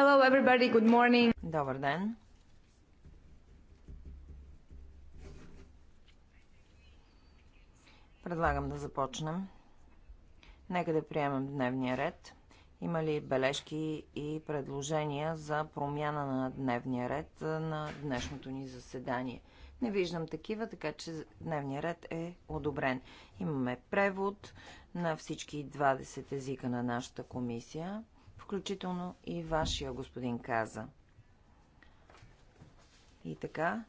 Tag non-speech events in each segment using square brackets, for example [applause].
Hello everybody, good morning. Добър ден. Предлагам да започнем. Нека да приемем дневния ред. Има ли бележки и предложения за промяна на дневния ред на днешното ни заседание? Не виждам такива, така че дневния ред е одобрен. Имаме превод на всички 20 езика на нашата комисия включително и вашия, господин Каза. И така,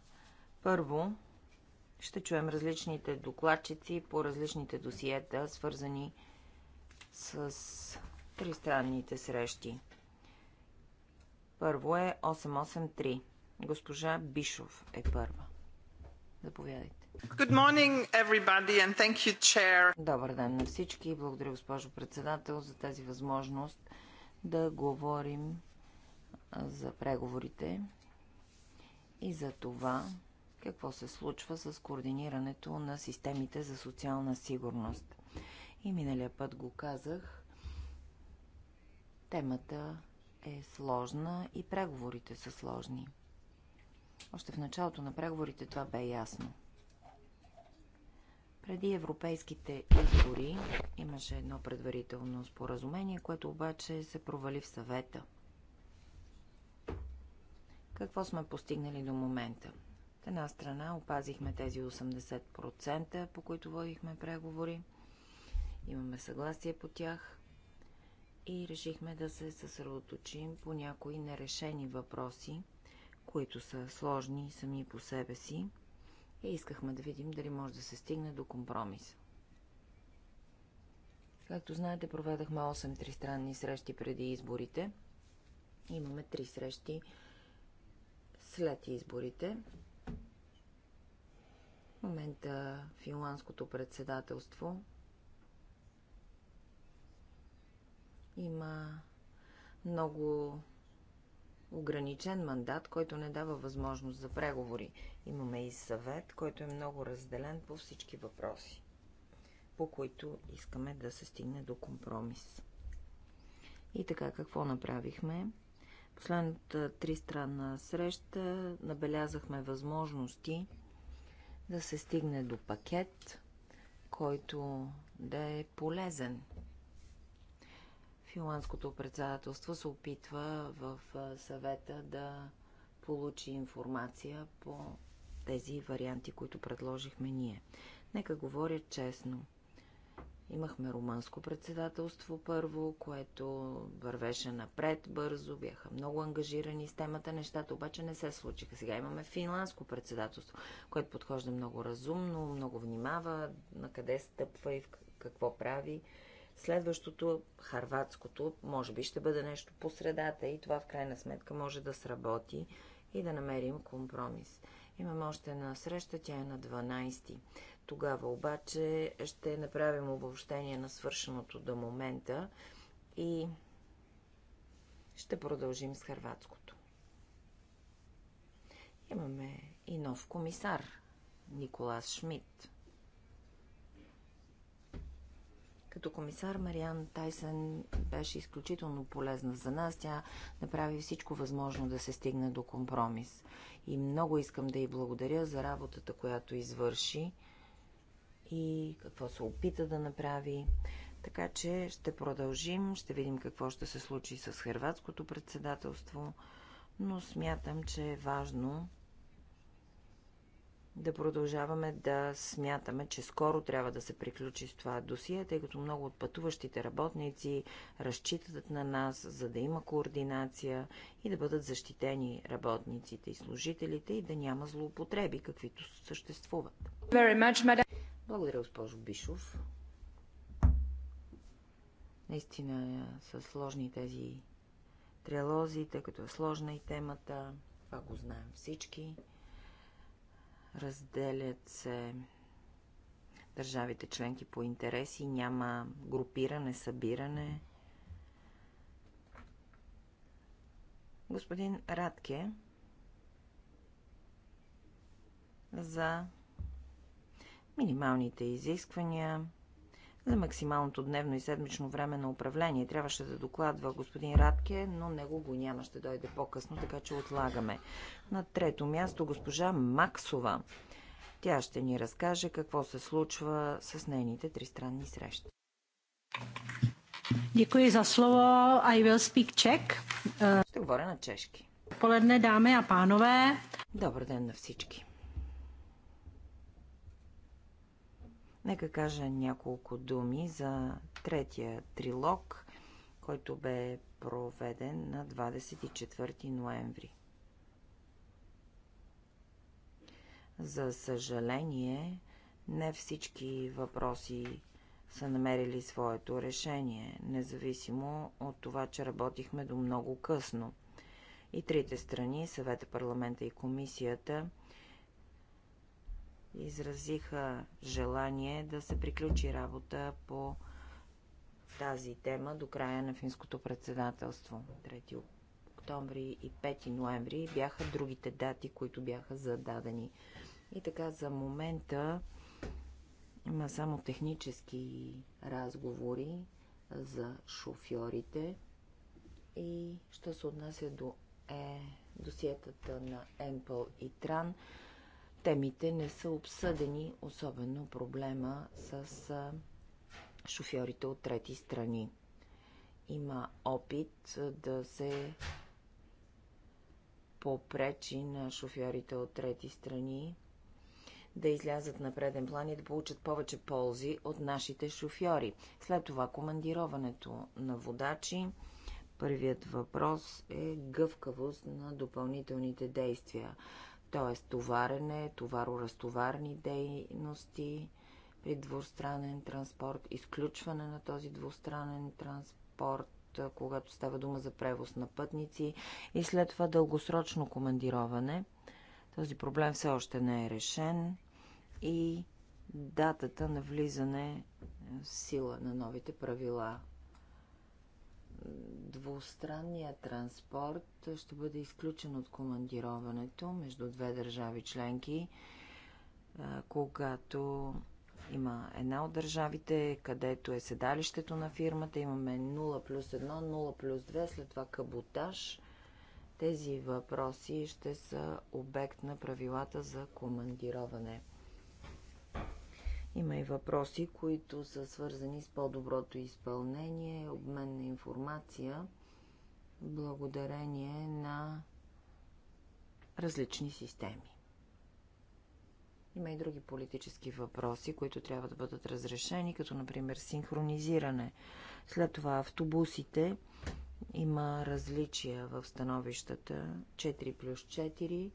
първо ще чуем различните докладчици по различните досиета, свързани с тристранните срещи. Първо е 883. Госпожа Бишов е първа. Заповядайте. Good morning, everybody, and thank you, chair. Добър ден на всички. Благодаря, госпожо председател, за тази възможност да говорим за преговорите и за това какво се случва с координирането на системите за социална сигурност. И миналия път го казах, темата е сложна и преговорите са сложни. Още в началото на преговорите това бе ясно. Преди европейските избори имаше едно предварително споразумение, което обаче се провали в съвета. Какво сме постигнали до момента? От една страна опазихме тези 80%, по които водихме преговори. Имаме съгласие по тях и решихме да се съсредоточим по някои нерешени въпроси, които са сложни сами по себе си – и искахме да видим дали може да се стигне до компромис. Както знаете, проведахме 8 тристранни срещи преди изборите. Имаме 3 срещи след изборите. В момента финландското председателство има много ограничен мандат, който не дава възможност за преговори. Имаме и съвет, който е много разделен по всички въпроси, по които искаме да се стигне до компромис. И така, какво направихме? Последната тристранна среща набелязахме възможности да се стигне до пакет, който да е полезен Финландското председателство се опитва в съвета да получи информация по тези варианти, които предложихме ние. Нека говоря честно. Имахме румънско председателство първо, което вървеше напред бързо, бяха много ангажирани с темата, нещата обаче не се случиха. Сега имаме финландско председателство, което подхожда много разумно, много внимава на къде стъпва и в какво прави. Следващото, харватското, може би ще бъде нещо по средата и това в крайна сметка може да сработи и да намерим компромис. Имам още една среща, тя е на 12. Тогава обаче ще направим обобщение на свършеното до момента и ще продължим с харватското. Имаме и нов комисар, Николас Шмидт. Като комисар Мариан Тайсън беше изключително полезна за нас. Тя направи всичко възможно да се стигне до компромис. И много искам да й благодаря за работата, която извърши и какво се опита да направи. Така че ще продължим, ще видим какво ще се случи с хрватското председателство, но смятам, че е важно да продължаваме да смятаме, че скоро трябва да се приключи с това досие, тъй като много от пътуващите работници разчитат на нас, за да има координация и да бъдат защитени работниците и служителите и да няма злоупотреби, каквито съществуват. Much, Благодаря, госпожо Бишов. Наистина са сложни тези трилози, тъй като е сложна и темата. Това го знаем всички. Разделят се държавите членки по интереси, няма групиране, събиране. Господин Радке за минималните изисквания за максималното дневно и седмично време на управление. Трябваше да докладва господин Радке, но него го няма, ще дойде по-късно, така че отлагаме. На трето място госпожа Максова. Тя ще ни разкаже какво се случва с нейните тристранни срещи. Děkuji za slovo. I will speak Czech. Ще говоря на чешки. Поледне, дами и панове. Добър ден на всички. Нека кажа няколко думи за третия трилог, който бе проведен на 24 ноември. За съжаление, не всички въпроси са намерили своето решение, независимо от това, че работихме до много късно. И трите страни, съвета, парламента и комисията, изразиха желание да се приключи работа по тази тема до края на финското председателство. 3 октомври и 5 ноември бяха другите дати, които бяха зададени. И така за момента има само технически разговори за шофьорите и що се отнася до е, досиетата на Емпъл и Тран, темите не са обсъдени, особено проблема с шофьорите от трети страни. Има опит да се попречи на шофьорите от трети страни да излязат на преден план и да получат повече ползи от нашите шофьори. След това командироването на водачи. Първият въпрос е гъвкавост на допълнителните действия т.е. товарене, товароразтоварни дейности при двустранен транспорт, изключване на този двустранен транспорт, когато става дума за превоз на пътници и след това дългосрочно командироване. Този проблем все още не е решен и датата на влизане в сила на новите правила двустранният транспорт ще бъде изключен от командироването между две държави членки, когато има една от държавите, където е седалището на фирмата, имаме 0 плюс 1, 0 плюс 2, след това каботаж. Тези въпроси ще са обект на правилата за командироване – има и въпроси, които са свързани с по-доброто изпълнение, обмен на информация, благодарение на различни системи. Има и други политически въпроси, които трябва да бъдат разрешени, като например синхронизиране. След това автобусите има различия в становищата 4 плюс 4.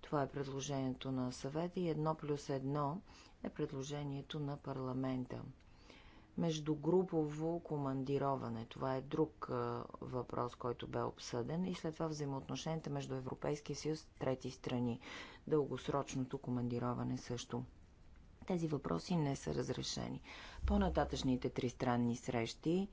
Това е предложението на съвета и 1 плюс 1 е предложението на парламента. Междугрупово командироване. Това е друг въпрос, който бе обсъден. И след това взаимоотношенията между Европейския съюз и трети страни. Дългосрочното командироване също тези въпроси не са разрешени. По-нататъчните тристранни срещи,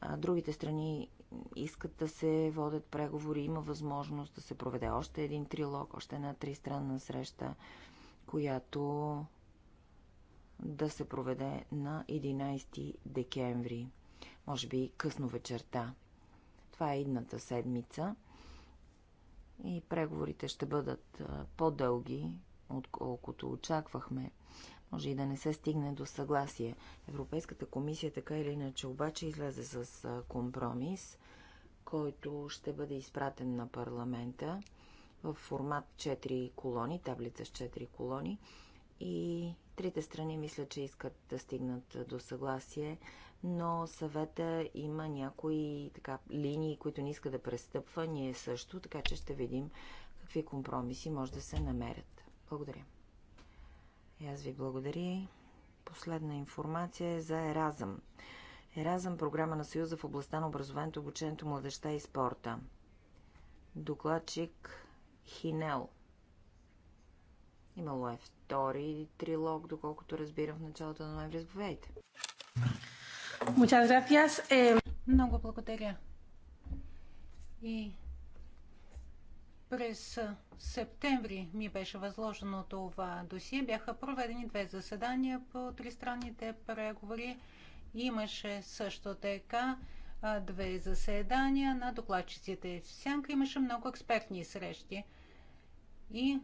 а другите страни искат да се водят преговори, има възможност да се проведе още един трилог, още една тристранна среща, която да се проведе на 11 декември, може би късно вечерта. Това е идната седмица и преговорите ще бъдат по-дълги, отколкото очаквахме. Може и да не се стигне до съгласие. Европейската комисия така или иначе обаче излезе с компромис, който ще бъде изпратен на парламента в формат 4 колони, таблица с 4 колони и Трите страни мисля, че искат да стигнат до съгласие, но съвета има някои така, линии, които не иска да престъпва, ние също, така че ще видим какви компромиси може да се намерят. Благодаря. И аз ви благодаря. Последна информация е за Еразъм. Еразъм – програма на Съюза в областта на образованието, обучението, младеща и спорта. Докладчик Хинел – Имало е втори трилог, доколкото разбирам в началото на ноември. Заповядайте. Е, много благодаря. И през септември ми беше възложено това досие. Бяха проведени две заседания по тристранните преговори. Имаше също така две заседания на докладчиците. В Сянка имаше много експертни срещи. И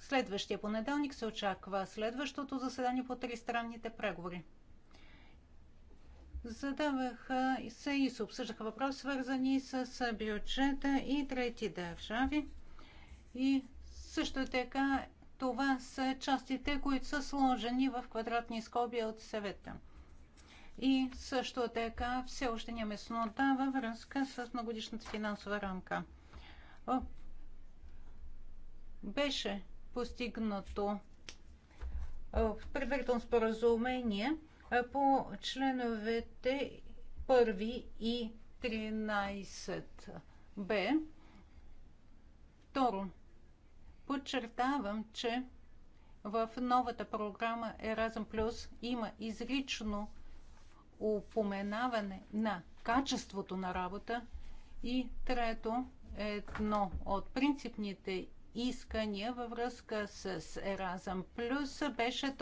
Следващия понеделник се очаква следващото заседание по тристранните преговори. Задаваха се и се обсъждаха въпроси, свързани с бюджета и трети държави. И също така това са частите, които са сложени в квадратни скоби от съвета. И също така все още няма яснота във връзка с многодишната финансова рамка. Беше постигнато предварително споразумение по членовете 1 и 13б. Второ, подчертавам, че в новата програма Erasm Plus има изрично упоменаване на качеството на работа и трето, едно от принципните искания във връзка с Еразъм Плюс беше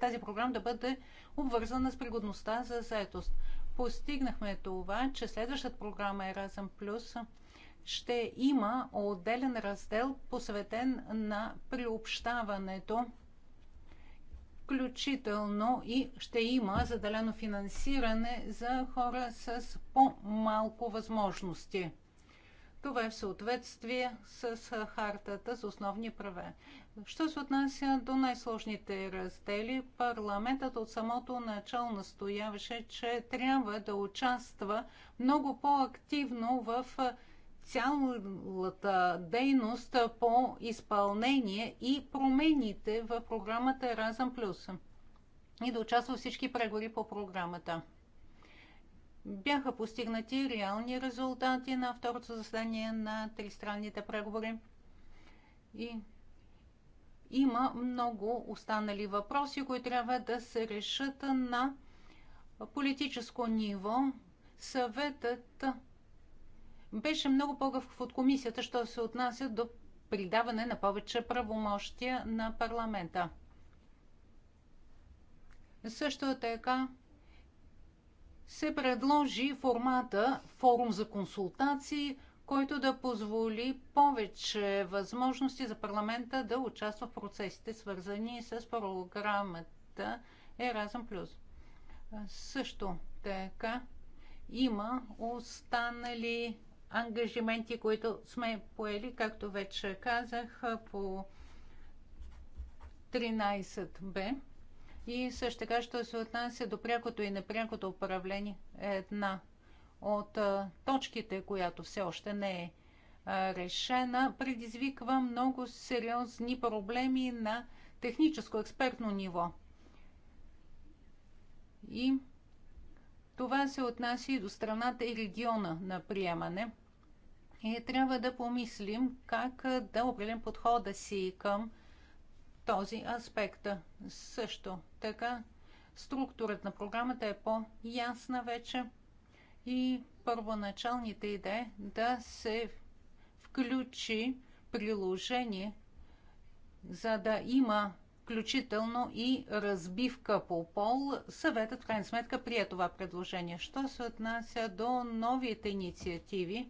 тази програма да бъде обвързана с пригодността за заетост. Постигнахме това, че следващата програма Еразъм Плюс ще има отделен раздел, посветен на приобщаването, включително и ще има заделено финансиране за хора с по-малко възможности. Това е в съответствие с хартата за основни права. Що се отнася до най-сложните раздели, парламентът от самото начало настояваше, че трябва да участва много по-активно в цялата дейност по изпълнение и промените в програмата Еразъм Плюс и да участва всички преговори по програмата бяха постигнати реални резултати на второто заседание на тристранните преговори. И има много останали въпроси, които трябва да се решат на политическо ниво. Съветът беше много по-гъвкав от комисията, що се отнася до придаване на повече правомощия на парламента. Също така се предложи формата форум за консултации, който да позволи повече възможности за парламента да участва в процесите, свързани с програмата Еразъм Плюс. Също така има останали ангажименти, които сме поели, както вече казах, по 13б. И също така, що се отнася до прякото и непрякото управление, е една от точките, която все още не е решена, предизвиква много сериозни проблеми на техническо-експертно ниво. И това се отнася и до страната и региона на приемане. И трябва да помислим как да определим подхода си към този аспект. Също така структурата на програмата е по-ясна вече и първоначалните идеи да се включи приложение, за да има включително и разбивка по пол. Съветът в крайна сметка прие това предложение. Що се отнася до новите инициативи,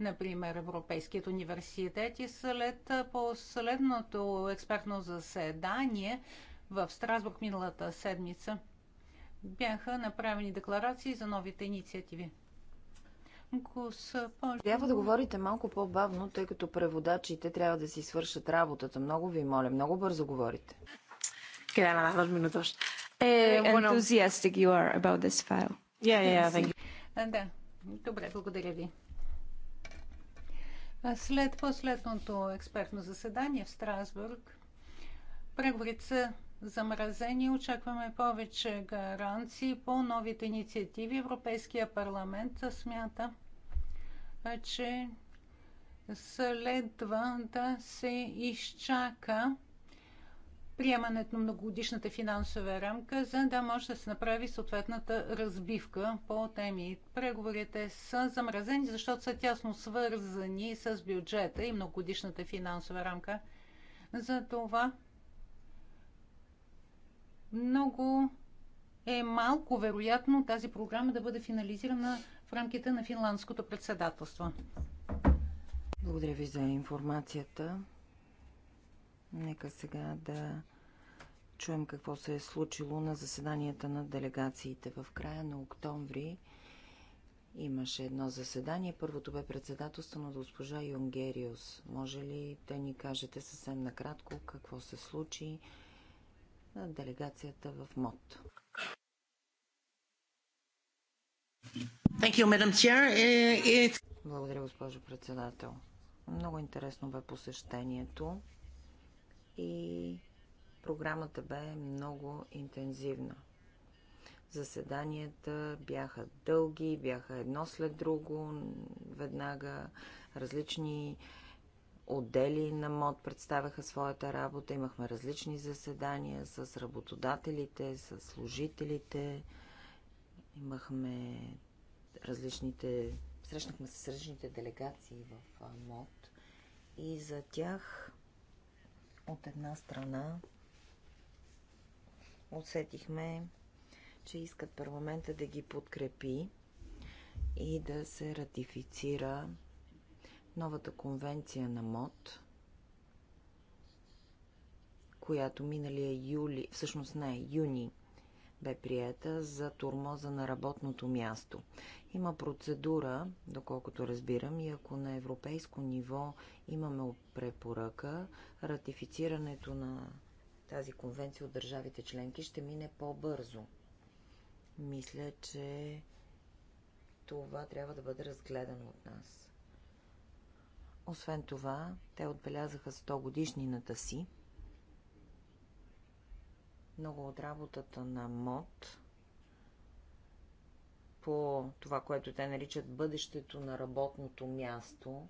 например, европейският университет и след последното експертно заседание в Страсбург миналата седмица бяха направени декларации за новите инициативи. Трябва да говорите малко по-бавно, тъй като преводачите трябва да си свършат работата. Много ви моля, много бързо говорите. Е, е, е, enthusiastic you are about this file. Yeah, yeah, thank you. Да, добре, благодаря ви. След последното експертно заседание в Страсбург, преговорите са замразени. Очакваме повече гаранции по новите инициативи. Европейския парламент смята, че следва да се изчака приемането на многогодишната финансова рамка, за да може да се направи съответната разбивка по теми. Преговорите са замразени, защото са тясно свързани с бюджета и многогодишната финансова рамка. За това много е малко вероятно тази програма да бъде финализирана в рамките на финландското председателство. Благодаря ви за информацията. Нека сега да чуем какво се е случило на заседанията на делегациите. В края на октомври имаше едно заседание. Първото бе председателство на госпожа Юнгериус. Може ли да ни кажете съвсем накратко какво се случи на делегацията в МОД? Uh, Благодаря, госпожо председател. Много интересно бе посещението и програмата бе много интензивна. Заседанията бяха дълги, бяха едно след друго, веднага различни отдели на МОД представяха своята работа. Имахме различни заседания с работодателите, с служителите. Имахме различните... Срещнахме се с различните делегации в МОД и за тях от една страна усетихме, че искат парламента да ги подкрепи и да се ратифицира новата конвенция на МОД, която миналия юли, всъщност не, юни бе приета за турмоза на работното място. Има процедура, доколкото разбирам, и ако на европейско ниво имаме препоръка, ратифицирането на тази конвенция от държавите членки ще мине по-бързо. Мисля, че това трябва да бъде разгледано от нас. Освен това, те отбелязаха 100 годишнината си много от работата на МОД по това, което те наричат бъдещето на работното място,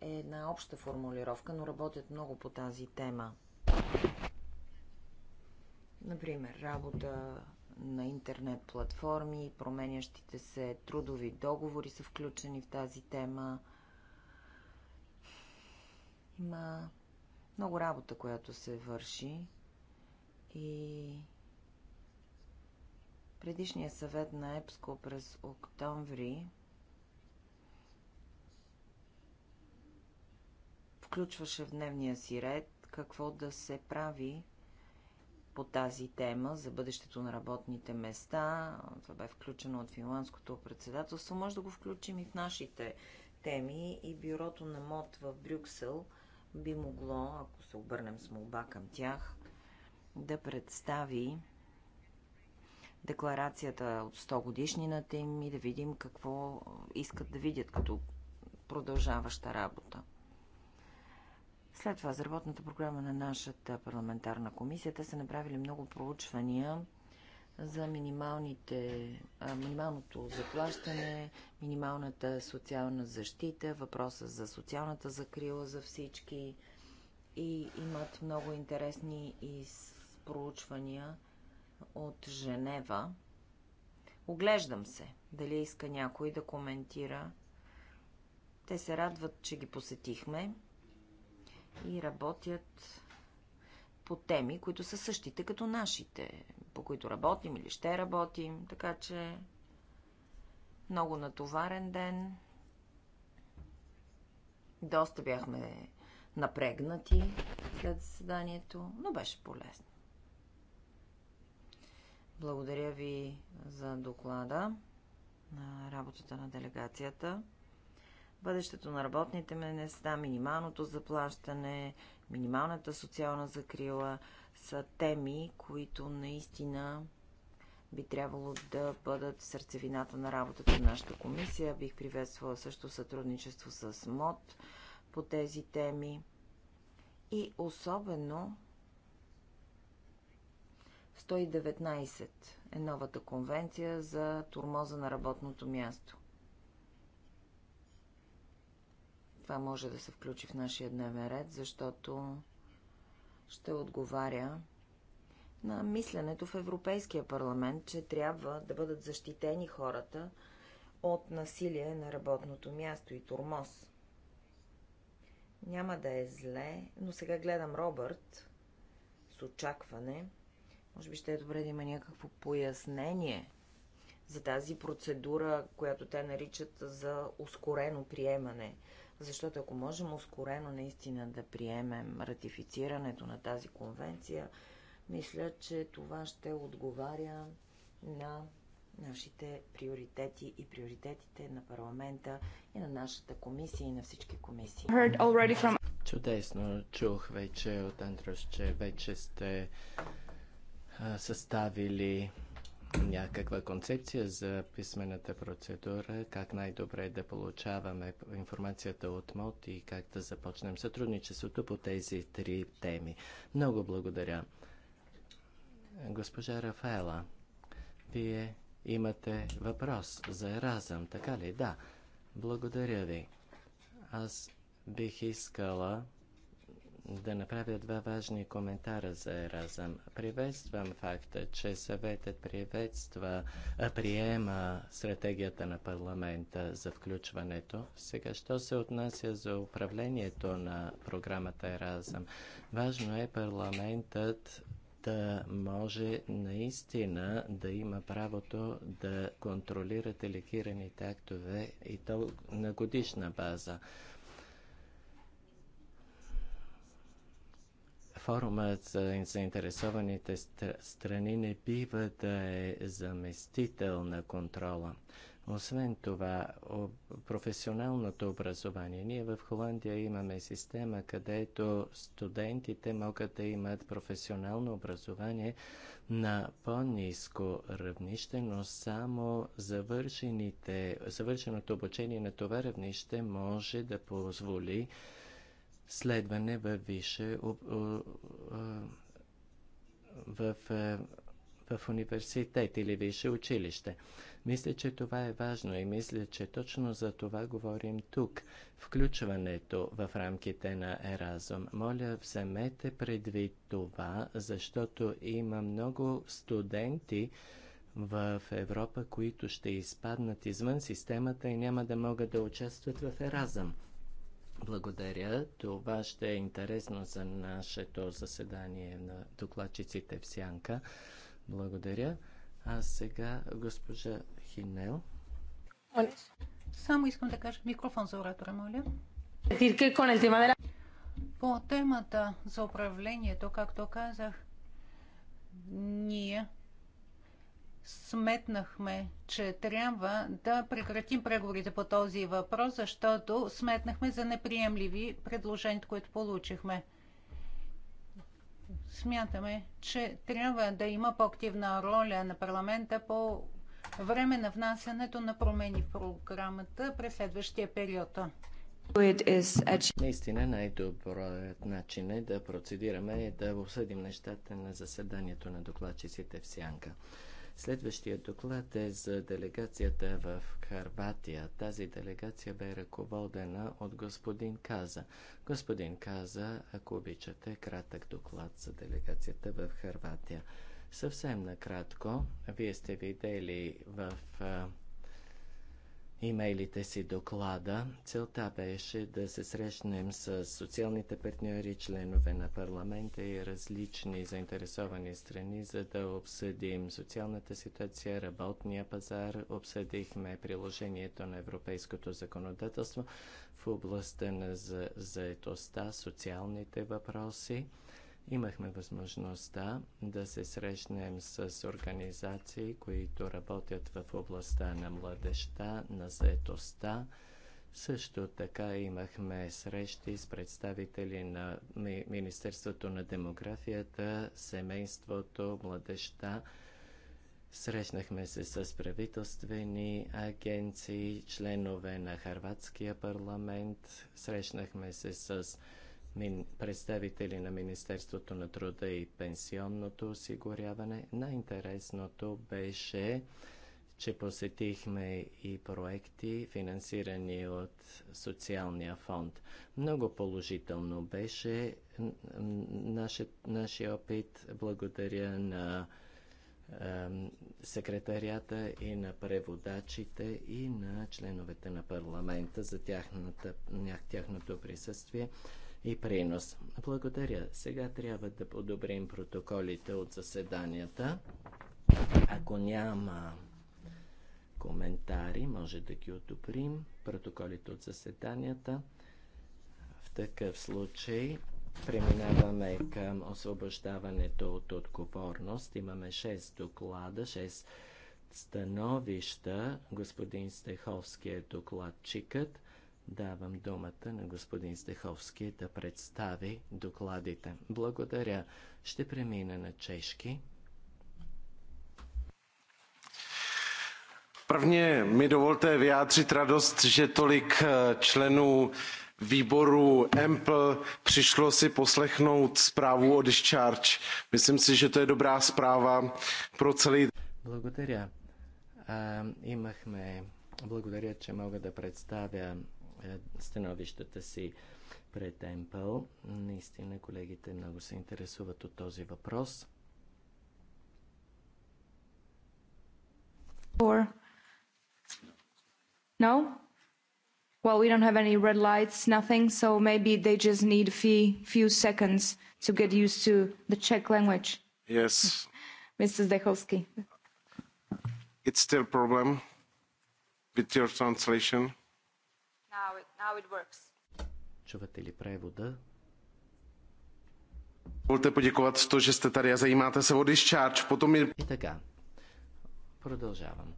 е една обща формулировка, но работят много по тази тема. Например, работа на интернет платформи, променящите се трудови договори са включени в тази тема. Има много работа, която се върши. И предишния съвет на ЕПСКО през октомври включваше в дневния си ред какво да се прави по тази тема за бъдещето на работните места. Това бе включено от финландското председателство. Може да го включим и в нашите теми и бюрото на МОД в Брюксел би могло, ако се обърнем с молба към тях, да представи декларацията от 100 годишнината им и да видим какво искат да видят като продължаваща работа. След това, за работната програма на нашата парламентарна комисия, те са направили много проучвания за минималните, а, минималното заплащане, минималната социална защита, въпроса за социалната закрила за всички и имат много интересни и проучвания от Женева. Оглеждам се, дали иска някой да коментира. Те се радват, че ги посетихме и работят по теми, които са същите като нашите, по които работим или ще работим, така че много натоварен ден. Доста бяхме напрегнати след заседанието, но беше полезно. Благодаря ви за доклада на работата на делегацията. Бъдещето на работните места, минималното заплащане, минималната социална закрила са теми, които наистина би трябвало да бъдат сърцевината на работата на нашата комисия. Бих приветствала също сътрудничество с МОД по тези теми и особено 119 е новата конвенция за турмоза на работното място. Това може да се включи в нашия дневен ред, защото ще отговаря на мисленето в Европейския парламент, че трябва да бъдат защитени хората от насилие на работното място и турмоз. Няма да е зле, но сега гледам Робърт с очакване – може би ще е добре да има някакво пояснение за тази процедура, която те наричат за ускорено приемане. Защото ако можем ускорено наистина да приемем ратифицирането на тази конвенция, мисля, че това ще отговаря на нашите приоритети и приоритетите на парламента и на нашата комисия и на всички комисии. Чудесно чух вече от Андрес, че вече сте съставили някаква концепция за писмената процедура, как най-добре да получаваме информацията от МОД и как да започнем сътрудничеството по тези три теми. Много благодаря. Госпожа Рафаела, вие имате въпрос за разъм, така ли? Да. Благодаря ви. Аз бих искала да направя два важни коментара за Еразъм. Приветствам факта, че съветът приветства, приема стратегията на парламента за включването. Сега, що се отнася за управлението на програмата Еразъм? Важно е парламентът да може наистина да има правото да контролира делегираните актове и то на годишна база. Форумът за заинтересованите страни не бива да е заместител на контрола. Освен това, професионалното образование. Ние в Холандия имаме система, където студентите могат да имат професионално образование на по-низко равнище, но само завършеното обучение на това равнище може да позволи следване в више в, в университет или више училище. Мисля, че това е важно и мисля, че точно за това говорим тук. Включването в рамките на Еразум. Моля, вземете предвид това, защото има много студенти в Европа, които ще изпаднат извън системата и няма да могат да участват в Еразъм. Благодаря. Това ще е интересно за нашето заседание на докладчиците в Сянка. Благодаря. А сега госпожа Хинел. Само искам да кажа микрофон за оратора, моля. По темата за управлението, както казах, ние сметнахме, че трябва да прекратим преговорите по този въпрос, защото сметнахме за неприемливи предложението, които получихме. Смятаме, че трябва да има по-активна роля на парламента по време на внасянето на промени в програмата през следващия период. Наистина най-добрият начин е да процедираме и да обсъдим нещата на заседанието на докладчиците в Сянка. Следващия доклад е за делегацията в Харватия. Тази делегация бе ръководена от господин Каза. Господин Каза, ако обичате, кратък доклад за делегацията в Харватия. Съвсем накратко, вие сте видели в имейлите си доклада. Целта беше да се срещнем с социалните партньори, членове на парламента и различни заинтересовани страни, за да обсъдим социалната ситуация, работния пазар. Обсъдихме приложението на европейското законодателство в областта на заетостта, социалните въпроси. Имахме възможността да се срещнем с организации, които работят в областта на младеща, на заетостта. Също така имахме срещи с представители на Министерството на демографията, семейството, младеща. Срещнахме се с правителствени агенции, членове на Харватския парламент. Срещнахме се с представители на Министерството на труда и пенсионното осигуряване. Най-интересното беше, че посетихме и проекти, финансирани от социалния фонд. Много положително беше нашия, опит. Благодаря на секретарията и на преводачите и на членовете на парламента за тяхната, тяхното присъствие и принос. Благодаря. Сега трябва да подобрим протоколите от заседанията. Ако няма коментари, може да ги одобрим. Протоколите от заседанията. В такъв случай преминаваме към освобождаването от отговорност. Имаме 6 доклада, 6 становища. Господин Стеховски е докладчикът. Давам думата на господин Стеховски да представи докладите. Благодаря. Ще премина на чешки. Prvně mi dovolte vyjádřit radost, že tolik členů výboru EMPL přišlo si poslechnout zprávu o discharge. Myslím si, že to je dobrá zpráva pro celý. Благодаря. имахме. Благодаря, че мога да представя становищата си пред Емпъл. Наистина колегите много се интересуват от този въпрос. Or... No? Well, we don't have any red lights, nothing, so maybe they just need a few, few seconds to get used to the Czech language. Yes. Mr. Zdechowski. It's still a problem with your translation How it works. Чувате ли превода? Волте подякуват за то, че сте tady а се о discharge. Потом... И така. Продължавам.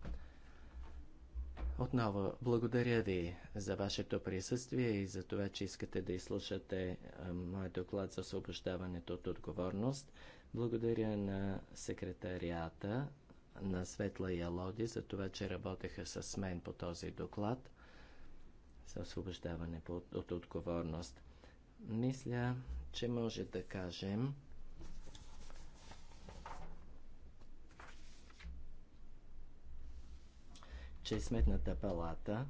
Отново, благодаря ви за вашето присъствие и за това, че искате да изслушате моят доклад за освобождаването от отговорност. Благодаря на секретарията на Светла и Алоди за това, че работеха с мен по този доклад за освобождаване от, от отговорност. Мисля, че може да кажем, че Сметната палата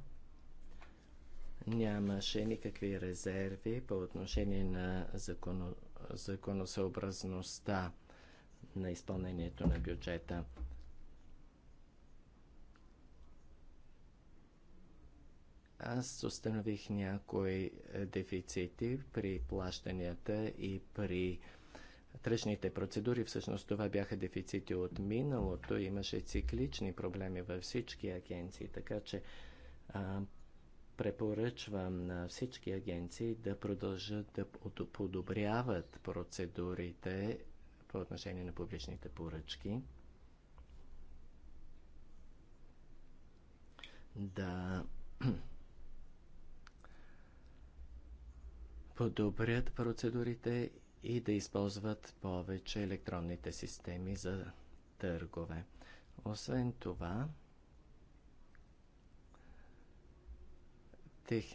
нямаше никакви резерви по отношение на законо, законосъобразността на изпълнението на бюджета. Аз установих някои е, дефицити при плащанията и при тръжните процедури. Всъщност това бяха дефицити от миналото. Имаше циклични проблеми във всички агенции, така че а, препоръчвам на всички агенции да продължат да подобряват процедурите по отношение на публичните поръчки. Да подобрят процедурите и да използват повече електронните системи за търгове. Освен това, тех...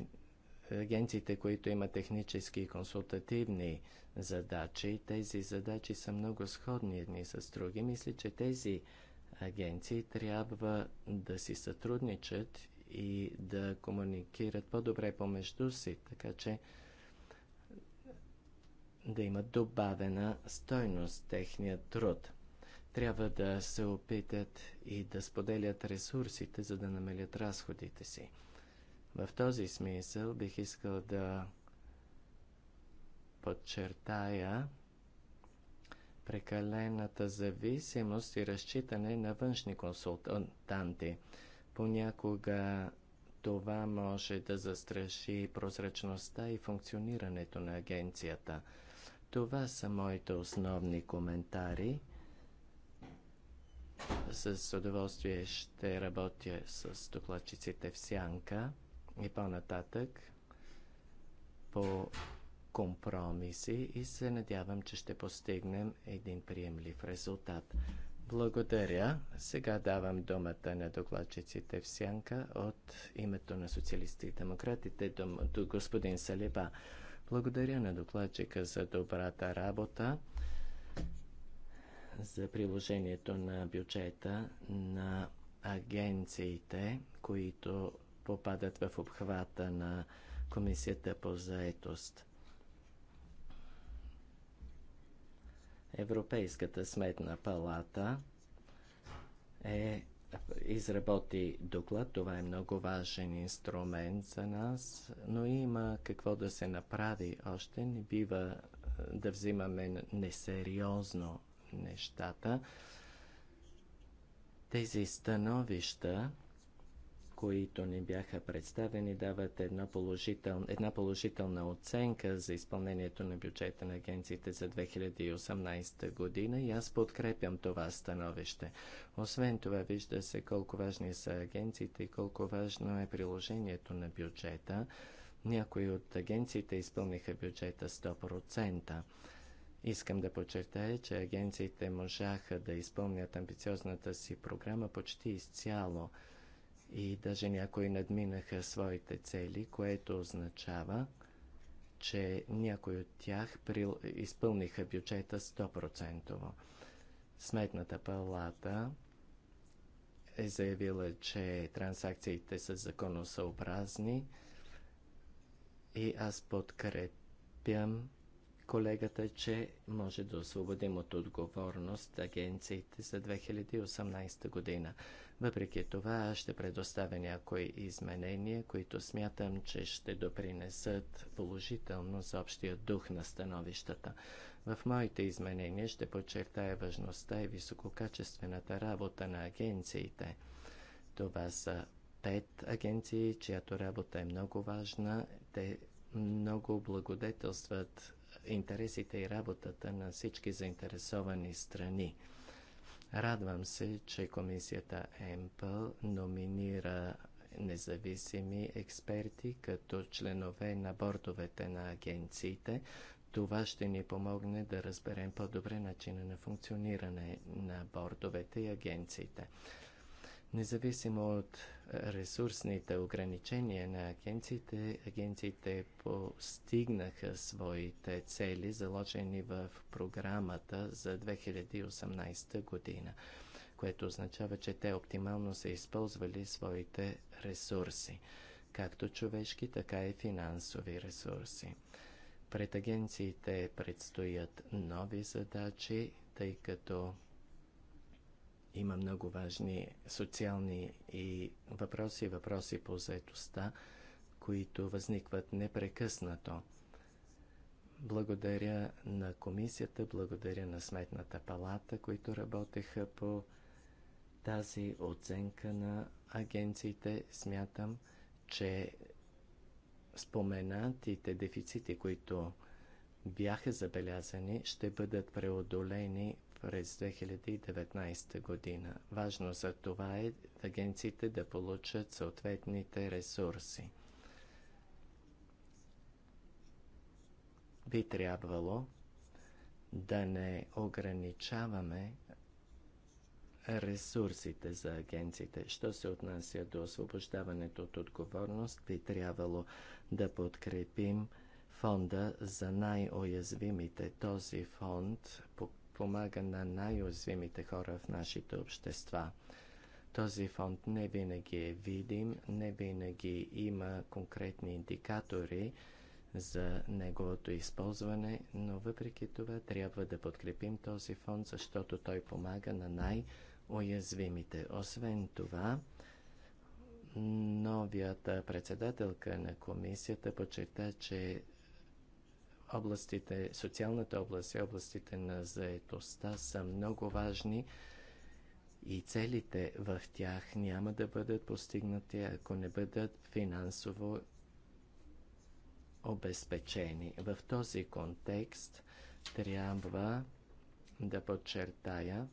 агенциите, които имат технически и консултативни задачи, тези задачи са много сходни едни с други. Мисля, че тези агенции трябва да си сътрудничат и да комуникират по-добре помежду си, така че да имат добавена стойност техният труд. Трябва да се опитат и да споделят ресурсите, за да намалят разходите си. В този смисъл бих искал да подчертая прекалената зависимост и разчитане на външни консултанти. Понякога това може да застраши прозрачността и функционирането на агенцията – това са моите основни коментари. С удоволствие ще работя с докладчиците в Сянка и по-нататък по компромиси и се надявам, че ще постигнем един приемлив резултат. Благодаря. Сега давам думата на докладчиците в Сянка от името на социалисти и демократите до господин Салиба. Благодаря на докладчика за добрата работа, за приложението на бюджета на агенциите, които попадат в обхвата на Комисията по заетост. Европейската сметна палата е изработи доклад. Това е много важен инструмент за нас, но има какво да се направи. Още не бива е, да взимаме несериозно нещата. Тези становища които ни бяха представени, дават една, положител, една положителна оценка за изпълнението на бюджета на агенциите за 2018 година и аз подкрепям това становище. Освен това, вижда се колко важни са агенциите и колко важно е приложението на бюджета. Някои от агенциите изпълниха бюджета 100%. Искам да подчертая, че агенциите можаха да изпълнят амбициозната си програма почти изцяло – и даже някои надминаха своите цели, което означава, че някои от тях изпълниха бюджета 100%. Сметната палата е заявила, че транзакциите са законосъобразни и аз подкрепям колегата, че може да освободим от отговорност агенциите за 2018 година. Въпреки това, ще предоставя някои изменения, които смятам, че ще допринесат положително за общия дух на становищата. В моите изменения ще подчертая важността и висококачествената работа на агенциите. Това са пет агенции, чиято работа е много важна. Те много благодетелстват интересите и работата на всички заинтересовани страни. Радвам се, че комисията ЕМПЛ номинира независими експерти като членове на бордовете на агенциите. Това ще ни помогне да разберем по-добре начина на функциониране на бордовете и агенциите. Независимо от е, ресурсните ограничения на агенциите, агенциите постигнаха своите цели, заложени в програмата за 2018 година, което означава, че те оптимално са използвали своите ресурси, както човешки, така и финансови ресурси. Пред агенциите предстоят нови задачи, тъй като има много важни социални и въпроси, въпроси по заетостта, които възникват непрекъснато. Благодаря на комисията, благодаря на Сметната палата, които работеха по тази оценка на агенциите. Смятам, че споменатите дефицити, които бяха забелязани, ще бъдат преодолени през 2019 година. Важно за това е агенциите да получат съответните ресурси. Би трябвало да не ограничаваме ресурсите за агенциите. Що се отнася до освобождаването от отговорност, би трябвало да подкрепим фонда за най-уязвимите. Този фонд по помага на най-уязвимите хора в нашите общества. Този фонд не винаги е видим, не винаги има конкретни индикатори за неговото използване, но въпреки това трябва да подкрепим този фонд, защото той помага на най-уязвимите. Освен това, новията председателка на комисията подчерта, че областите, социалната област и областите на заетостта са много важни и целите в тях няма да бъдат постигнати, ако не бъдат финансово обезпечени. В този контекст трябва да подчертая,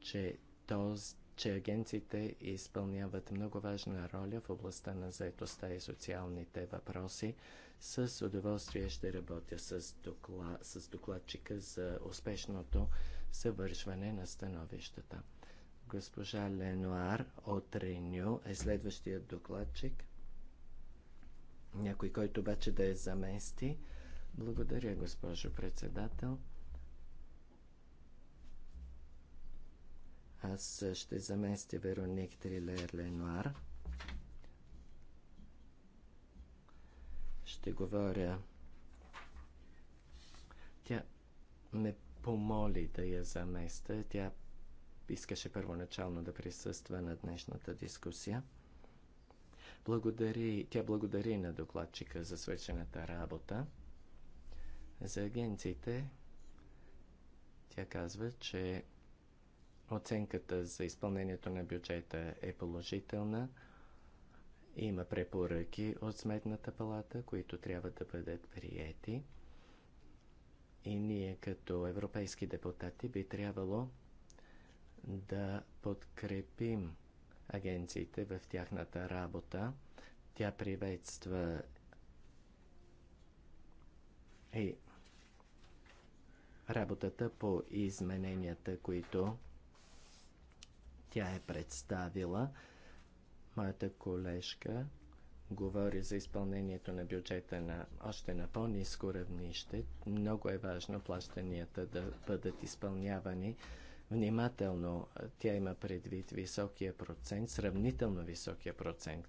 че, този, че агенциите изпълняват много важна роля в областта на заетостта и социалните въпроси. С удоволствие ще работя с, докла, с докладчика за успешното съвършване на становищата. Госпожа Ленуар от Реню е следващия докладчик. Някой, който обаче да я замести. Благодаря, госпожо председател. Аз ще заместя Вероник Трилер Ленуар. ще говоря. Тя ме помоли да я заместа. Тя искаше първоначално да присъства на днешната дискусия. Благодари, тя благодари на докладчика за свършената работа. За агенциите тя казва, че оценката за изпълнението на бюджета е положителна – има препоръки от Сметната палата, които трябва да бъдат приети. И ние като европейски депутати би трябвало да подкрепим агенциите в тяхната работа. Тя приветства и работата по измененията, които тя е представила. Моята колежка говори за изпълнението на бюджета на още на по-низко равнище. Много е важно плащанията да бъдат изпълнявани внимателно. Тя има предвид високия процент, сравнително високия процент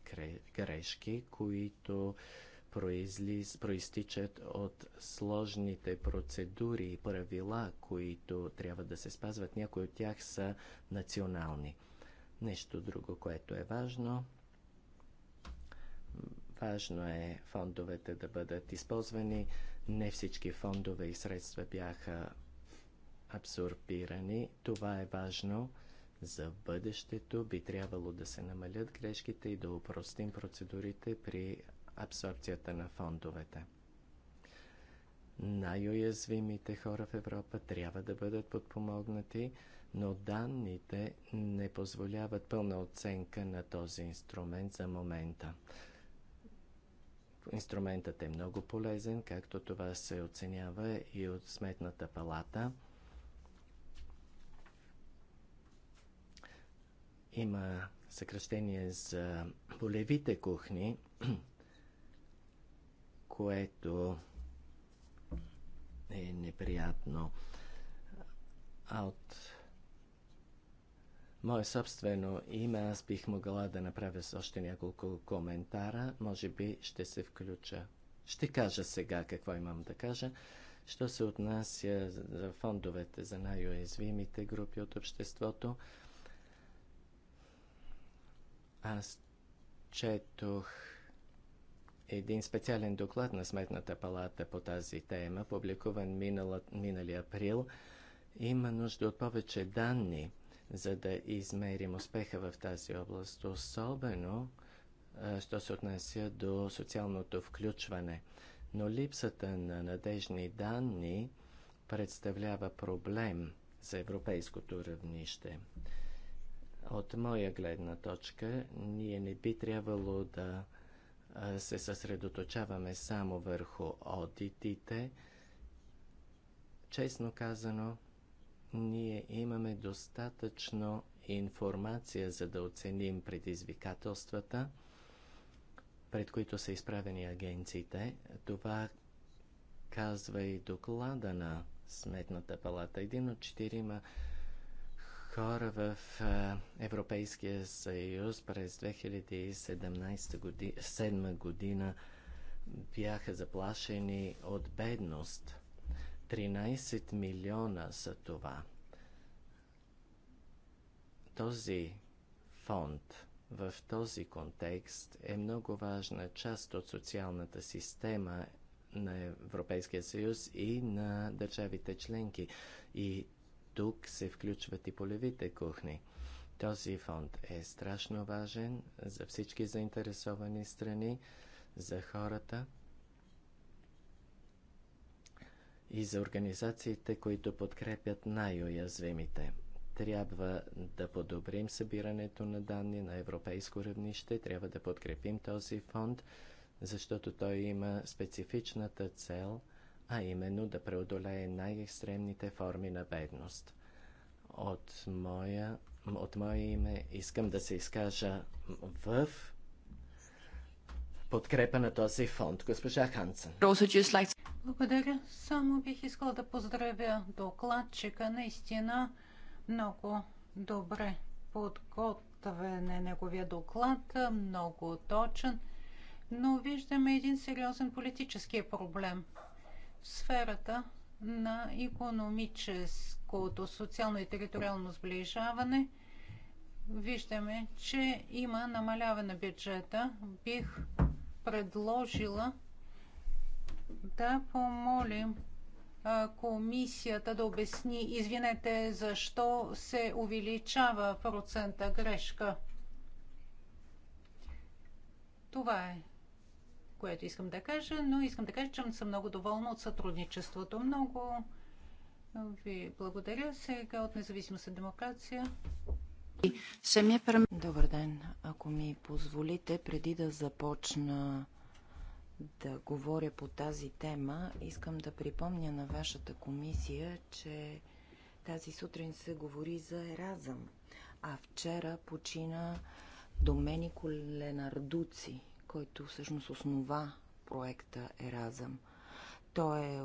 грешки, които произлиз, проистичат от сложните процедури и правила, които трябва да се спазват. Някои от тях са национални. Нещо друго, което е важно. Важно е фондовете да бъдат използвани. Не всички фондове и средства бяха абсорбирани. Това е важно за бъдещето. Би трябвало да се намалят грешките и да упростим процедурите при абсорбцията на фондовете. Най-уязвимите хора в Европа трябва да бъдат подпомогнати но данните не позволяват пълна оценка на този инструмент за момента. Инструментът е много полезен, както това се оценява и от Сметната палата. Има съкръщение за полевите кухни, което е неприятно. А от мое собствено име, аз бих могла да направя с още няколко коментара. Може би ще се включа. Ще кажа сега какво имам да кажа. Що се отнася за фондовете за най-уязвимите групи от обществото, аз четох един специален доклад на Сметната палата по тази тема, публикуван минали април. Има нужда от повече данни за да измерим успеха в тази област, особено що се отнася до социалното включване. Но липсата на надежни данни представлява проблем за европейското равнище. От моя гледна точка, ние не би трябвало да се съсредоточаваме само върху одитите. Честно казано, ние имаме достатъчно информация, за да оценим предизвикателствата, пред които са изправени агенциите. Това казва и доклада на Сметната палата. Един от четирима хора в Европейския съюз през 2017 година, година бяха заплашени от бедност. 13 милиона за това. Този фонд в този контекст е много важна част от социалната система на Европейския съюз и на държавите членки. И тук се включват и полевите кухни. Този фонд е страшно важен за всички заинтересовани страни, за хората – и за организациите, които подкрепят най-уязвимите. Трябва да подобрим събирането на данни на европейско равнище, трябва да подкрепим този фонд, защото той има специфичната цел, а именно да преодолее най-екстремните форми на бедност. От, моя, от мое име искам да се изкажа в подкрепа на този фонд. Госпожа Хансен. Благодаря. Само бих искала да поздравя докладчика. Наистина много добре подготвен е неговия доклад, много точен, но виждаме един сериозен политически проблем в сферата на економическото, социално и териториално сближаване – виждаме, че има намаляване на бюджета. Бих предложила да помолим комисията да обясни, извинете, защо се увеличава процента грешка. Това е, което искам да кажа, но искам да кажа, че съм много доволна от сътрудничеството. Много ви благодаря сега от независимост и демокрация. Добър ден. Ако ми позволите, преди да започна да говоря по тази тема, искам да припомня на вашата комисия, че тази сутрин се говори за Еразъм, а вчера почина Доменико Ленардуци, който всъщност основа проекта Еразъм. Той е, е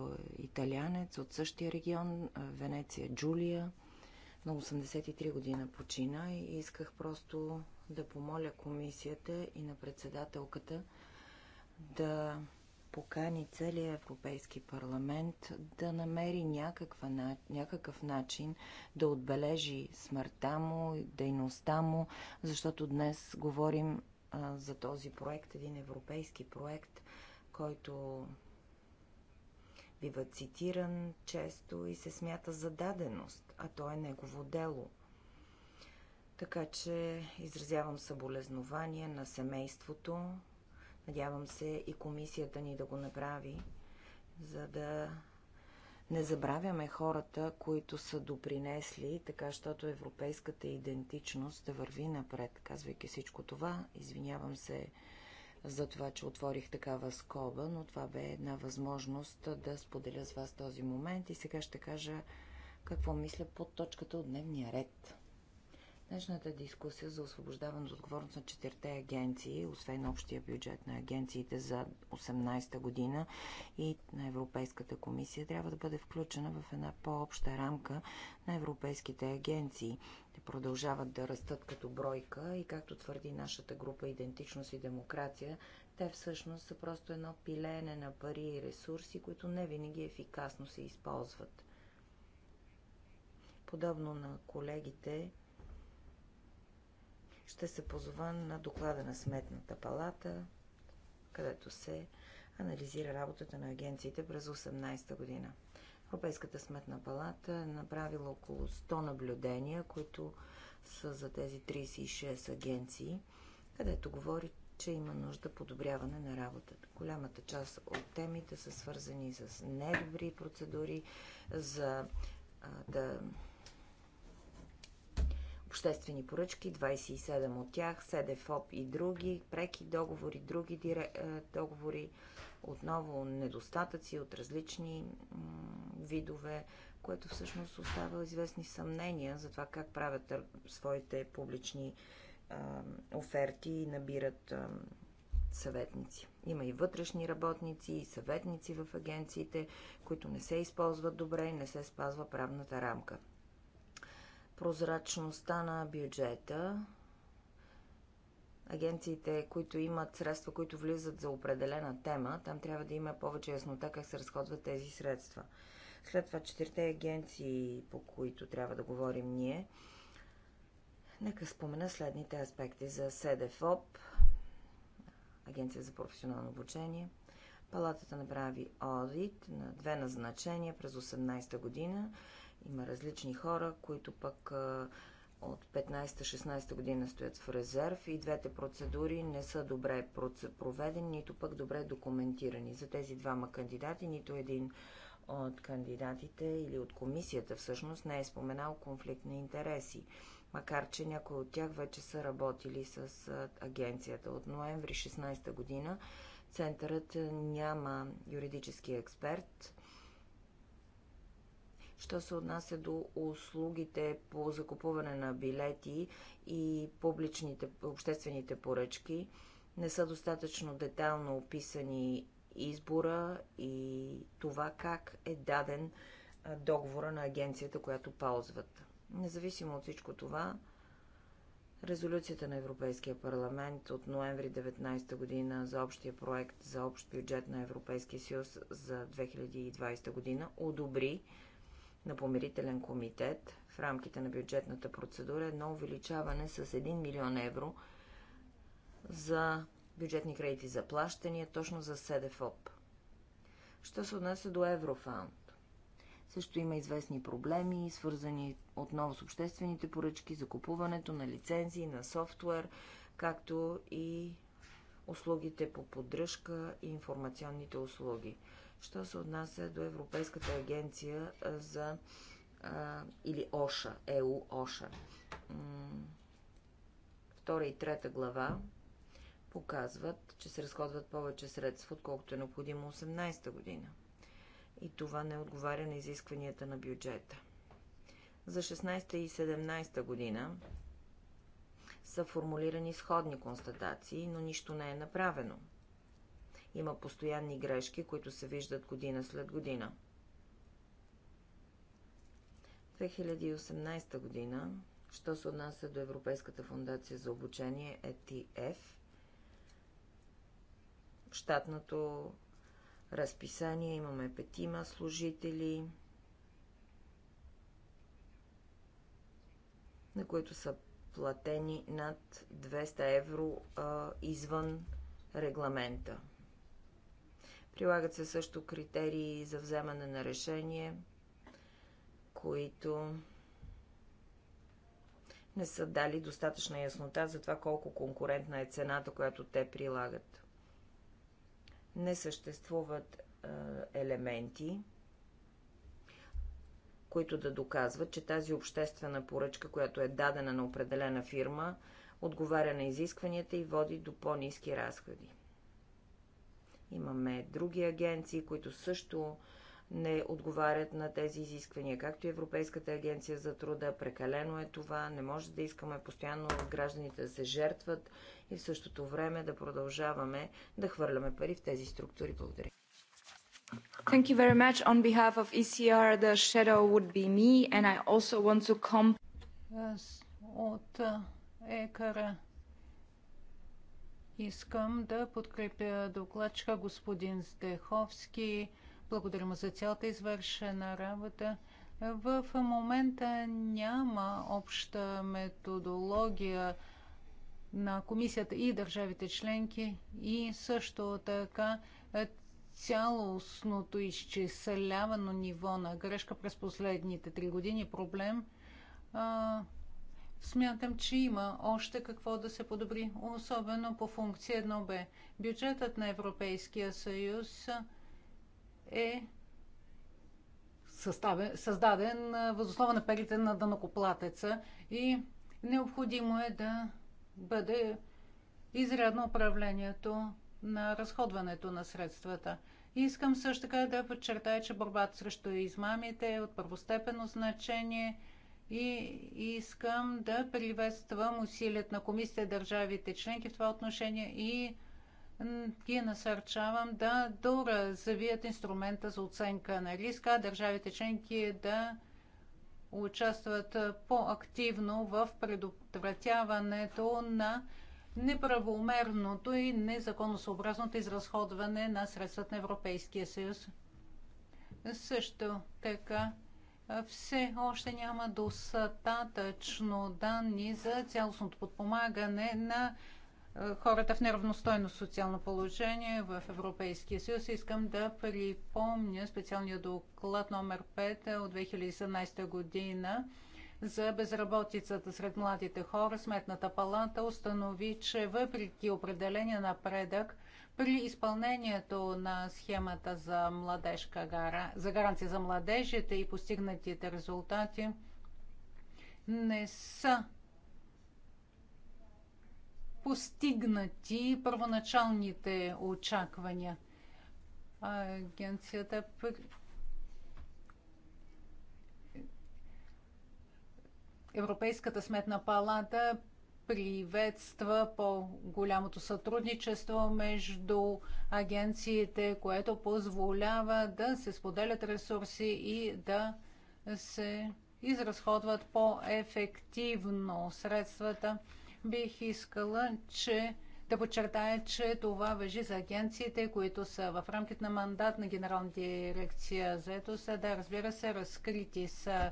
италянец от същия регион, Венеция Джулия – на 83 година почина и исках просто да помоля комисията и на председателката да покани целия Европейски парламент да намери някаква, някакъв начин да отбележи смъртта му, дейността му, защото днес говорим а, за този проект, един европейски проект, който бива цитиран често и се смята за даденост, а то е негово дело. Така че изразявам съболезнование на семейството. Надявам се и комисията ни да го направи, за да не забравяме хората, които са допринесли, така щото европейската идентичност да върви напред. Казвайки всичко това, извинявам се за това, че отворих такава скоба, но това бе една възможност да споделя с вас този момент и сега ще кажа какво мисля под точката от дневния ред. Днешната дискусия за освобождаване от отговорност на четирите агенции, освен общия бюджет на агенциите за 18-та година и на Европейската комисия, трябва да бъде включена в една по-обща рамка на европейските агенции, те продължават да растат като бройка и както твърди нашата група Идентичност и демокрация, те всъщност са просто едно пилеене на пари и ресурси, които не винаги ефикасно се използват. Подобно на колегите, ще се позова на доклада на Сметната палата, където се анализира работата на агенциите през 18-та година. Европейската сметна палата е направила около 100 наблюдения, които са за тези 36 агенции, където говори, че има нужда подобряване на работата. Голямата част от темите са свързани с недобри процедури, за а, да обществени поръчки, 27 от тях, СДФОП и други, преки договори, други дире... договори, отново недостатъци от различни видове, което всъщност остава известни съмнения за това как правят своите публични а, оферти и набират а, съветници. Има и вътрешни работници, и съветници в агенциите, които не се използват добре и не се спазва правната рамка. Прозрачността на бюджета агенциите, които имат средства, които влизат за определена тема, там трябва да има повече яснота как се разходват тези средства. След това четирите агенции, по които трябва да говорим ние, нека спомена следните аспекти за СДФОП, Агенция за професионално обучение. Палатата направи одит на две назначения през 18-та година. Има различни хора, които пък от 15-16 година стоят в резерв и двете процедури не са добре проведени, нито пък добре документирани. За тези двама кандидати нито един от кандидатите или от комисията всъщност не е споменал конфликт на интереси, макар че някои от тях вече са работили с агенцията. От ноември 16 година центърът няма юридически експерт, Що се отнася до услугите по закупуване на билети и публичните, обществените поръчки, не са достатъчно детално описани избора и това как е даден договора на агенцията, която ползват. Независимо от всичко това, резолюцията на Европейския парламент от ноември 19 година за общия проект за общ бюджет на Европейския съюз за 2020 година одобри на помирителен комитет в рамките на бюджетната процедура едно увеличаване с 1 милион евро за бюджетни кредити за плащания, точно за СДФОП. Що се отнася до Еврофаунд? Също има известни проблеми, свързани отново с обществените поръчки, закупуването на лицензии, на софтуер, както и услугите по поддръжка и информационните услуги що се отнася до Европейската агенция за а, или ОША, ЕУ ОША. Втора и трета глава показват, че се разходват повече средства, отколкото е необходимо 18-та година. И това не отговаря на изискванията на бюджета. За 16-та и 17-та година са формулирани сходни констатации, но нищо не е направено – има постоянни грешки, които се виждат година след година. 2018 година, що се отнася до Европейската фундация за обучение ETF, е щатното разписание имаме петима служители, на които са платени над 200 евро а, извън регламента. Прилагат се също критерии за вземане на решение, които не са дали достатъчна яснота за това колко конкурентна е цената, която те прилагат. Не съществуват е, елементи, които да доказват, че тази обществена поръчка, която е дадена на определена фирма, отговаря на изискванията и води до по-низки разходи. Имаме други агенции, които също не отговарят на тези изисквания, както и Европейската агенция за труда. Прекалено е това. Не може да искаме постоянно гражданите да се жертват и в същото време да продължаваме да хвърляме пари в тези структури. Благодаря. Thank you very much. On behalf of ECR, the shadow would be me, and I also want to come. от е, Искам да подкрепя докладчика господин Здеховски. Благодаря му за цялата извършена работа. В момента няма обща методология на комисията и държавите членки и също така цялостното изчислявано ниво на грешка през последните три години е проблем – Смятам, че има още какво да се подобри, особено по функция 1б. Бюджетът на Европейския съюз е съставен, създаден възоснова на перите на дънокоплатеца и необходимо е да бъде изрядно управлението на разходването на средствата. Искам също така да подчертая, че борбата срещу измамите е от първостепенно значение – и искам да приветствам усилият на комисията и държавите членки в това отношение и ги насърчавам да доразвият инструмента за оценка на риска, а държавите членки да участват по-активно в предотвратяването на неправомерното и незаконосъобразното изразходване на средствата на Европейския съюз. Също така все още няма достатъчно данни за цялостното подпомагане на хората в неравностойно социално положение в Европейския съюз. Искам да припомня специалния доклад номер 5 от 2017 година за безработицата сред младите хора. Сметната палата установи, че въпреки определения напредък при изпълнението на схемата за, младежка гара, за гаранция за младежите и постигнатите резултати не са постигнати първоначалните очаквания. Агенцията Европейската сметна палата приветства по-голямото сътрудничество между агенциите, което позволява да се споделят ресурси и да се изразходват по-ефективно средствата. Бих искала, че да подчертая, че това въжи за агенциите, които са в рамките на мандат на Генерална дирекция за ето да, разбира се, разкрити са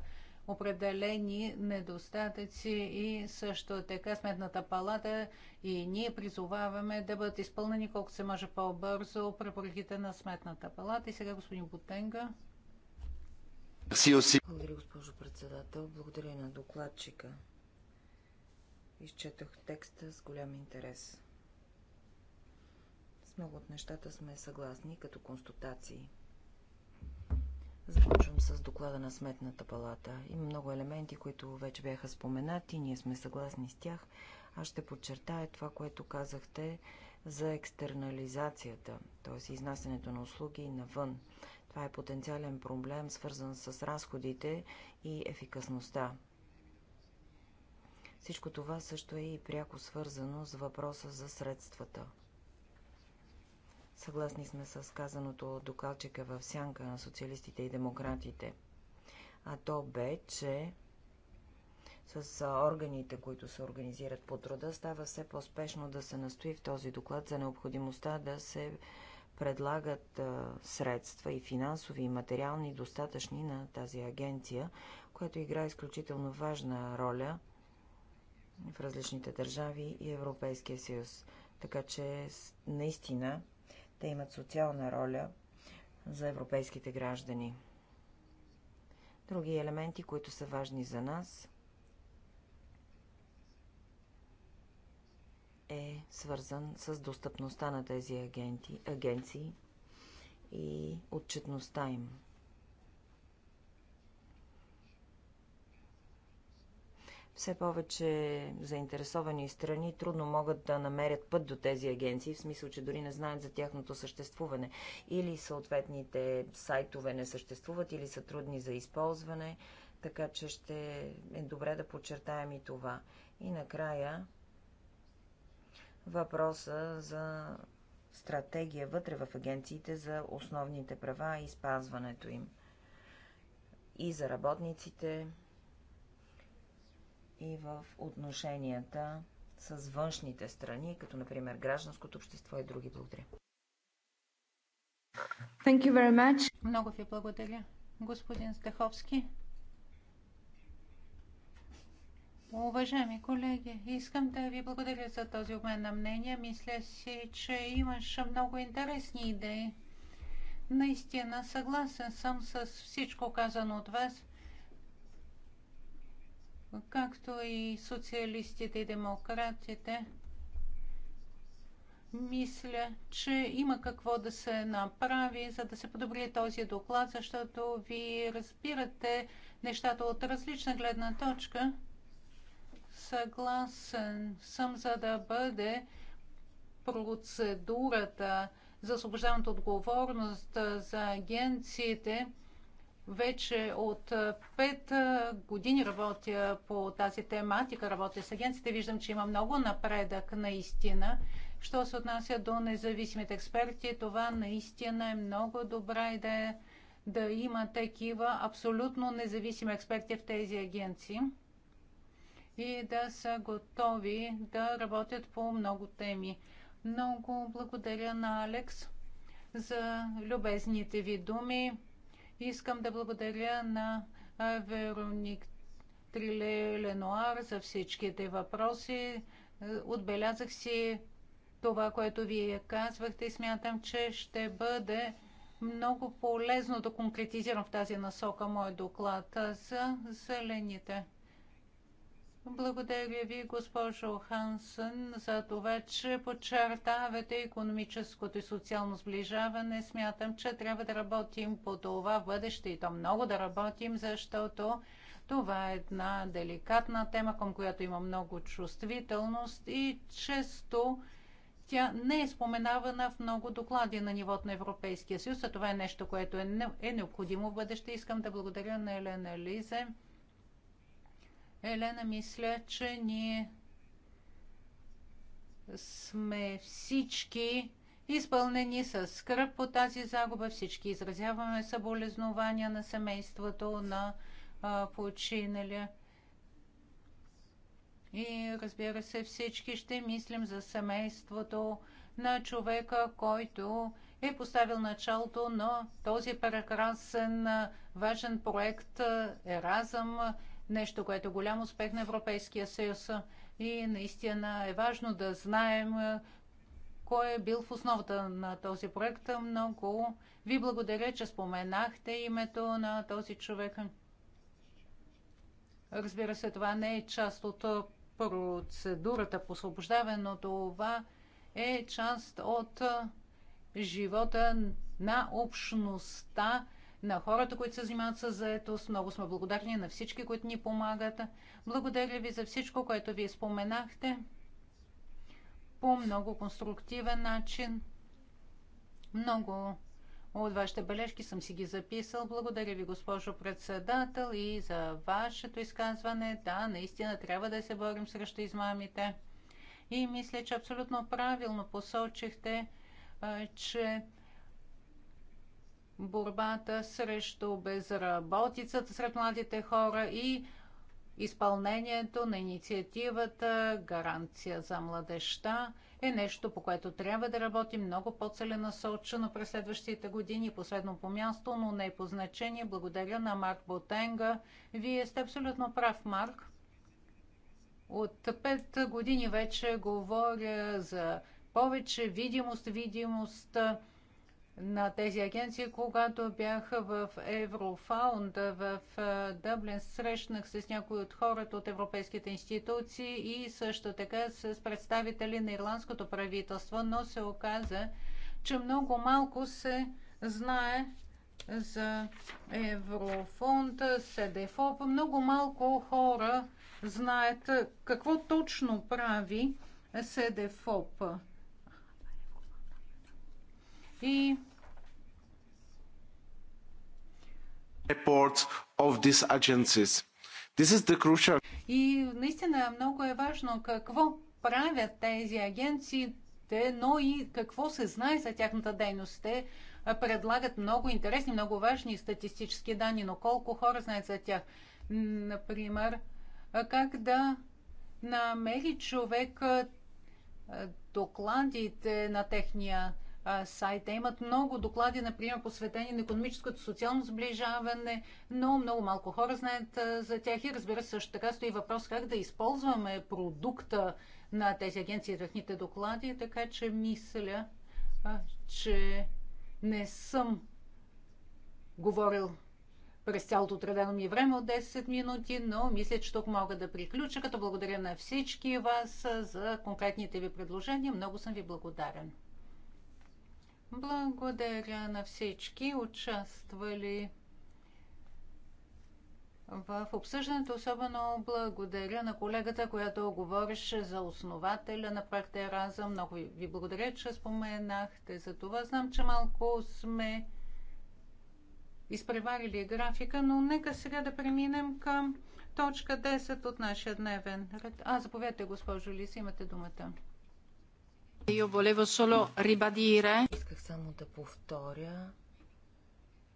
определени недостатъци и също така Сметната палата и ние призоваваме да бъдат изпълнени колкото се може по-бързо препоръките на Сметната палата. И сега господин Бутенга. Благодаря, госпожо председател. Благодаря на докладчика. Изчетох текста с голям интерес. С много от нещата сме съгласни като констатации – Започвам с доклада на Сметната палата. Има много елементи, които вече бяха споменати, ние сме съгласни с тях. Аз ще подчертая това, което казахте за екстернализацията, т.е. изнасянето на услуги навън. Това е потенциален проблем, свързан с разходите и ефикасността. Всичко това също е и пряко свързано с въпроса за средствата – Съгласни сме с казаното от докалчика в сянка на социалистите и демократите. А то бе, че с органите, които се организират по труда, става все по-спешно да се настои в този доклад за необходимостта да се предлагат средства и финансови и материални достатъчни на тази агенция, която играе изключително важна роля в различните държави и Европейския съюз. Така че наистина те имат социална роля за европейските граждани. Други елементи, които са важни за нас, е свързан с достъпността на тези агенти, агенции и отчетността им. Все повече заинтересовани страни трудно могат да намерят път до тези агенции, в смисъл, че дори не знаят за тяхното съществуване. Или съответните сайтове не съществуват, или са трудни за използване, така че ще е добре да подчертаем и това. И накрая въпроса за стратегия вътре в агенциите за основните права и спазването им. И за работниците, и в отношенията с външните страни, като например гражданското общество и други. Благодаря. Thank you very much. Много ви благодаря, господин Стеховски. Уважаеми колеги, искам да ви благодаря за този обмен на мнения. Мисля си, че имаше много интересни идеи. Наистина съгласен съм с всичко казано от вас както и социалистите и демократите, мисля, че има какво да се направи, за да се подобри този доклад, защото ви разбирате нещата от различна гледна точка. Съгласен съм, за да бъде процедурата за освобождаването отговорност за агенциите – вече от 5 години работя по тази тематика, работя с агенците. Виждам, че има много напредък наистина. Що се отнася до независимите експерти, това наистина е много добра идея да има такива абсолютно независими експерти в тези агенции и да са готови да работят по много теми. Много благодаря на Алекс за любезните ви думи. Искам да благодаря на Вероник Триле Ленуар за всичките въпроси. Е, отбелязах си това, което вие казвахте и смятам, че ще бъде много полезно да конкретизирам в тази насока мой доклад за зелените. Благодаря ви, госпожо Хансън, за това, че подчертавате економическото и социално сближаване. Смятам, че трябва да работим по това в бъдеще и то много да работим, защото това е една деликатна тема, към която има много чувствителност и често тя не е споменавана в много доклади на нивото на Европейския съюз, а това е нещо, което е, е необходимо в бъдеще. Искам да благодаря на Елена Лизе. Елена, мисля, че ние сме всички изпълнени с скръп по тази загуба. Всички изразяваме съболезнования на семейството на а, починалия. И разбира се, всички ще мислим за семейството на човека, който е поставил началото на този прекрасен, важен проект Еразъм, нещо, което е голям успех на Европейския съюз и наистина е важно да знаем кой е бил в основата на този проект. Много ви благодаря, че споменахте името на този човек. Разбира се, това не е част от процедурата по освобождаване, но това е част от живота на общността на хората, които се занимават с заетост. Много сме благодарни на всички, които ни помагат. Благодаря ви за всичко, което ви споменахте по много конструктивен начин. Много от вашите бележки съм си ги записал. Благодаря ви, госпожо председател, и за вашето изказване. Да, наистина трябва да се борим срещу измамите. И мисля, че абсолютно правилно посочихте, че борбата срещу безработицата сред младите хора и изпълнението на инициативата Гаранция за младеща е нещо, по което трябва да работим много по-целенасочено през следващите години. Последно по място, но не е по значение. Благодаря на Марк Ботенга. Вие сте абсолютно прав, Марк. От пет години вече говоря за повече видимост, видимост, видимост на тези агенции, когато бях в Еврофаунд в Дъблин, срещнах се с някои от хората от европейските институции и също така с представители на ирландското правителство, но се оказа, че много малко се знае за Еврофонд, СДФОП. Много малко хора знаят какво точно прави СДФОП и reports of these agencies. This is the crucial. И наистина много е важно какво правят тези агенции, но и какво се знае за тяхната дейност. Те предлагат много интересни, много важни статистически данни, но колко хора знаят за тях. Например, как да намери човек докладите на техния сайта. Имат много доклади, например, посветени на економическото социално сближаване, но много малко хора знаят за тях и разбира се също така стои въпрос как да използваме продукта на тези агенции и техните доклади, така че мисля, че не съм говорил през цялото отредено ми време от 10 минути, но мисля, че тук мога да приключа, като благодаря на всички вас за конкретните ви предложения. Много съм ви благодарен. Благодаря на всички, участвали в обсъждането. Особено благодаря на колегата, която говореше за основателя на проекта Еразъм. Много ви благодаря, че споменахте за това. Знам, че малко сме изпреварили графика, но нека сега да преминем към точка 10 от нашия дневен ред. А, заповядайте, госпожо Лис, имате думата. Исках само да повторя,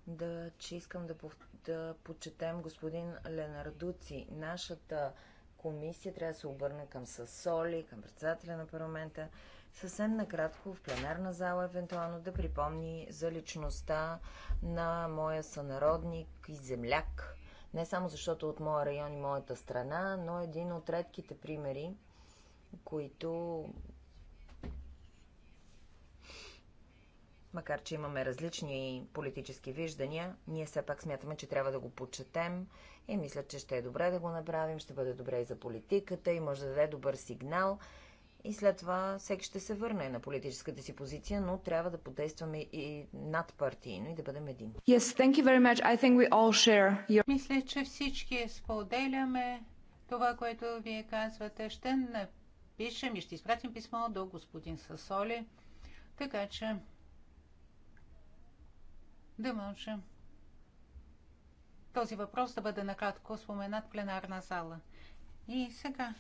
да, че искам да, пов... да почетем господин Ленардуци. Нашата комисия трябва да се обърне към Сасоли, към председателя на парламента, съвсем накратко в пленарна зала, евентуално да припомни за личността на моя сънародник и земляк. Не само защото от моя район и моята страна, но един от редките примери, които Макар, че имаме различни политически виждания, ние все пак смятаме, че трябва да го почетем и мисля, че ще е добре да го направим, ще бъде добре и за политиката и може да даде добър сигнал. И след това всеки ще се върне на политическата си позиция, но трябва да подействаме и надпартийно и да бъдем един. Yes, thank you very much. I think we all share your... Мисля, че всички споделяме това, което вие казвате. Ще напишем и ще изпратим писмо до господин Сасоли. Така че да можем този въпрос да бъде накратко споменат в пленарна зала. И сега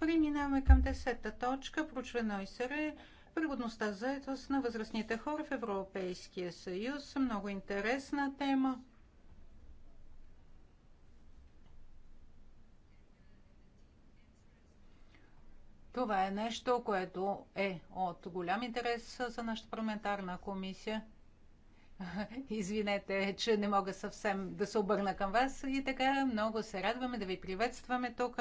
преминаваме към 10-та точка, проучване ОИСР, е пригодността за етост на възрастните хора в Европейския съюз. Много интересна тема. Това е нещо, което е от голям интерес за нашата парламентарна комисия – [laughs] Извинете, че не мога съвсем да се обърна към вас. И така, много се радваме да ви приветстваме тук.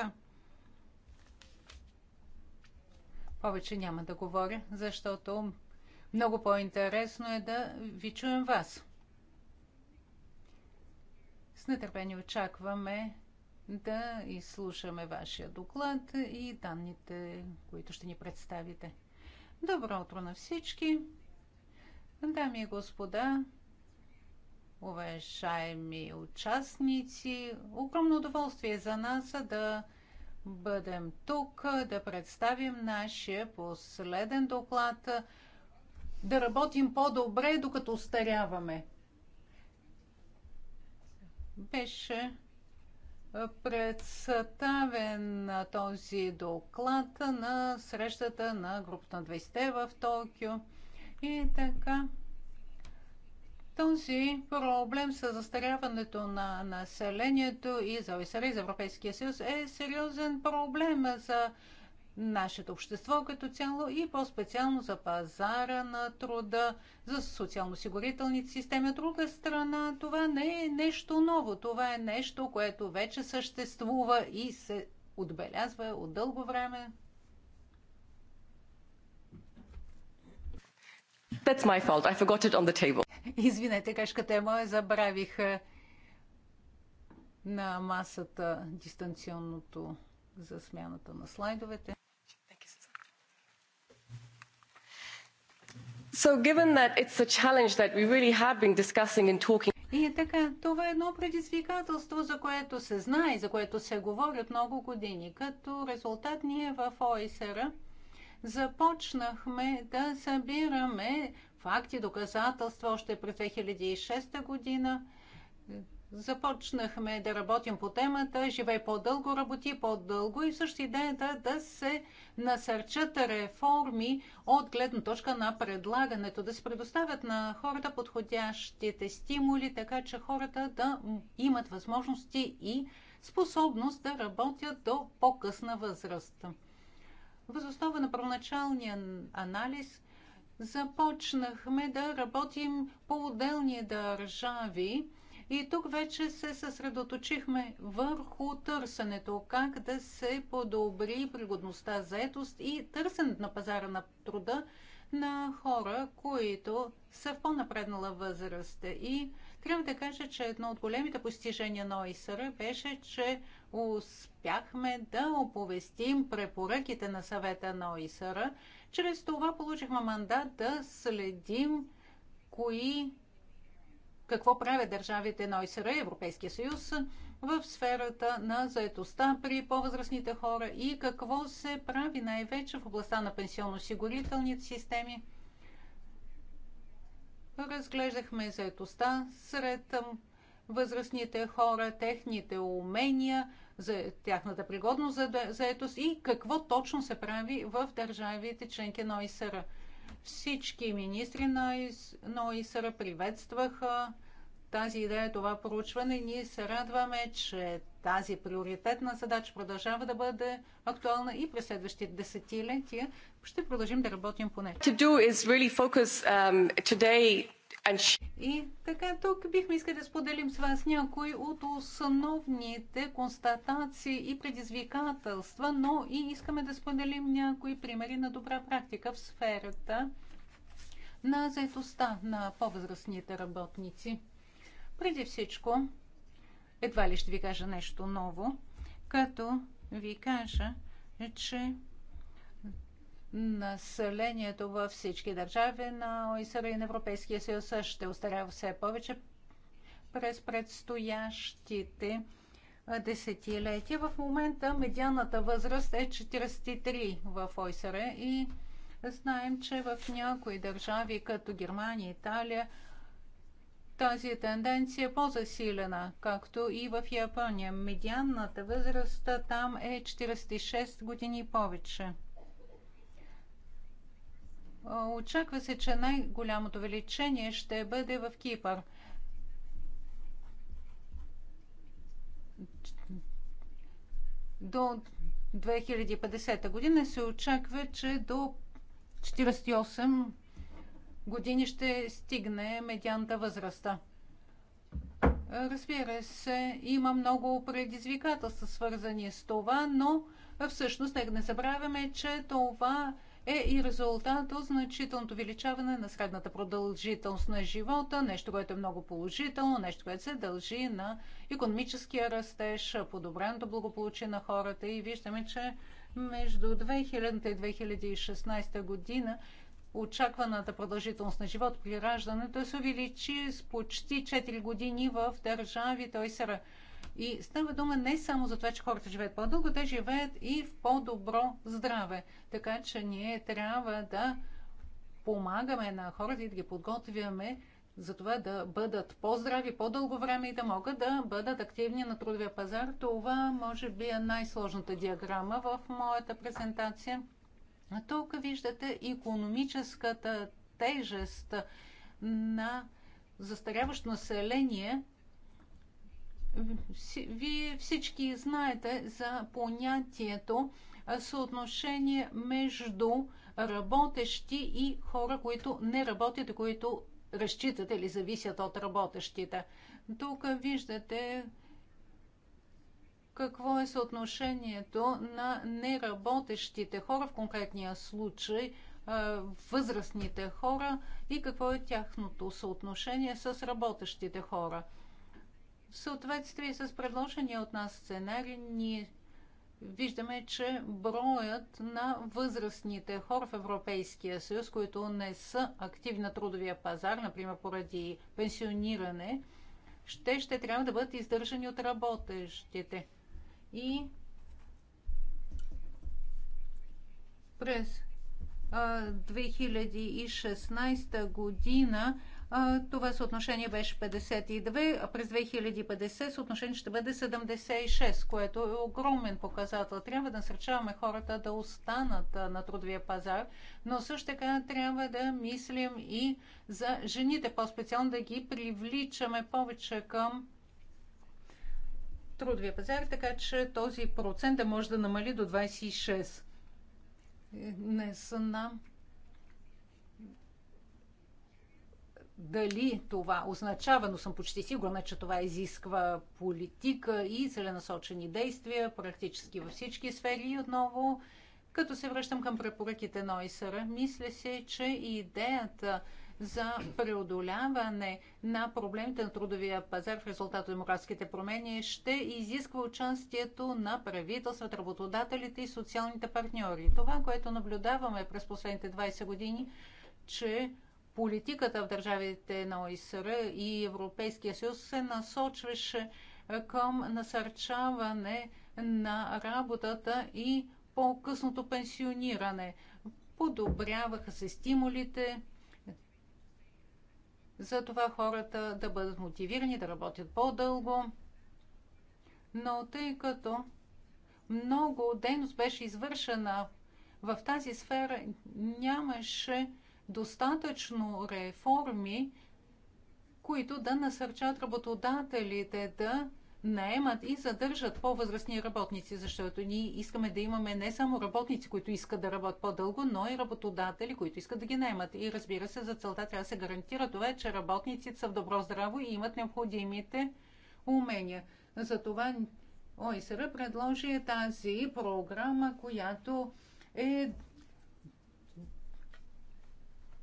Повече няма да говоря, защото много по-интересно е да ви чуем вас. С нетърпение очакваме да изслушаме вашия доклад и данните, които ще ни представите. Добро утро на всички! Дами и господа, уважаеми участници, огромно удоволствие за нас да бъдем тук, да представим нашия последен доклад, да работим по-добре, докато устаряваме. Беше представен този доклад на срещата на групата на 20 в Токио. И така, този проблем с застаряването на населението и за ОСР и за Европейския съюз е сериозен проблем за нашето общество като цяло и по-специално за пазара на труда, за социално-осигурителни системи. От друга страна, това не е нещо ново. Това е нещо, което вече съществува и се отбелязва от дълго време That's my fault. I forgot it on the table. Извинете, кашката е моя, забравих е, на масата дистанционното за смяната на слайдовете. So given that it's a challenge that we really have been discussing and talking и е така, това е едно предизвикателство, за което се знае, за което се говори от много години. Като резултат ние в ОСР започнахме да събираме факти, доказателства още през 2006 година. Започнахме да работим по темата Живей по-дълго, работи по-дълго и също идеята да се насърчат реформи от гледна точка на предлагането, да се предоставят на хората подходящите стимули, така че хората да имат възможности и способност да работят до по-късна възраст. Възоснова на първоначалния анализ започнахме да работим по отделни държави и тук вече се съсредоточихме върху търсенето, как да се подобри пригодността заетост и търсенето на пазара на труда на хора, които са в по-напреднала възраст. И трябва да кажа, че едно от големите постижения на ОИСР беше, че успяхме да оповестим препоръките на съвета на ОИСР. Чрез това получихме мандат да следим кои, какво правят държавите на ОИСР и Европейския съюз в сферата на заетостта при по-възрастните хора и какво се прави най-вече в областта на пенсионно-осигурителните системи. Разглеждахме заетостта сред възрастните хора, техните умения, за тяхната пригодност за заетост и какво точно се прави в държавите членки на ОИСР. Всички министри на ОИСР приветстваха тази идея, това проучване. Ние се радваме, че тази приоритетна задача продължава да бъде актуална и през следващите десетилетия. Ще продължим да работим по нея. И така тук бихме искали да споделим с вас някои от основните констатации и предизвикателства, но и искаме да споделим някои примери на добра практика в сферата на заедостта на по-възрастните работници. Преди всичко, едва ли ще ви кажа нещо ново, като ви кажа, че населението във всички държави на ОИСР и на Европейския съюз ще остарява все повече през предстоящите десетилетия. В момента медианата възраст е 43 в ОИСР и знаем, че в някои държави, като Германия, Италия, тази тенденция е по-засилена, както и в Япония. Медианната възраст там е 46 години повече. Очаква се, че най-голямото увеличение ще бъде в Кипър. До 2050 година се очаква, че до 48 години ще стигне медианта възрастта. Разбира се, има много предизвикателства свързани с това, но всъщност нека не забравяме, че това е е и резултат от значителното увеличаване на средната продължителност на живота, нещо, което е много положително, нещо, което се дължи на економическия растеж, подобреното благополучие на хората и виждаме, че между 2000 и 2016 година очакваната продължителност на живот при раждането се увеличи с почти 4 години в държави се и става дума не само за това, че хората живеят по-дълго, те живеят и в по-добро здраве. Така че ние трябва да помагаме на хората и да ги подготвяме за това да бъдат по-здрави по-дълго време и да могат да бъдат активни на трудовия пазар. Това може би е най-сложната диаграма в моята презентация. А тук виждате економическата тежест на застаряващо население – вие всички знаете за понятието съотношение между работещи и хора, които не работят и които разчитат или зависят от работещите. Тук виждате какво е съотношението на неработещите хора, в конкретния случай възрастните хора и какво е тяхното съотношение с работещите хора – в съответствие с предложения от нас сценарий, ние виждаме, че броят на възрастните хора в Европейския съюз, които не са активни на трудовия пазар, например поради пенсиониране, ще, ще трябва да бъдат издържани от работещите. И през 2016 година това съотношение беше 52, а през 2050 съотношение ще бъде 76, което е огромен показател. Трябва да насърчаваме хората да останат на трудовия пазар, но също така трябва да мислим и за жените, по-специално да ги привличаме повече към трудовия пазар, така че този процент да може да намали до 26. Е, не знам дали това означава, но съм почти сигурна, че това изисква политика и целенасочени действия практически във всички сфери. И отново, като се връщам към препоръките на ОИСР, мисля се, че идеята за преодоляване на проблемите на трудовия пазар в резултат от демократските промени ще изисква участието на правителствата, работодателите и социалните партньори. Това, което наблюдаваме през последните 20 години, че политиката в държавите на ОИСР и Европейския съюз се насочваше към насърчаване на работата и по-късното пенсиониране. Подобряваха се стимулите за това хората да бъдат мотивирани да работят по-дълго. Но тъй като много дейност беше извършена в тази сфера, нямаше достатъчно реформи, които да насърчат работодателите да наемат и задържат по-възрастни работници, защото ние искаме да имаме не само работници, които искат да работят по-дълго, но и работодатели, които искат да ги наемат. И разбира се, за целта трябва да се гарантира това, че работниците са в добро здраво и имат необходимите умения. Затова ОИСР предложи тази програма, която е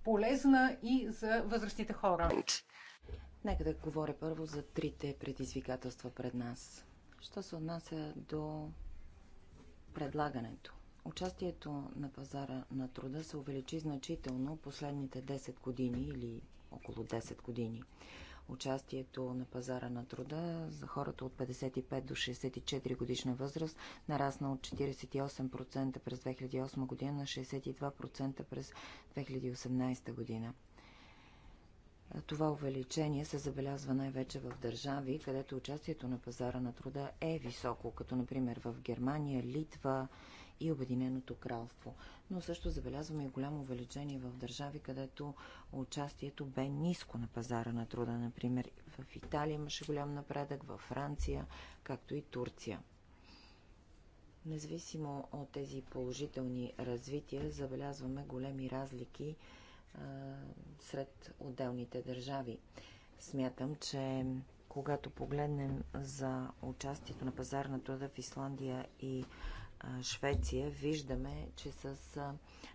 полезна и за възрастните хора. Нека да говоря първо за трите предизвикателства пред нас. Що се отнася до предлагането? Участието на пазара на труда се увеличи значително последните 10 години или около 10 години. Участието на пазара на труда за хората от 55 до 64 годишна възраст нарасна от 48% през 2008 година на 62% през 2018 година. Това увеличение се забелязва най-вече в държави, където участието на пазара на труда е високо, като например в Германия, Литва и Обединеното кралство. Но също забелязваме и голямо увеличение в държави, където участието бе ниско на пазара на труда. Например, в Италия имаше голям напредък, във Франция, както и Турция. Независимо от тези положителни развития, забелязваме големи разлики сред отделните държави. Смятам, че когато погледнем за участието на пазар на труда в Исландия и Швеция, виждаме, че с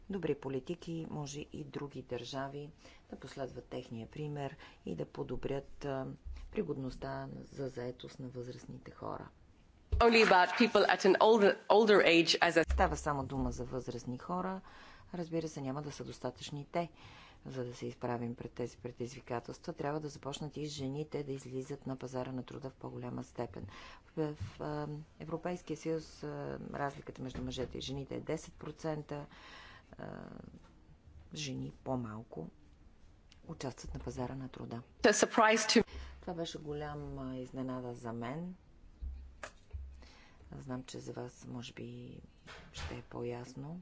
добри политики може и други държави да последват техния пример и да подобрят пригодността за заетост на възрастните хора. Older, older a... Става само дума за възрастни хора, разбира се, няма да са достатъчни те. За да се изправим пред тези предизвикателства, трябва да започнат и жените да излизат на пазара на труда в по-голяма степен. В, Европейския съюз разликата между мъжете и жените е 10%, жени по-малко участват на пазара на труда. Това беше голяма изненада за мен. Знам, че за вас може би ще е по-ясно.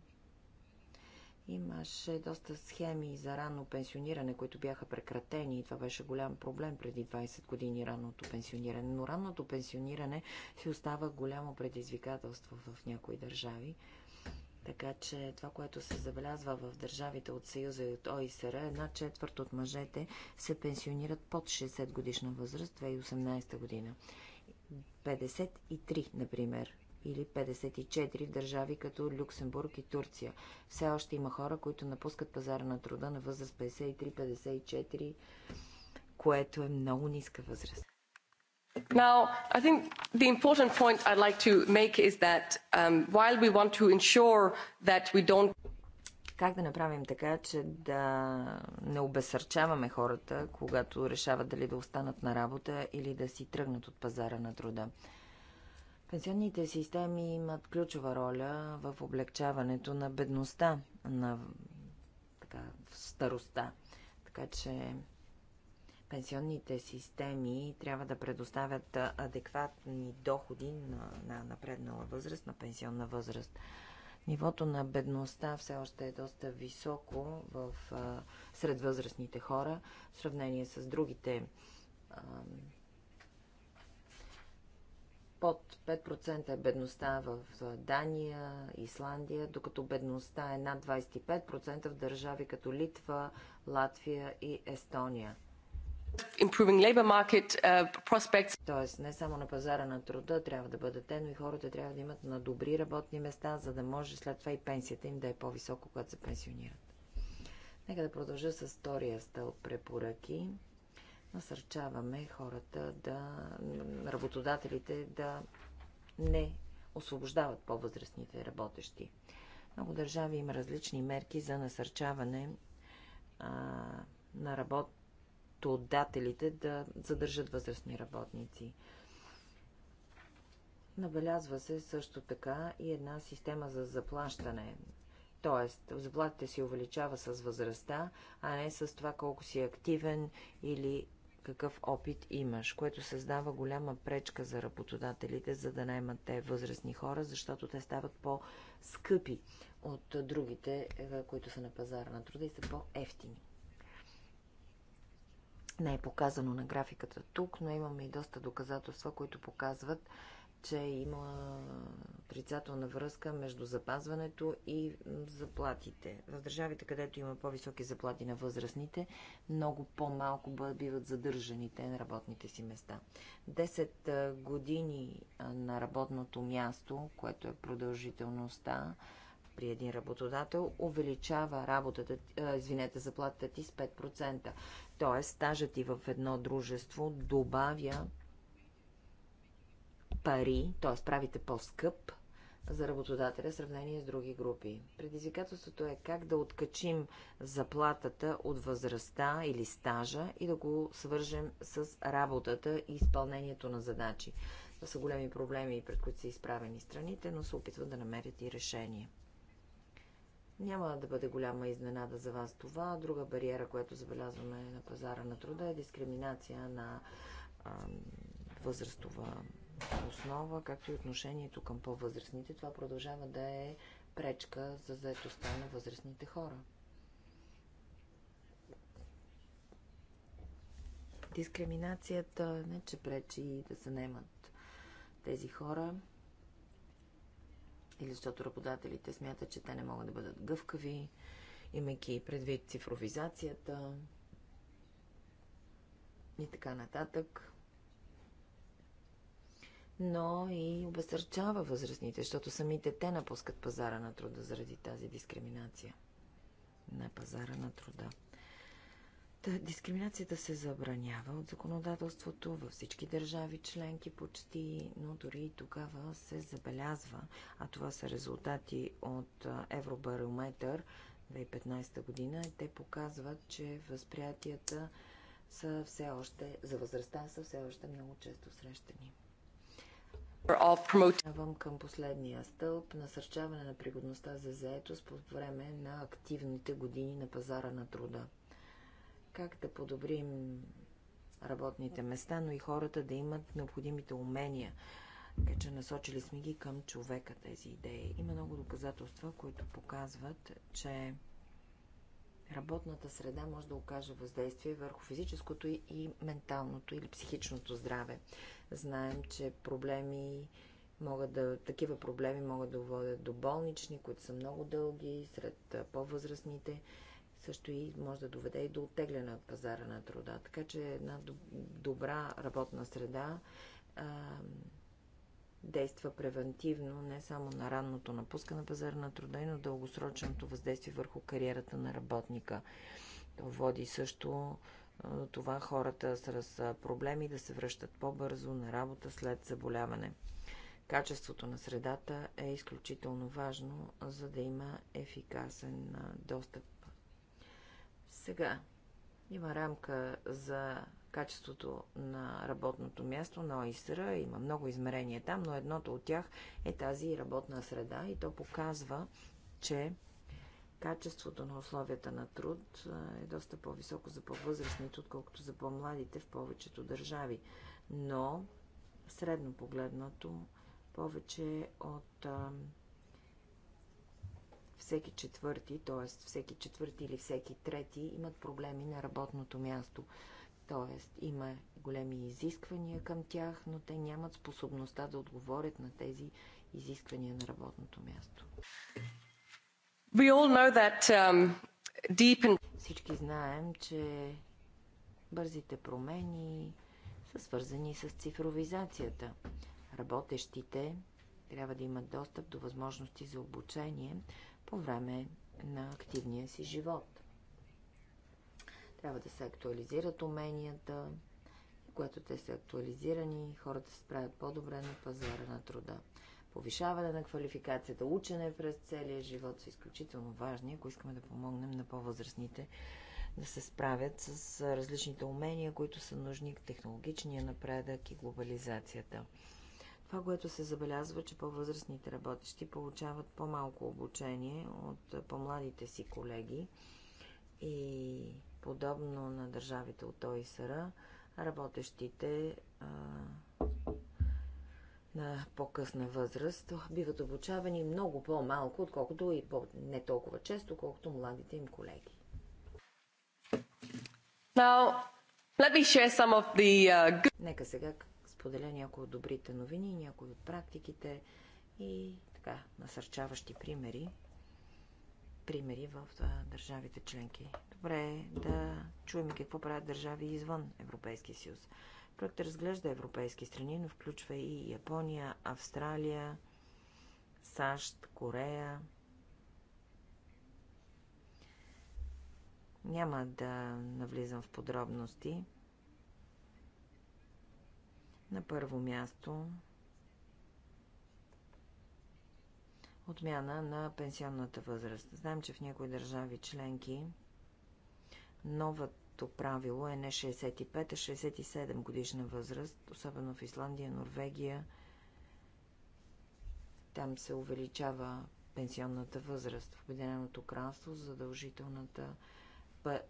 Имаше доста схеми за ранно пенсиониране, които бяха прекратени и това беше голям проблем преди 20 години ранното пенсиониране. Но ранното пенсиониране си остава голямо предизвикателство в някои държави. Така че това, което се забелязва в държавите от Съюза и от ОИСР, една четвърт от мъжете се пенсионират под 60 годишна възраст, 2018 година. 53, например, или 54 в държави като Люксембург и Турция. Все още има хора, които напускат пазара на труда на възраст 53-54, което е много ниска възраст. Now, I think the important point I'd like to make is that um, while we want to ensure that we don't как да направим така, че да не обесърчаваме хората, когато решават дали да останат на работа или да си тръгнат от пазара на труда. Пенсионните системи имат ключова роля в облегчаването на бедността, на така, старостта. Така че пенсионните системи трябва да предоставят адекватни доходи на, на напреднала възраст, на пенсионна възраст. Нивото на бедността все още е доста високо в, а, сред възрастните хора в сравнение с другите а, под 5% е бедността в Дания, Исландия, докато бедността е над 25% в държави като Литва, Латвия и Естония. Market, uh, Тоест, не само на пазара на труда трябва да бъдат те, но и хората трябва да имат на добри работни места, за да може след това и пенсията им да е по-високо, когато се пенсионират. Нека да продължа с втория стълб препоръки насърчаваме хората да, работодателите да не освобождават по-възрастните работещи. Много държави има различни мерки за насърчаване а, на работодателите да задържат възрастни работници. Набелязва се също така и една система за заплащане. Тоест, заплатите си увеличава с възрастта, а не с това колко си активен или какъв опит имаш, което създава голяма пречка за работодателите, за да наймат те възрастни хора, защото те стават по-скъпи от другите, е, които са на пазара на труда и са по-ефтини. Не е показано на графиката тук, но имаме и доста доказателства, които показват, че има отрицателна връзка между запазването и заплатите. В държавите, където има по-високи заплати на възрастните, много по-малко биват задържаните на работните си места. 10 години на работното място, което е продължителността при един работодател, увеличава работата, извинете, заплатата ти с 5%. Тоест, стажът ти в едно дружество добавя пари, т.е. правите по-скъп за работодателя в сравнение с други групи. Предизвикателството е как да откачим заплатата от възрастта или стажа и да го свържем с работата и изпълнението на задачи. Това са големи проблеми, пред които са изправени страните, но се опитват да намерят и решение. Няма да бъде голяма изненада за вас това. Друга бариера, която забелязваме на пазара на труда е дискриминация на а, възрастова основа, както и отношението към по-възрастните, това продължава да е пречка за заетостта на възрастните хора. Дискриминацията не че пречи да се наемат тези хора, или защото работодателите смятат, че те не могат да бъдат гъвкави, имайки предвид цифровизацията и така нататък но и обезсърчава възрастните, защото самите те напускат пазара на труда заради тази дискриминация на пазара на труда. Та, дискриминацията се забранява от законодателството във всички държави членки почти, но дори и тогава се забелязва, а това са резултати от Евробарометър 2015 година те показват, че възприятията са все още, за възрастта са все още много често срещани. Давам към последния стълб насърчаване на пригодността за заетост по време на активните години на пазара на труда. Как да подобрим работните места, но и хората да имат необходимите умения. Така че насочили сме ги към човека тези идеи. Има много доказателства, които показват, че работната среда може да окаже въздействие върху физическото и менталното или психичното здраве. Знаем, че проблеми могат да, такива проблеми могат да водят до болнични, които са много дълги, сред по-възрастните. Също и може да доведе и до оттегляне от пазара на труда. Така че една добра работна среда действа превентивно не само на ранното напускане на пазара на труда, и на дългосрочното въздействие върху кариерата на работника. Води също това хората с проблеми да се връщат по-бързо на работа след заболяване. Качеството на средата е изключително важно, за да има ефикасен достъп. Сега има рамка за качеството на работното място на ОИСРа. Има много измерения там, но едното от тях е тази работна среда и то показва, че качеството на условията на труд е доста по-високо за по-възрастните, отколкото за по-младите в повечето държави. Но, средно погледнато, повече от а, всеки четвърти, т.е. всеки четвърти или всеки трети, имат проблеми на работното място. Т.е. има големи изисквания към тях, но те нямат способността да отговорят на тези изисквания на работното място. We all know that, um, deep in... Всички знаем, че бързите промени са свързани с цифровизацията. Работещите трябва да имат достъп до възможности за обучение по време на активния си живот. Трябва да се актуализират уменията, когато те са актуализирани, хората се справят по-добре на пазара на труда. Повишаване на квалификацията, учене през целия живот са изключително важни, ако искаме да помогнем на по-възрастните да се справят с различните умения, които са нужни к технологичния напредък и глобализацията. Това, което се забелязва, че по-възрастните работещи получават по-малко обучение от по-младите си колеги и подобно на държавите от ОИСР, работещите а, на по-късна възраст биват обучавани много по-малко, отколкото и по- не толкова често, колкото младите им колеги. Now, let me share some of the, uh, good... Нека сега споделя някои от добрите новини, някои от практиките и така насърчаващи примери примери в а, държавите членки добре е да чуем какво правят държави извън Европейския съюз. Проектът разглежда европейски страни, но включва и Япония, Австралия, САЩ, Корея. Няма да навлизам в подробности. На първо място отмяна на пенсионната възраст. Знаем, че в някои държави членки Новото правило е не 65, а 67 годишна възраст, особено в Исландия, Норвегия. Там се увеличава пенсионната възраст. В Обединеното кралство задължителната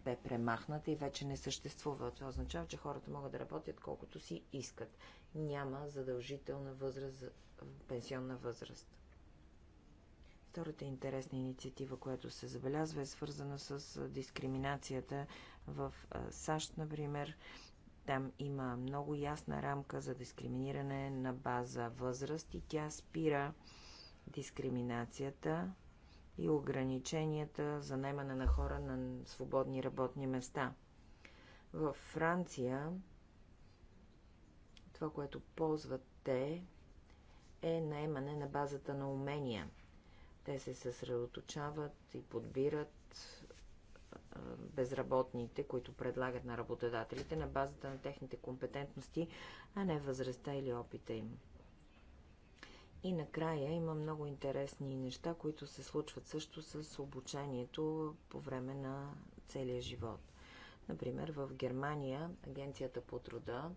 бе премахната и вече не съществува. Това означава, че хората могат да работят колкото си искат. Няма задължителна възраст, пенсионна възраст. Втората интересна инициатива, която се забелязва, е свързана с дискриминацията в САЩ, например. Там има много ясна рамка за дискриминиране на база възраст и тя спира дискриминацията и ограниченията за наймане на хора на свободни работни места. В Франция това, което ползват те, е наемане на базата на умения – те се съсредоточават и подбират безработните, които предлагат на работодателите на базата на техните компетентности, а не възрастта или опита им. И накрая има много интересни неща, които се случват също с обучението по време на целия живот. Например, в Германия Агенцията по труда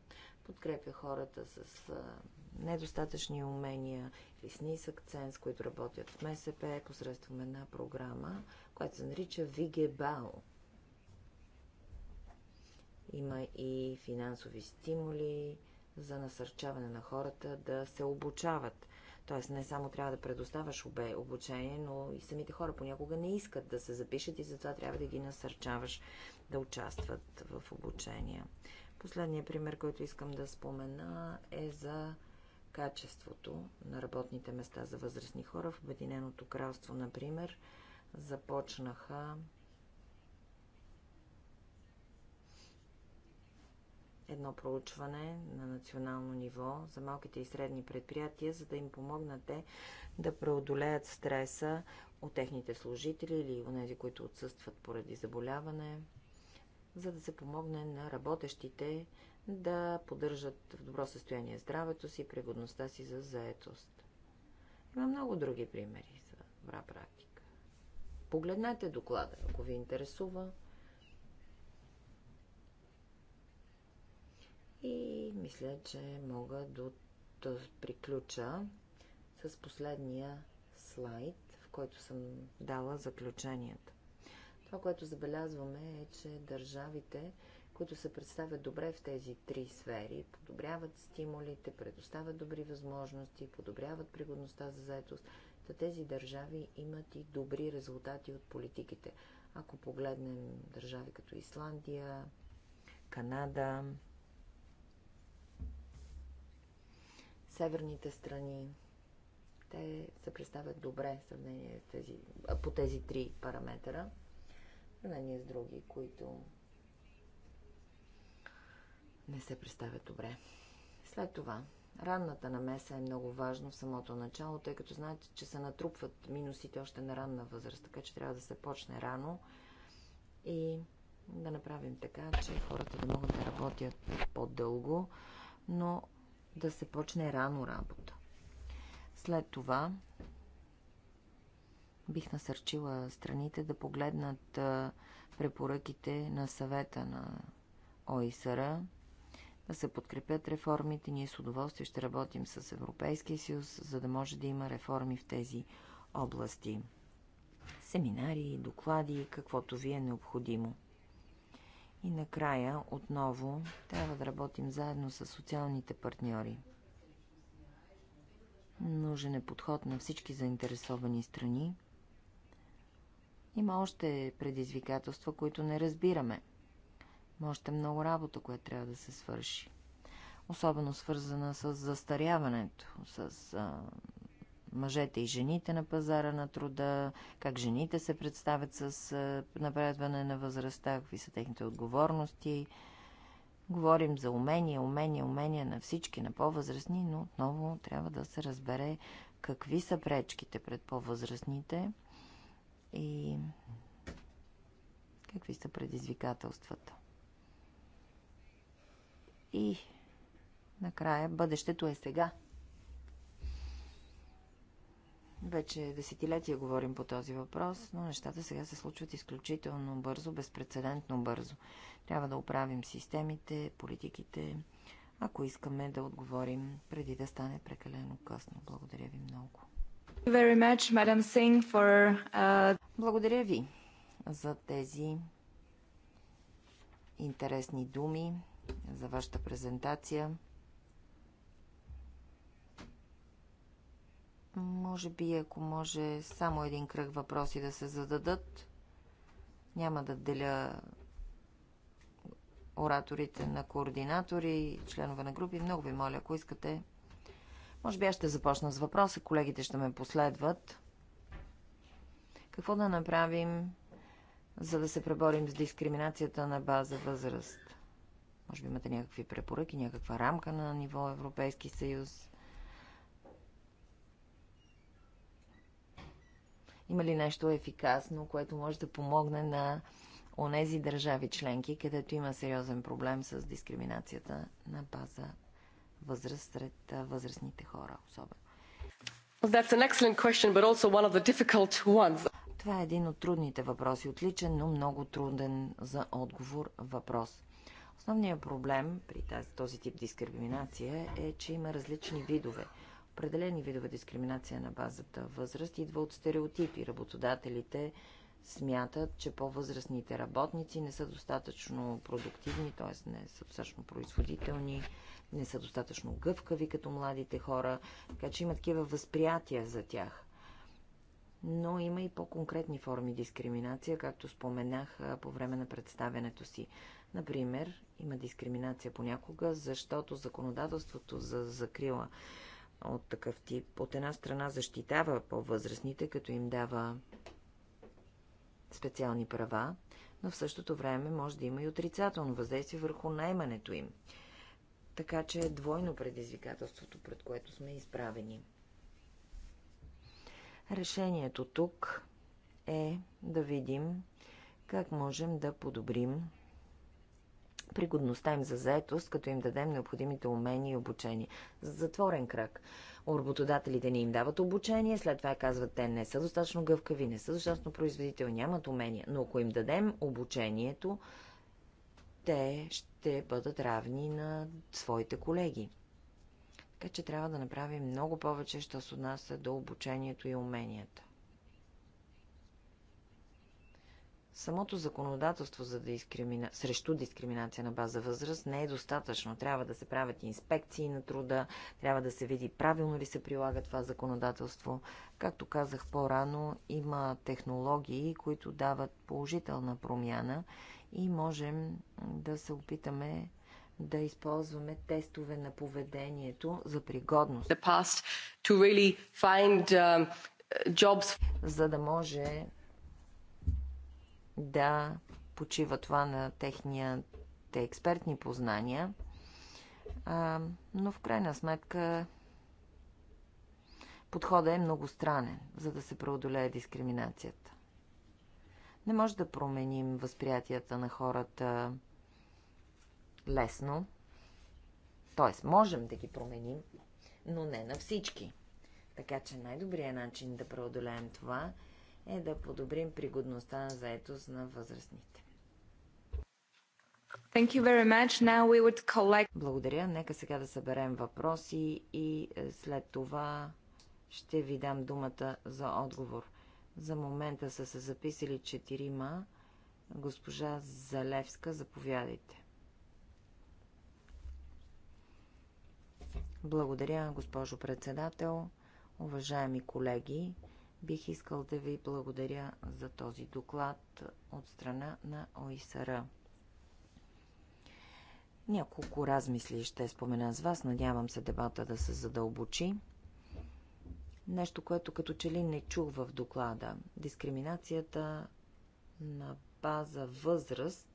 подкрепя хората с недостатъчни умения и с нисък цен, с които работят в МСП, посредством една програма, която се нарича Вигебао. Има и финансови стимули за насърчаване на хората да се обучават. Тоест не само трябва да предоставаш обучение, но и самите хора понякога не искат да се запишат и затова трябва да ги насърчаваш да участват в обучения. Последният пример, който искам да спомена е за качеството на работните места за възрастни хора. В Обединеното кралство, например, започнаха едно проучване на национално ниво за малките и средни предприятия, за да им помогнате да преодолеят стреса от техните служители или от тези, които отсъстват поради заболяване, за да се помогне на работещите да поддържат в добро състояние здравето си и пригодността си за заетост. Има много други примери за добра практика. Погледнете доклада, ако ви интересува. И мисля, че мога до да приключа с последния слайд, в който съм дала заключенията. Това, което забелязваме е, че държавите които се представят добре в тези три сфери, подобряват стимулите, предоставят добри възможности, подобряват пригодността за заетост, та тези държави имат и добри резултати от политиките. Ако погледнем държави като Исландия, Канада, северните страни, те се представят добре в сравнение тези, по тези три параметъра, в сравнение с други, които не се представят добре. След това, ранната намеса е много важно в самото начало, тъй като знаете, че се натрупват минусите още на ранна възраст, така че трябва да се почне рано и да направим така, че хората да могат да работят по-дълго, но да се почне рано работа. След това бих насърчила страните да погледнат препоръките на съвета на ОИСР да се подкрепят реформите. Ние с удоволствие ще работим с Европейския съюз, за да може да има реформи в тези области. Семинари, доклади, каквото ви е необходимо. И накрая, отново, трябва да работим заедно с социалните партньори. Нужен е подход на всички заинтересовани страни. Има още предизвикателства, които не разбираме – има още много работа, която трябва да се свърши. Особено свързана с застаряването, с а, мъжете и жените на пазара на труда, как жените се представят с а, напредване на възрастта, какви са техните отговорности. Говорим за умения, умения, умения на всички, на по-възрастни, но отново трябва да се разбере какви са пречките пред по-възрастните и какви са предизвикателствата. И накрая бъдещето е сега. Вече десетилетия говорим по този въпрос, но нещата сега се случват изключително бързо, безпредседентно бързо. Трябва да оправим системите, политиките, ако искаме да отговорим преди да стане прекалено късно. Благодаря ви много. Uh, Благодаря ви за тези интересни думи за вашата презентация. Може би, ако може, само един кръг въпроси да се зададат. Няма да деля ораторите на координатори, членове на групи. Много ви моля, ако искате. Може би аз ще започна с въпроса, колегите ще ме последват. Какво да направим, за да се преборим с дискриминацията на база възраст? Може би имате някакви препоръки, някаква рамка на ниво Европейски съюз. Има ли нещо ефикасно, което може да помогне на онези държави членки, където има сериозен проблем с дискриминацията на база възраст сред възрастните хора особено? Това е един от трудните въпроси. Отличен, но много труден за отговор въпрос. Основният проблем при тази, този тип дискриминация е, че има различни видове. Определени видове дискриминация на базата възраст идва от стереотипи. Работодателите смятат, че по-възрастните работници не са достатъчно продуктивни, т.е. не са достатъчно производителни, не са достатъчно гъвкави като младите хора, така че има такива възприятия за тях. Но има и по-конкретни форми дискриминация, както споменах по време на представянето си. Например, има дискриминация понякога, защото законодателството за закрила от такъв тип от една страна защитава по-възрастните, като им дава специални права, но в същото време може да има и отрицателно въздействие върху наймането им. Така че е двойно предизвикателството, пред което сме изправени. Решението тук е да видим как можем да подобрим пригодността им за заетост, като им дадем необходимите умения и обучение. За затворен кръг. Работодателите не им дават обучение, след това казват, те не са достатъчно гъвкави, не са достатъчно производителни, нямат умения. Но ако им дадем обучението, те ще бъдат равни на своите колеги. Така че трябва да направим много повече, що се отнася до обучението и уменията. Самото законодателство за дискримина... срещу дискриминация на база възраст не е достатъчно. Трябва да се правят инспекции на труда, трябва да се види правилно ли се прилага това законодателство. Както казах по-рано, има технологии, които дават положителна промяна и можем да се опитаме да използваме тестове на поведението за пригодност. The past to really find, uh, jobs. За да може да почива това на техните експертни познания. А, но в крайна сметка подходът е много странен, за да се преодолее дискриминацията. Не може да променим възприятията на хората лесно. Тоест, можем да ги променим, но не на всички. Така че най-добрият начин да преодолеем това е е да подобрим пригодността на заетост на възрастните. Thank you very much. Now we would collect... Благодаря. Нека сега да съберем въпроси и е, след това ще ви дам думата за отговор. За момента са се записали четирима. Госпожа Залевска, заповядайте. Благодаря, госпожо председател, уважаеми колеги. Бих искал да ви благодаря за този доклад от страна на ОИСР. Няколко размисли ще спомена с вас. Надявам се дебата да се задълбочи. Нещо, което като че ли не чух в доклада. Дискриминацията на база възраст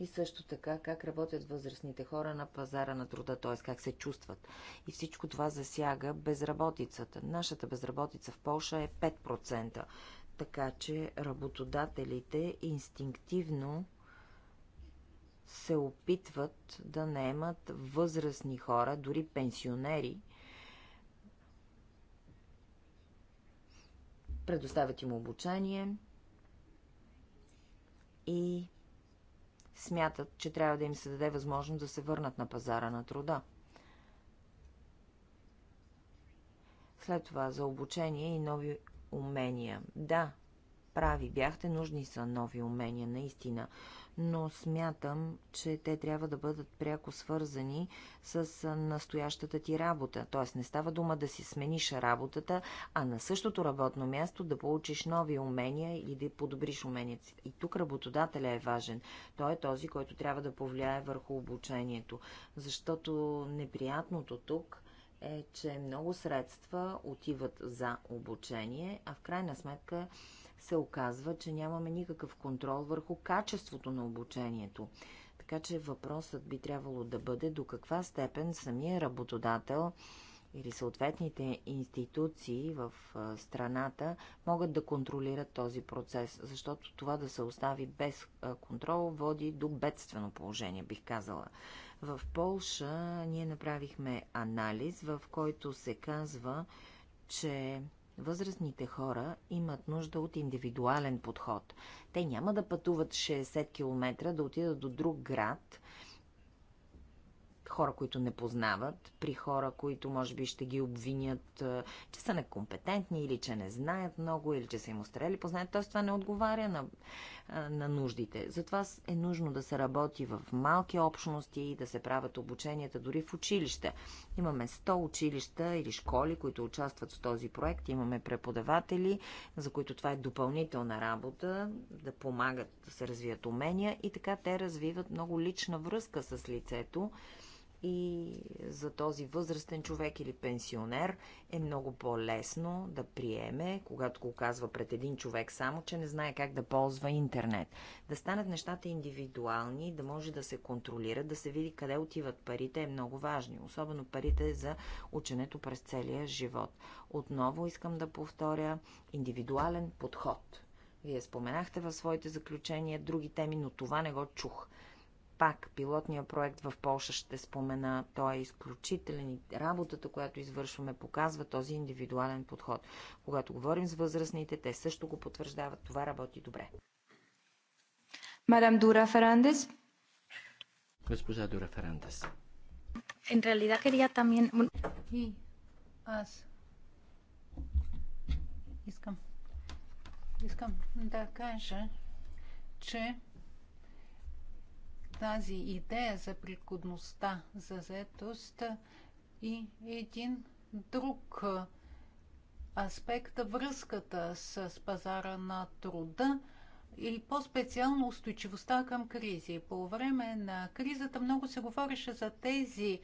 и също така как работят възрастните хора на пазара на труда, т.е. как се чувстват. И всичко това засяга безработицата. Нашата безработица в Польша е 5%, така че работодателите инстинктивно се опитват да наемат възрастни хора, дори пенсионери, предоставят им обучение и смятат, че трябва да им се даде възможност да се върнат на пазара на труда. След това за обучение и нови умения. Да, прави бяхте, нужни са нови умения, наистина но смятам, че те трябва да бъдат пряко свързани с настоящата ти работа. Тоест не става дума да си смениш работата, а на същото работно място да получиш нови умения или да подобриш уменията И тук работодателя е важен. Той е този, който трябва да повлияе върху обучението. Защото неприятното тук е, че много средства отиват за обучение, а в крайна сметка се оказва, че нямаме никакъв контрол върху качеството на обучението. Така че въпросът би трябвало да бъде до каква степен самия работодател или съответните институции в страната могат да контролират този процес, защото това да се остави без контрол води до бедствено положение, бих казала. В Полша ние направихме анализ, в който се казва, че Възрастните хора имат нужда от индивидуален подход. Те няма да пътуват 60 км да отидат до друг град, хора, които не познават, при хора, които може би ще ги обвинят, че са некомпетентни или че не знаят много, или че са им устарели познаят. Тоест това не отговаря на, на нуждите. Затова е нужно да се работи в малки общности и да се правят обученията дори в училища. Имаме 100 училища или школи, които участват в този проект. Имаме преподаватели, за които това е допълнителна работа, да помагат да се развият умения и така те развиват много лична връзка с лицето и за този възрастен човек или пенсионер е много по-лесно да приеме, когато го казва пред един човек само, че не знае как да ползва интернет. Да станат нещата индивидуални, да може да се контролира, да се види къде отиват парите е много важно, особено парите за ученето през целия живот. Отново искам да повторя индивидуален подход. Вие споменахте във своите заключения други теми, но това не го чух. Пак пилотния проект в Польша ще спомена. Той е изключителен и работата, която извършваме, показва този индивидуален подход. Когато говорим с възрастните, те също го потвърждават. Това работи добре. Мадам Дура Ферандес. Госпожа Дура Ферандес. En realidad quería también... И аз искам, искам да кажа, че тази идея за пригодността за заетост и един друг аспект връзката с пазара на труда и по-специално устойчивостта към кризи. По време на кризата много се говореше за тези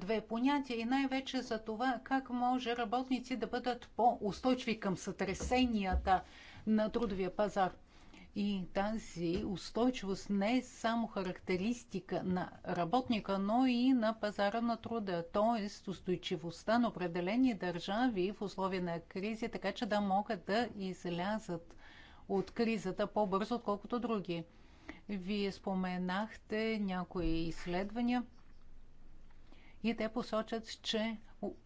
две понятия и най-вече за това как може работници да бъдат по-устойчиви към сътресенията на трудовия пазар. И тази устойчивост не е само характеристика на работника, но и на пазара на труда, т.е. устойчивостта на определени държави в условия на кризи, така че да могат да излязат от кризата по-бързо, отколкото други. Вие споменахте някои изследвания и те посочат, че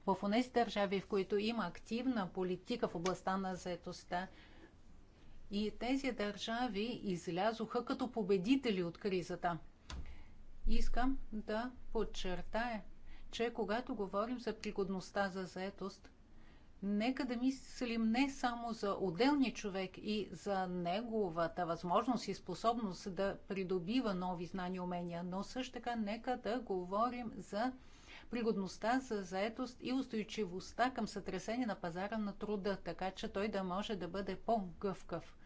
в тези държави, в които има активна политика в областта на заетостта, и тези държави излязоха като победители от кризата. Искам да подчертая, че когато говорим за пригодността за заетост, нека да мислим не само за отделния човек и за неговата възможност и способност да придобива нови знания и умения, но също така нека да говорим за пригодността за заетост и устойчивостта към сътресение на пазара на труда, така че той да може да бъде по-гъвкав.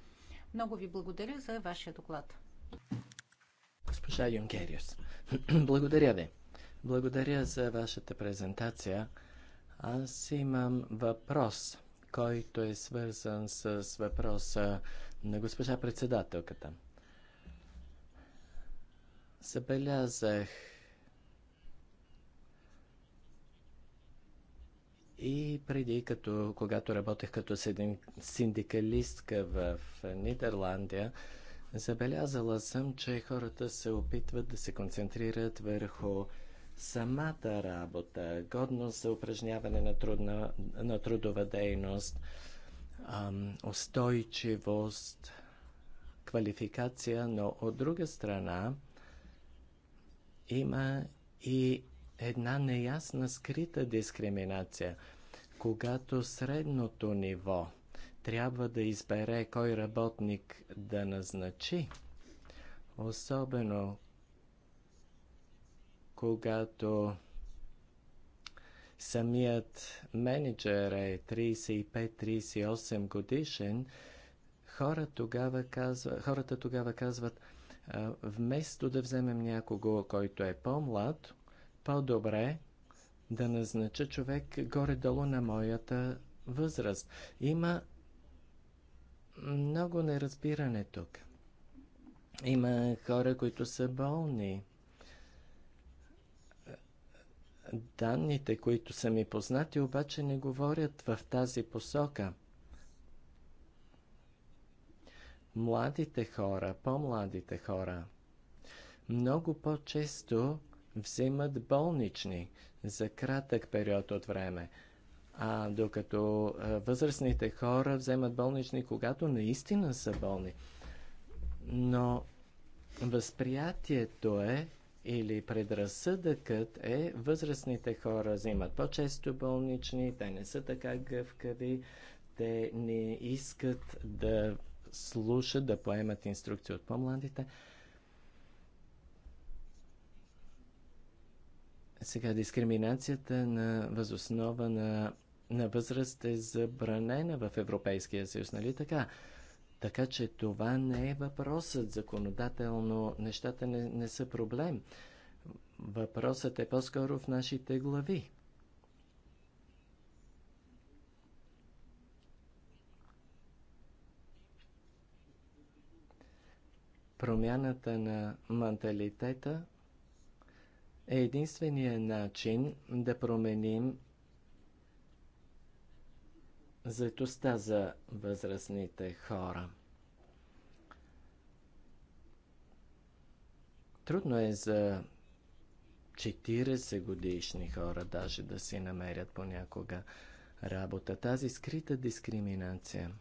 Много ви благодаря за вашия доклад. Госпожа Юнгериус, [clears throat] благодаря ви. Благодаря за вашата презентация. Аз имам въпрос, който е свързан с въпроса на госпожа председателката. Забелязах И преди, като, когато работех като синдикалистка в Нидерландия, забелязала съм, че хората се опитват да се концентрират върху самата работа, годност за упражняване на, трудна, на трудова дейност, устойчивост, квалификация, но от друга страна има и една неясна скрита дискриминация, когато средното ниво трябва да избере кой работник да назначи, особено когато самият менеджер е 35-38 годишен, хора тогава казва, хората тогава казват, вместо да вземем някого, който е по-млад, по-добре да назнача човек горе-долу на моята възраст. Има много неразбиране тук. Има хора, които са болни. Данните, които са ми познати, обаче не говорят в тази посока. Младите хора, по-младите хора, много по-често взимат болнични за кратък период от време. А докато възрастните хора вземат болнични, когато наистина са болни. Но възприятието е или предразсъдъкът е възрастните хора взимат по-често болнични, те не са така гъвкави, те не искат да слушат, да поемат инструкции от по-младите. Сега дискриминацията на възоснова на, на възраст е забранена в Европейския съюз, нали така? Така че това не е въпросът законодателно. Нещата не, не са проблем. Въпросът е по-скоро в нашите глави. Промяната на менталитета е единствения начин да променим заетостта за възрастните хора. Трудно е за 40 годишни хора даже да си намерят понякога работа. Тази скрита дискриминация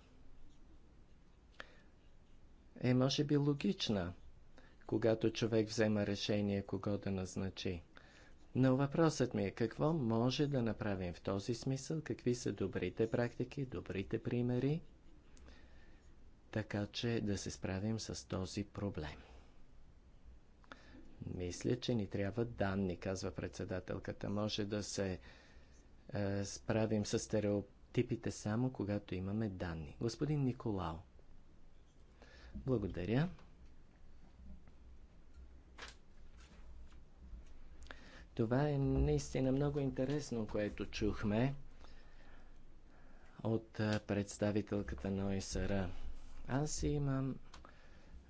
е може би логична – когато човек взема решение кого да назначи. Но въпросът ми е какво може да направим в този смисъл, какви са добрите практики, добрите примери, така че да се справим с този проблем. Мисля, че ни трябва данни, казва председателката. Може да се е, справим с стереотипите само когато имаме данни. Господин Николао. Благодаря. Това е наистина много интересно, което чухме от представителката на ОСР. Аз имам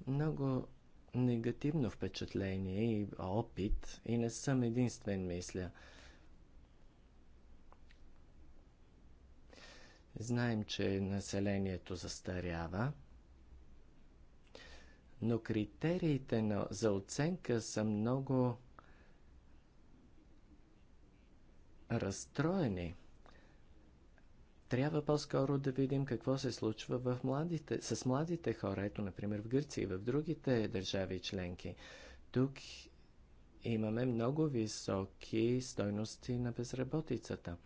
много негативно впечатление и опит и не съм единствен, мисля. Знаем, че населението застарява, но критериите на, за оценка са много разстроени. Трябва по-скоро да видим какво се случва в младите, с младите хора, ето, например, в Гърция и в другите държави членки. Тук имаме много високи стойности на безработицата.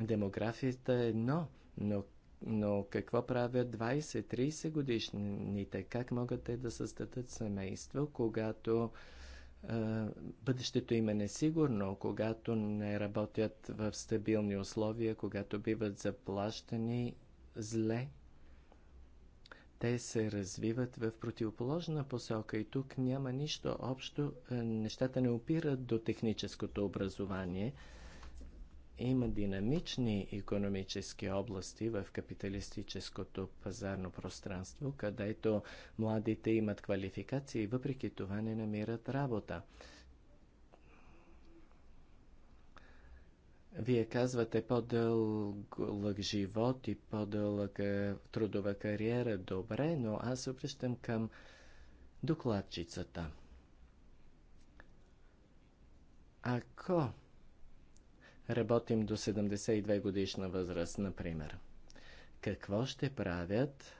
Демографията е едно, но, но какво правят 20-30 годишните? Как могат те да създадат семейство, когато е, бъдещето им е несигурно, когато не работят в стабилни условия, когато биват заплащани зле. Те се развиват в противоположна посока и тук няма нищо общо. Е, нещата не опират до техническото образование – има динамични економически области в капиталистическото пазарно пространство, където младите имат квалификации и въпреки това не намират работа. Вие казвате по-дълъг живот и по-дълъга трудова кариера. Добре, но аз се обръщам към докладчицата. Ако работим до 72 годишна възраст, например. Какво ще правят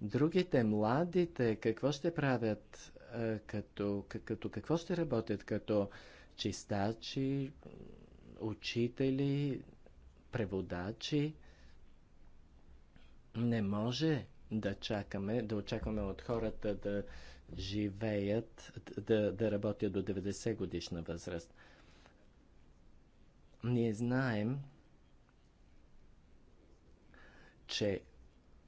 другите, младите, какво ще правят, като, като какво ще работят, като чистачи, учители, преводачи? Не може да чакаме, да очакваме от хората да живеят, да, да работят до 90 годишна възраст. Ние знаем, че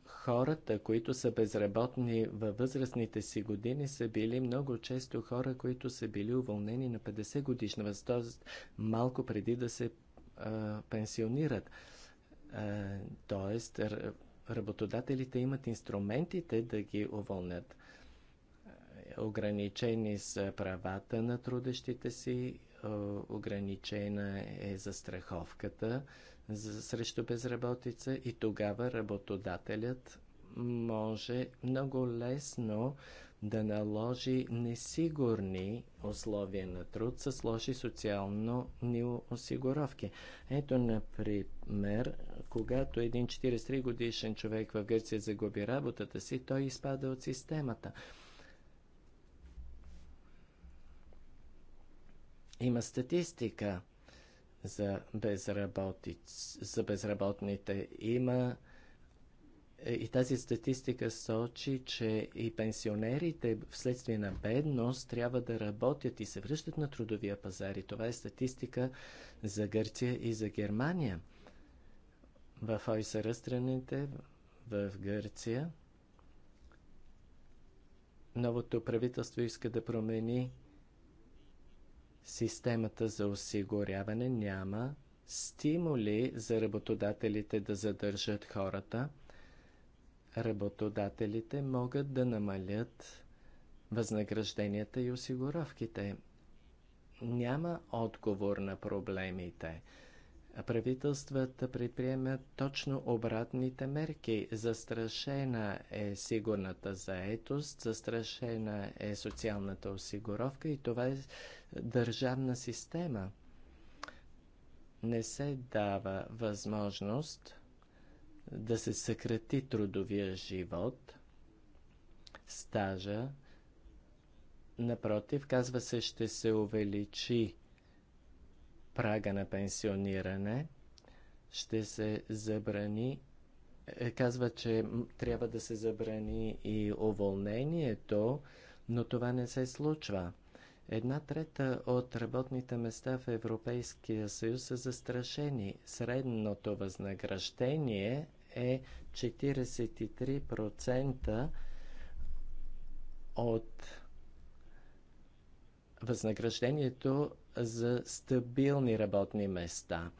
хората, които са безработни във възрастните си години, са били много често хора, които са били уволнени на 50 годишна възраст, малко преди да се а, пенсионират. тоест, работодателите имат инструментите да ги уволнят ограничени са правата на трудещите си, е, ограничена е застраховката за, срещу безработица и тогава работодателят може много лесно да наложи несигурни условия на труд с лоши социално ни осигуровки. Ето, например, когато един 43 годишен човек в Гърция загуби работата си, той изпада от системата. Има статистика за, безработиц, за безработните. Има е, и тази статистика сочи, че и пенсионерите вследствие на бедност трябва да работят и се връщат на трудовия пазар. И това е статистика за Гърция и за Германия. В ОИСР страните, в Гърция, новото правителство иска да промени системата за осигуряване няма стимули за работодателите да задържат хората. Работодателите могат да намалят възнагражденията и осигуровките. Няма отговор на проблемите правителствата предприемат точно обратните мерки. Застрашена е сигурната заетост, застрашена е социалната осигуровка и това е държавна система. Не се дава възможност да се съкрати трудовия живот, стажа. Напротив, казва се, ще се увеличи прага на пенсиониране ще се забрани е, казва, че трябва да се забрани и уволнението, но това не се случва. Една трета от работните места в Европейския съюз са застрашени. Средното възнаграждение е 43% от възнаграждението за стабилни работни места.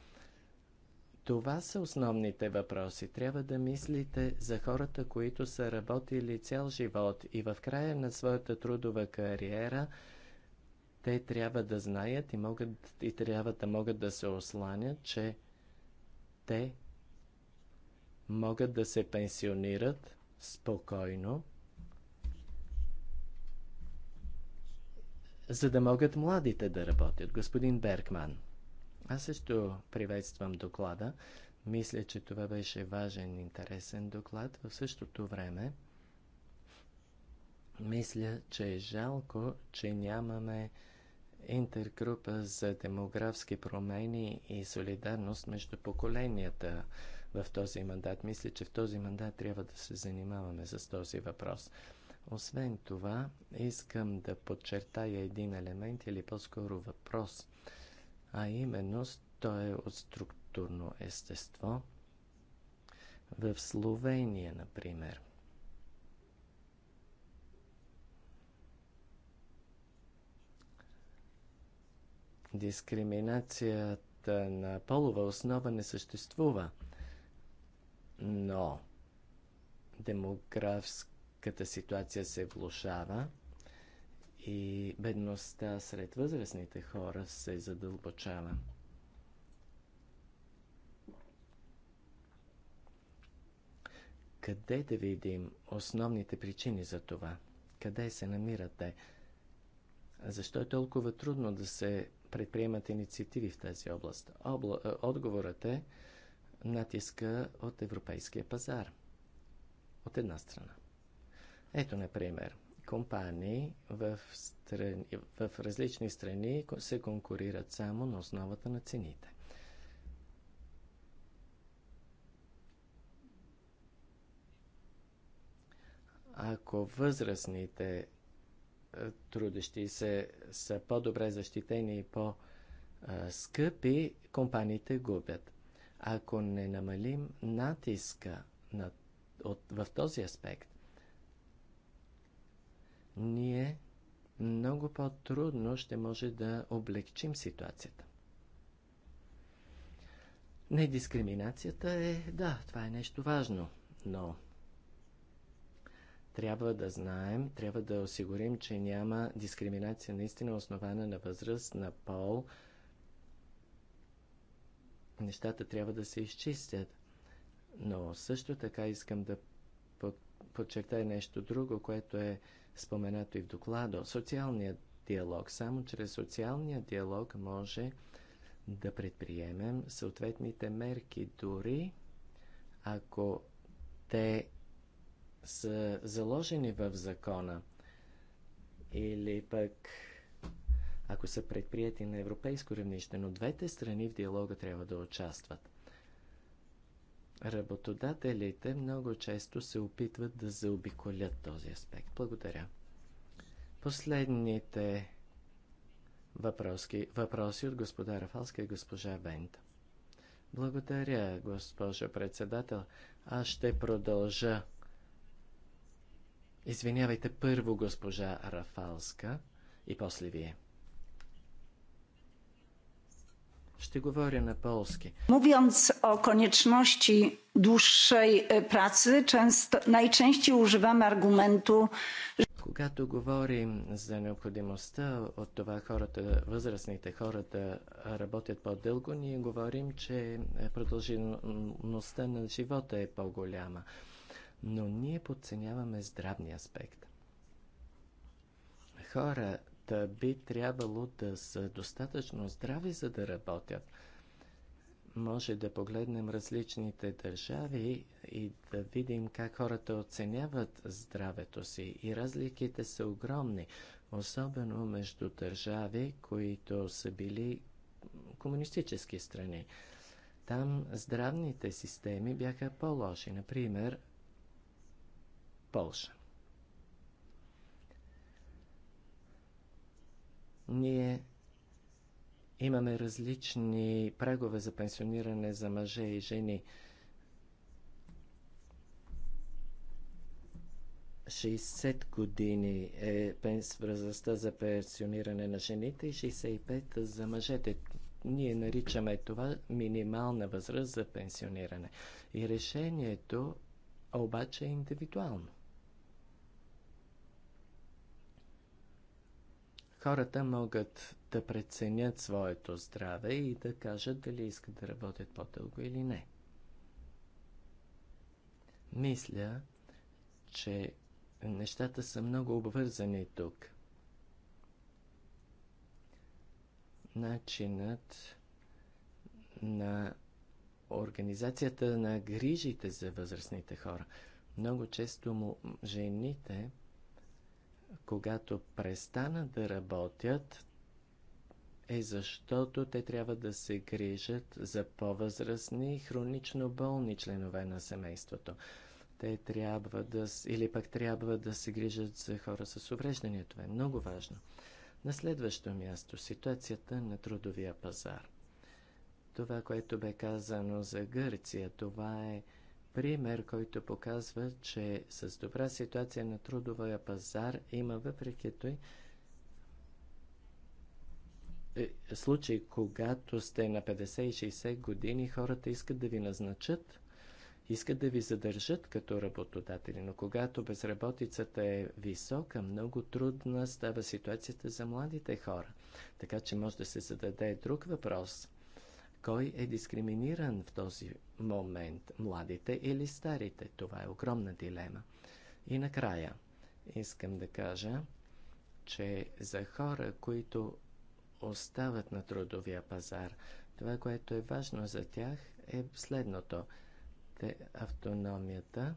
Това са основните въпроси. Трябва да мислите за хората, които са работили цял живот и в края на своята трудова кариера те трябва да знаят и, могат, и трябва да могат да се осланят, че те могат да се пенсионират спокойно – за да могат младите да работят. Господин Беркман, аз също приветствам доклада. Мисля, че това беше важен, интересен доклад. В същото време, мисля, че е жалко, че нямаме интергрупа за демографски промени и солидарност между поколенията в този мандат. Мисля, че в този мандат трябва да се занимаваме с този въпрос. Освен това, искам да подчертая един елемент или по-скоро въпрос, а именно той е от структурно естество. В Словения, например, дискриминацията на полова основа не съществува, но демографски демографската ситуация се влушава и бедността сред възрастните хора се задълбочава. Къде да видим основните причини за това? Къде се намирате? Защо е толкова трудно да се предприемат инициативи в тази област? Обла... Е, отговорът е натиска от европейския пазар. От една страна. Ето, например, компании в, страни, в различни страни се конкурират само на основата на цените. Ако възрастните е, трудещи се са по-добре защитени и по-скъпи, е, компаниите губят. Ако не намалим натиска на, от, в този аспект, ние много по-трудно ще може да облегчим ситуацията. Недискриминацията е, да, това е нещо важно, но трябва да знаем, трябва да осигурим, че няма дискриминация наистина основана на възраст, на пол. Нещата трябва да се изчистят. Но също така искам да подчертая нещо друго, което е споменато и в доклада. Социалният диалог. Само чрез социалния диалог може да предприемем съответните мерки, дори ако те са заложени в закона или пък ако са предприяти на европейско равнище, но двете страни в диалога трябва да участват. Работодателите много често се опитват да заобиколят този аспект. Благодаря. Последните въпроски, въпроси от господа Рафалска и госпожа Бент. Благодаря, госпожо председател. Аз ще продължа. Извинявайте първо госпожа Рафалска и после вие. Ще говоря на полски. Mówiąc o konieczności dłuższej e, pracy, często, najczęściej używamy argumentu когато говорим за необходимостта от това хората, възрастните хора да работят по-дълго, ние говорим, че продължителността на живота е по-голяма. Но ние подценяваме здравния аспект. Хора хората би трябвало да са достатъчно здрави, за да работят. Може да погледнем различните държави и да видим как хората оценяват здравето си. И разликите са огромни, особено между държави, които са били комунистически страни. Там здравните системи бяха по-лоши. Например, Полша. Ние имаме различни прагове за пенсиониране за мъже и жени. 60 години е възрастта за пенсиониране на жените и 65 за мъжете. Ние наричаме това минимална възраст за пенсиониране. И решението обаче е индивидуално. Хората могат да преценят своето здраве и да кажат дали искат да работят по-дълго или не. Мисля, че нещата са много обвързани тук. Начинът на организацията на грижите за възрастните хора. Много често му жените когато престанат да работят, е защото те трябва да се грижат за по-възрастни и хронично болни членове на семейството. Те трябва да, или пък трябва да се грижат за хора с увреждания. Това е много важно. На следващо място ситуацията на трудовия пазар. Това, което бе казано за Гърция, това е пример, който показва, че с добра ситуация на трудовия пазар има въпреки той е, случай, когато сте на 50-60 години, хората искат да ви назначат, искат да ви задържат като работодатели, но когато безработицата е висока, много трудна става ситуацията за младите хора. Така че може да се зададе друг въпрос – кой е дискриминиран в този момент? Младите или старите? Това е огромна дилема. И накрая искам да кажа, че за хора, които остават на трудовия пазар, това, което е важно за тях е следното. Те автономията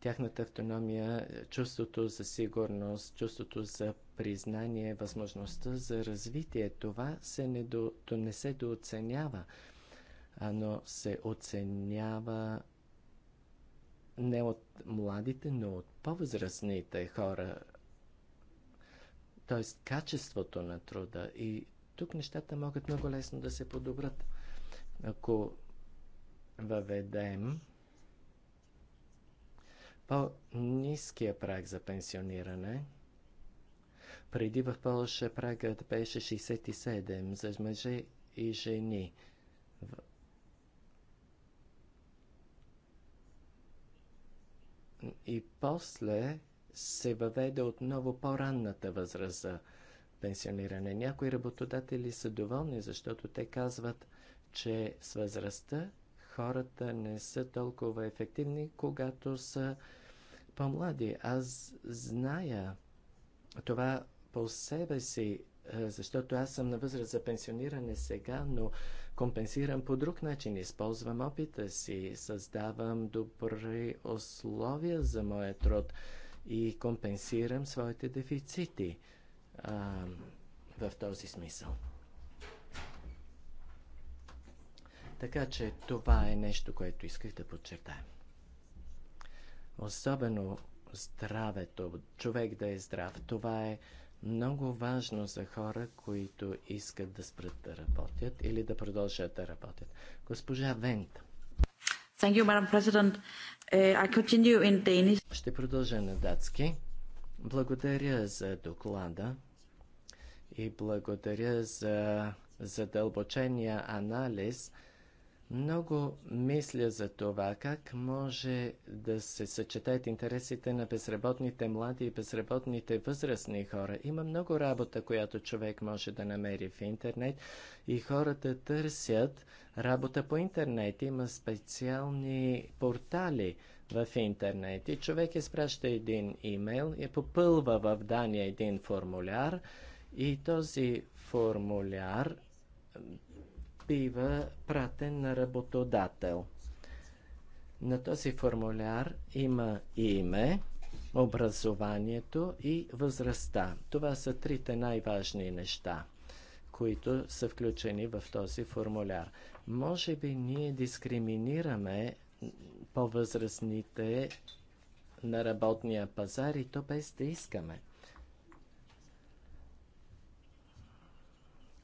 тяхната автономия, чувството за сигурност, чувството за признание, възможността за развитие. Това се не, до, то не се дооценява, но се оценява не от младите, но от по-възрастните хора. Тоест качеството на труда. И тук нещата могат много лесно да се подобрат. Ако въведем по-низкия праг за пенсиониране. Преди в Польша прагът беше 67 за мъже и жени. И после се въведе отново по-ранната възраст за пенсиониране. Някои работодатели са доволни, защото те казват, че с възрастта хората не са толкова ефективни, когато са по-млади. Аз зная това по себе си, е, защото аз съм на възраст за пенсиониране сега, но компенсирам по друг начин. Използвам опита си, създавам добри условия за моя труд и компенсирам своите дефицити а, е, в този смисъл. Така че това е нещо, което исках да подчертая. Особено здравето, човек да е здрав, това е много важно за хора, които искат да спрат да работят или да продължат да работят. Госпожа Вент. Thank you, Madam President. Uh, I continue in Danish. Ще продължа на датски. Благодаря за доклада и благодаря за задълбочения анализ – много мисля за това как може да се съчетаят интересите на безработните млади и безработните възрастни хора. Има много работа, която човек може да намери в интернет и хората търсят работа по интернет. Има специални портали в интернет и човек изпраща един имейл и попълва в Дания един формуляр и този формуляр бива пратен на работодател. На този формуляр има име, образованието и възрастта. Това са трите най-важни неща, които са включени в този формуляр. Може би ние дискриминираме по-възрастните на работния пазар и то без да искаме.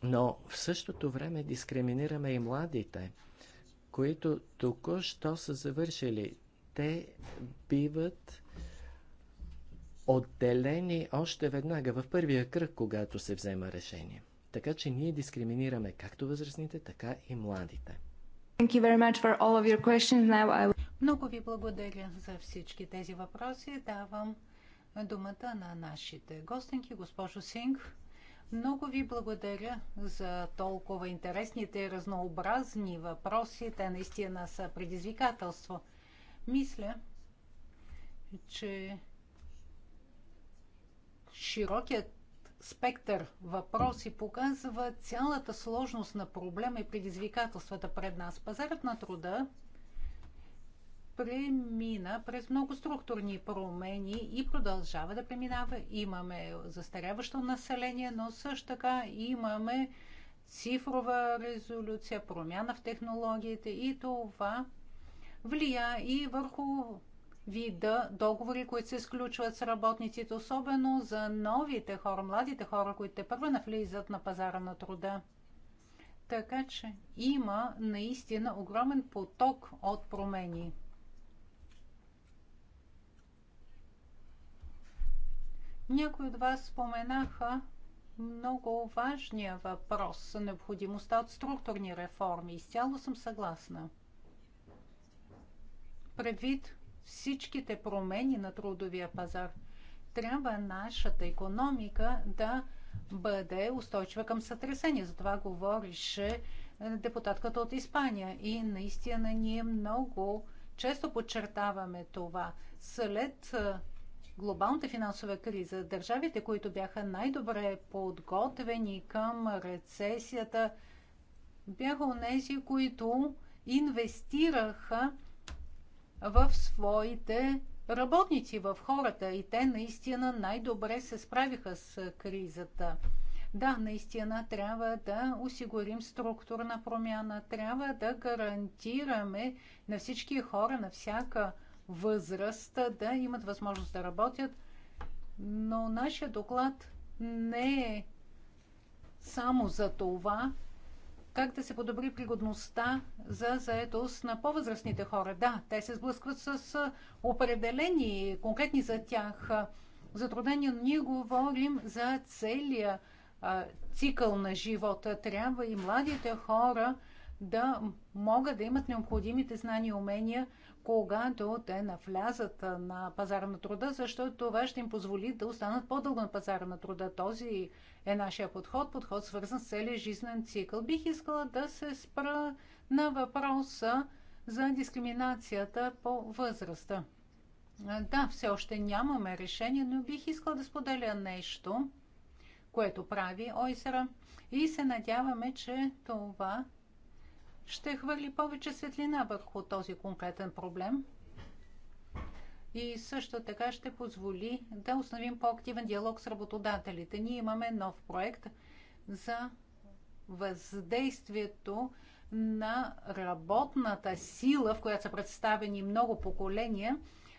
Но в същото време дискриминираме и младите, които току-що са завършили. Те биват отделени още веднага в първия кръг, когато се взема решение. Така че ние дискриминираме както възрастните, така и младите. Много ви благодаря за всички тези въпроси. Давам думата на нашите гостенки, госпожо Синг. Много ви благодаря за толкова интересните и разнообразни въпроси. Те наистина са предизвикателство. Мисля, че широкият спектър въпроси показва цялата сложност на проблема и предизвикателствата пред нас. Пазарът на труда премина през много структурни промени и продължава да преминава. Имаме застаряващо население, но също така имаме цифрова резолюция, промяна в технологиите и това влия и върху вида договори, които се изключват с работниците, особено за новите хора, младите хора, които първо навлизат на пазара на труда. Така че има наистина огромен поток от промени. Някои от вас споменаха много важния въпрос – за необходимостта от структурни реформи. Изцяло съм съгласна. Предвид всичките промени на трудовия пазар, трябва нашата економика да бъде устойчива към сътресение. Затова говорише депутатката от Испания. И наистина ние много често подчертаваме това. След глобалната финансова криза, държавите, които бяха най-добре подготвени към рецесията, бяха онези, които инвестираха в своите работници, в хората и те наистина най-добре се справиха с кризата. Да, наистина трябва да осигурим структурна промяна, трябва да гарантираме на всички хора, на всяка възраст да имат възможност да работят. Но нашия доклад не е само за това, как да се подобри пригодността за заетост на по-възрастните хора. Да, те се сблъскват с определени, конкретни за тях затруднения, но ние говорим за целия а, цикъл на живота. Трябва и младите хора да могат да имат необходимите знания и умения, когато те навлязат на пазара на труда, защото това ще им позволи да останат по-дълго на пазара на труда. Този е нашия подход, подход свързан с целия жизнен цикъл. Бих искала да се спра на въпроса за дискриминацията по възрастта. Да, все още нямаме решение, но бих искала да споделя нещо, което прави Ойсера, и се надяваме, че това ще хвърли повече светлина върху този конкретен проблем и също така ще позволи да установим по-активен диалог с работодателите. Ние имаме нов проект за въздействието на работната сила, в която са представени много поколения,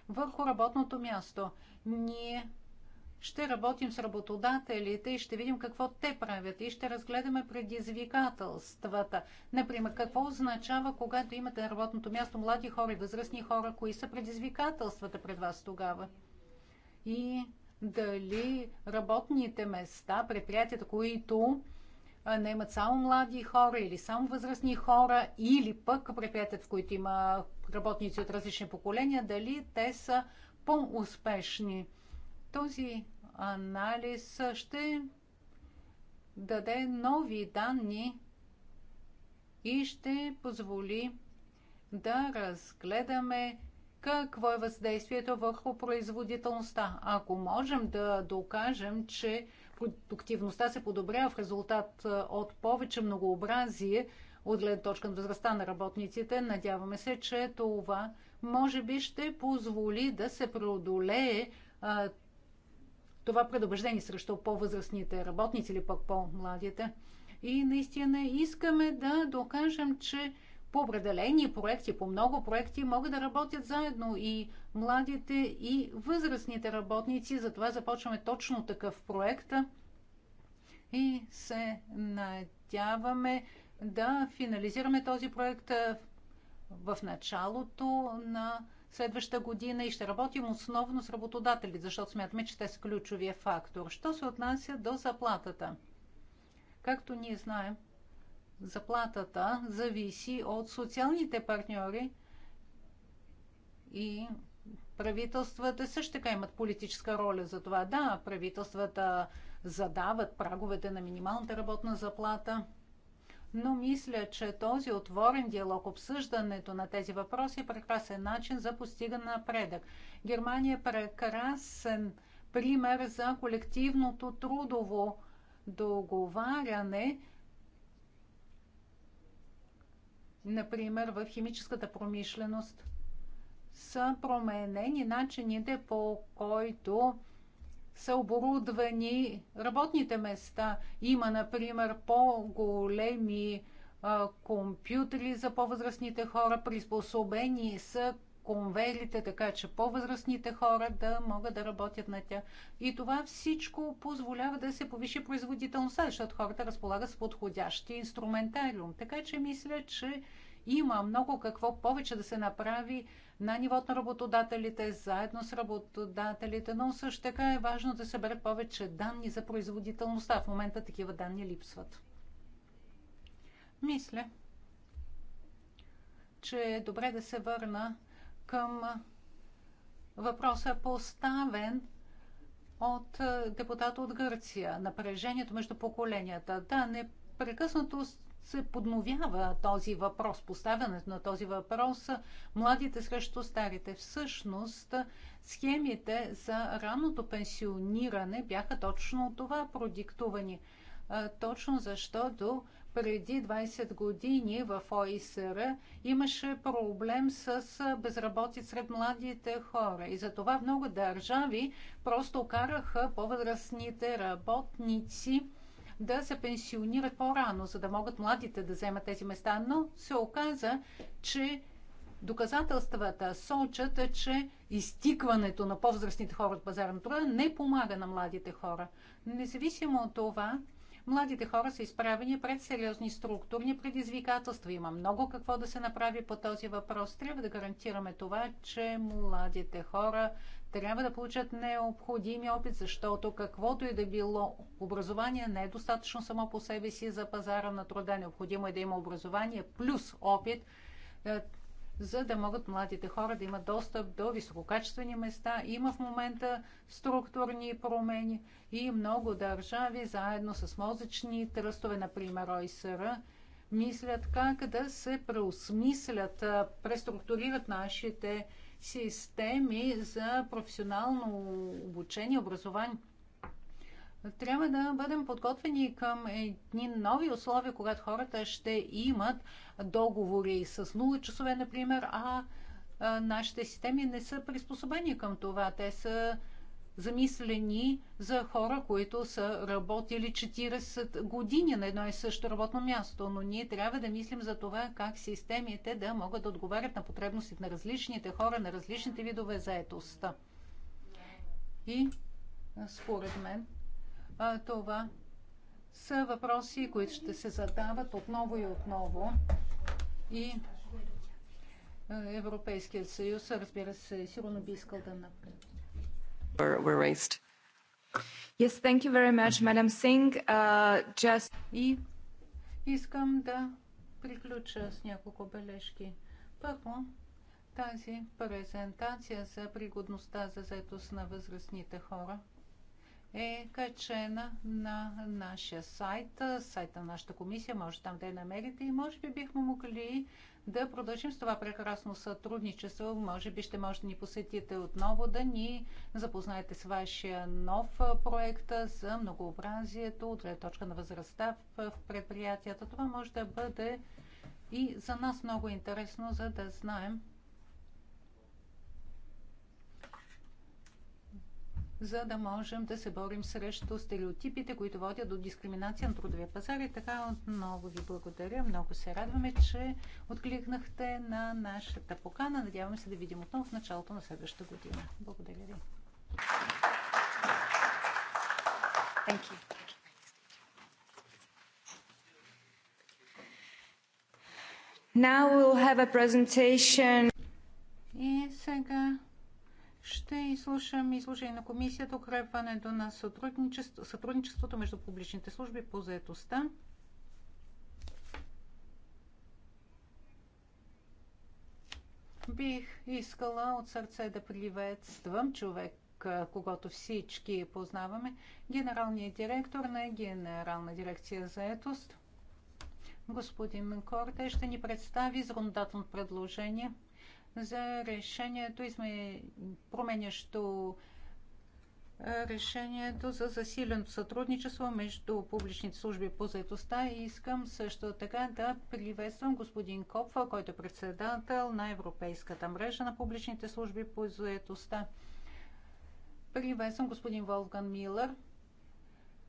върху работното място. Ние ще работим с работодателите и ще видим какво те правят и ще разгледаме предизвикателствата. Например, какво означава, когато имате на работното място млади хора и възрастни хора, кои са предизвикателствата пред вас тогава? И дали работните места, предприятията, които не имат само млади хора или само възрастни хора, или пък предприятията, в които има работници от различни поколения, дали те са по-успешни. Този анализ ще даде нови данни и ще позволи да разгледаме какво е въздействието върху производителността. Ако можем да докажем, че продуктивността се подобрява в резултат от повече многообразие от гледна точка на възрастта на работниците, надяваме се, че това може би ще позволи да се преодолее това предубеждение срещу по-възрастните работници или пък по-младите. И наистина искаме да докажем, че по определени проекти, по много проекти могат да работят заедно и младите и възрастните работници. Затова започваме точно такъв проект и се надяваме да финализираме този проект в началото на следващата година и ще работим основно с работодатели, защото смятаме, че те са ключовия фактор. Що се отнася до заплатата? Както ние знаем, заплатата зависи от социалните партньори и правителствата също така имат политическа роля за това. Да, правителствата задават праговете на минималната работна заплата – но мисля, че този отворен диалог, обсъждането на тези въпроси е прекрасен начин за постигане на напредък. Германия е прекрасен пример за колективното трудово договаряне, например в химическата промишленост, са променени начините по който са оборудвани работните места. Има, например, по-големи компютри за по-възрастните хора, приспособени са конвейерите, така че по-възрастните хора да могат да работят на тях. И това всичко позволява да се повиши производителността, защото хората разполагат с подходящи инструментариум. Така че мисля, че има много какво повече да се направи на нивото на работодателите, заедно с работодателите, но също така е важно да събере повече данни за производителността. В момента такива данни липсват. Мисля, че е добре да се върна към въпроса поставен от депутата от Гърция. Напрежението между поколенията. Да, непрекъснато се подновява този въпрос, поставянето на този въпрос, младите срещу старите. Всъщност, схемите за ранното пенсиониране бяха точно това продиктувани. Точно защото преди 20 години в ОИСР имаше проблем с безработица сред младите хора. И затова много държави просто караха по-възрастните работници да се пенсионират по-рано, за да могат младите да вземат тези места. Но се оказа, че доказателствата сочат, че изтикването на по-възрастните хора от пазара на труда не помага на младите хора. Независимо от това, младите хора са изправени пред сериозни структурни предизвикателства. Има много какво да се направи по този въпрос. Трябва да гарантираме това, че младите хора трябва да получат необходимия опит, защото каквото и да било образование не е достатъчно само по себе си за пазара на труда. Необходимо е да има образование плюс опит, е, за да могат младите хора да имат достъп до висококачествени места. Има в момента структурни промени и много държави, заедно с мозъчни тръстове, например ОИСР, мислят как да се преосмислят, преструктурират нашите системи за професионално обучение, образование. Трябва да бъдем подготвени към едни нови условия, когато хората ще имат договори с 0 часове, например, а нашите системи не са приспособени към това. Те са замислени за хора, които са работили 40 години на едно и също работно място. Но ние трябва да мислим за това как системите да могат да отговарят на потребностите на различните хора, на различните видове заетост. И според мен това са въпроси, които ще се задават отново и отново. И Европейският съюз, разбира се, сигурно би искал да направи were raised. Yes, thank you very much, Madam Singh. Uh, just... И искам да приключа с няколко бележки. Първо, тази презентация за пригодността за заетост на възрастните хора е качена на нашия сайт, сайта на нашата комисия, може там да я намерите и може би бихме могли да продължим с това прекрасно сътрудничество. Може би ще можете да ни посетите отново, да ни запознаете с вашия нов проект за многообразието от гледна точка на възрастта в предприятията. Това може да бъде и за нас много интересно, за да знаем за да можем да се борим срещу стереотипите, които водят до дискриминация на трудовия пазар. И така отново ви благодаря. Много се радваме, че откликнахте на нашата покана. Надяваме се да видим отново в началото на следващата година. Благодаря ви. Thank you. Now we'll have a presentation. И сега ще изслушам изложение на комисията укрепването на сътрудничество, сътрудничеството между публичните служби по заедостта. Бих искала от сърце да приветствам човек, когато всички познаваме, генералният директор на Генерална дирекция заетост. Господин Корте ще ни представи законодателно предложение – за решението, и сме, променящо решението за засиленото сътрудничество между публичните служби по заедостта. И искам също така да приветствам господин Копфа, който е председател на Европейската мрежа на публичните служби по заедостта. Приветствам господин Волган Милър,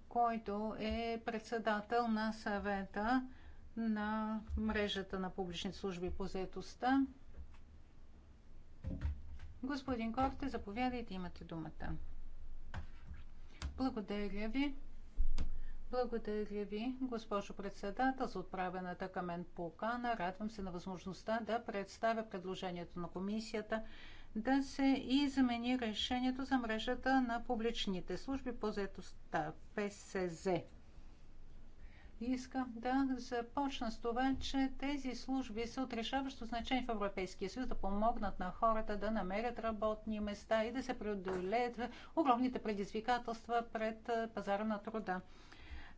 който е председател на съвета на мрежата на публичните служби по заедостта. Господин Корте, заповядайте, имате думата. Благодаря ви. Благодаря ви, госпожо председател, за отправената към мен покана. Радвам се на възможността да представя предложението на комисията да се измени решението за мрежата на публичните служби по заедостта ПСЗ. Искам да започна с това, че тези служби са отрешаващо значение в Европейския съюз да помогнат на хората да намерят работни места и да се преодолеят огромните предизвикателства пред пазара на труда.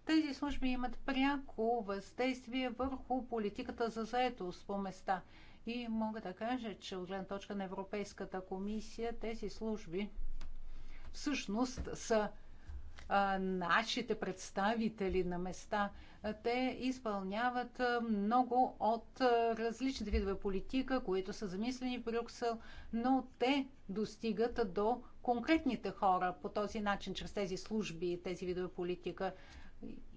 Тези служби имат пряко въздействие върху политиката за заетост по места. И мога да кажа, че от гледна точка на Европейската комисия тези служби всъщност са нашите представители на места. Те изпълняват много от различните видове политика, които са замислени в Брюксел, но те достигат до конкретните хора по този начин, чрез тези служби и тези видове политика.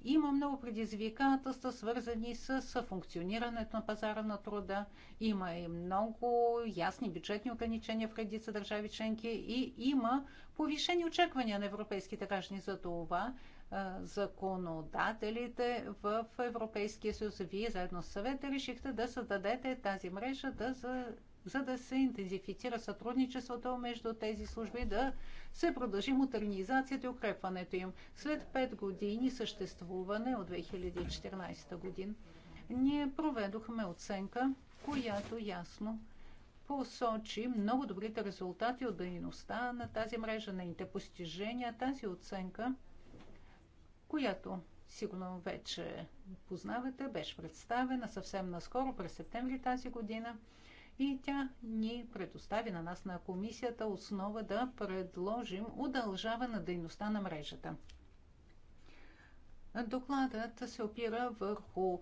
Има много предизвикателства, свързани с функционирането на пазара на труда. Има и много ясни бюджетни ограничения в редица държави членки и има повишени очаквания на европейските граждани за това, законодателите в Европейския съюз. Вие заедно с съвета решихте да създадете тази мрежа да за за да се интензифицира сътрудничеството между тези служби, да се продължи модернизацията и укрепването им. След 5 години съществуване от 2014 година, ние проведохме оценка, която ясно посочи много добрите резултати от дейността на тази мрежа, нейните постижения. Тази оценка, която сигурно вече познавате, беше представена съвсем наскоро, през септември тази година – и тя ни предостави на нас на комисията основа да предложим удължаване на дейността на мрежата. Докладът се опира върху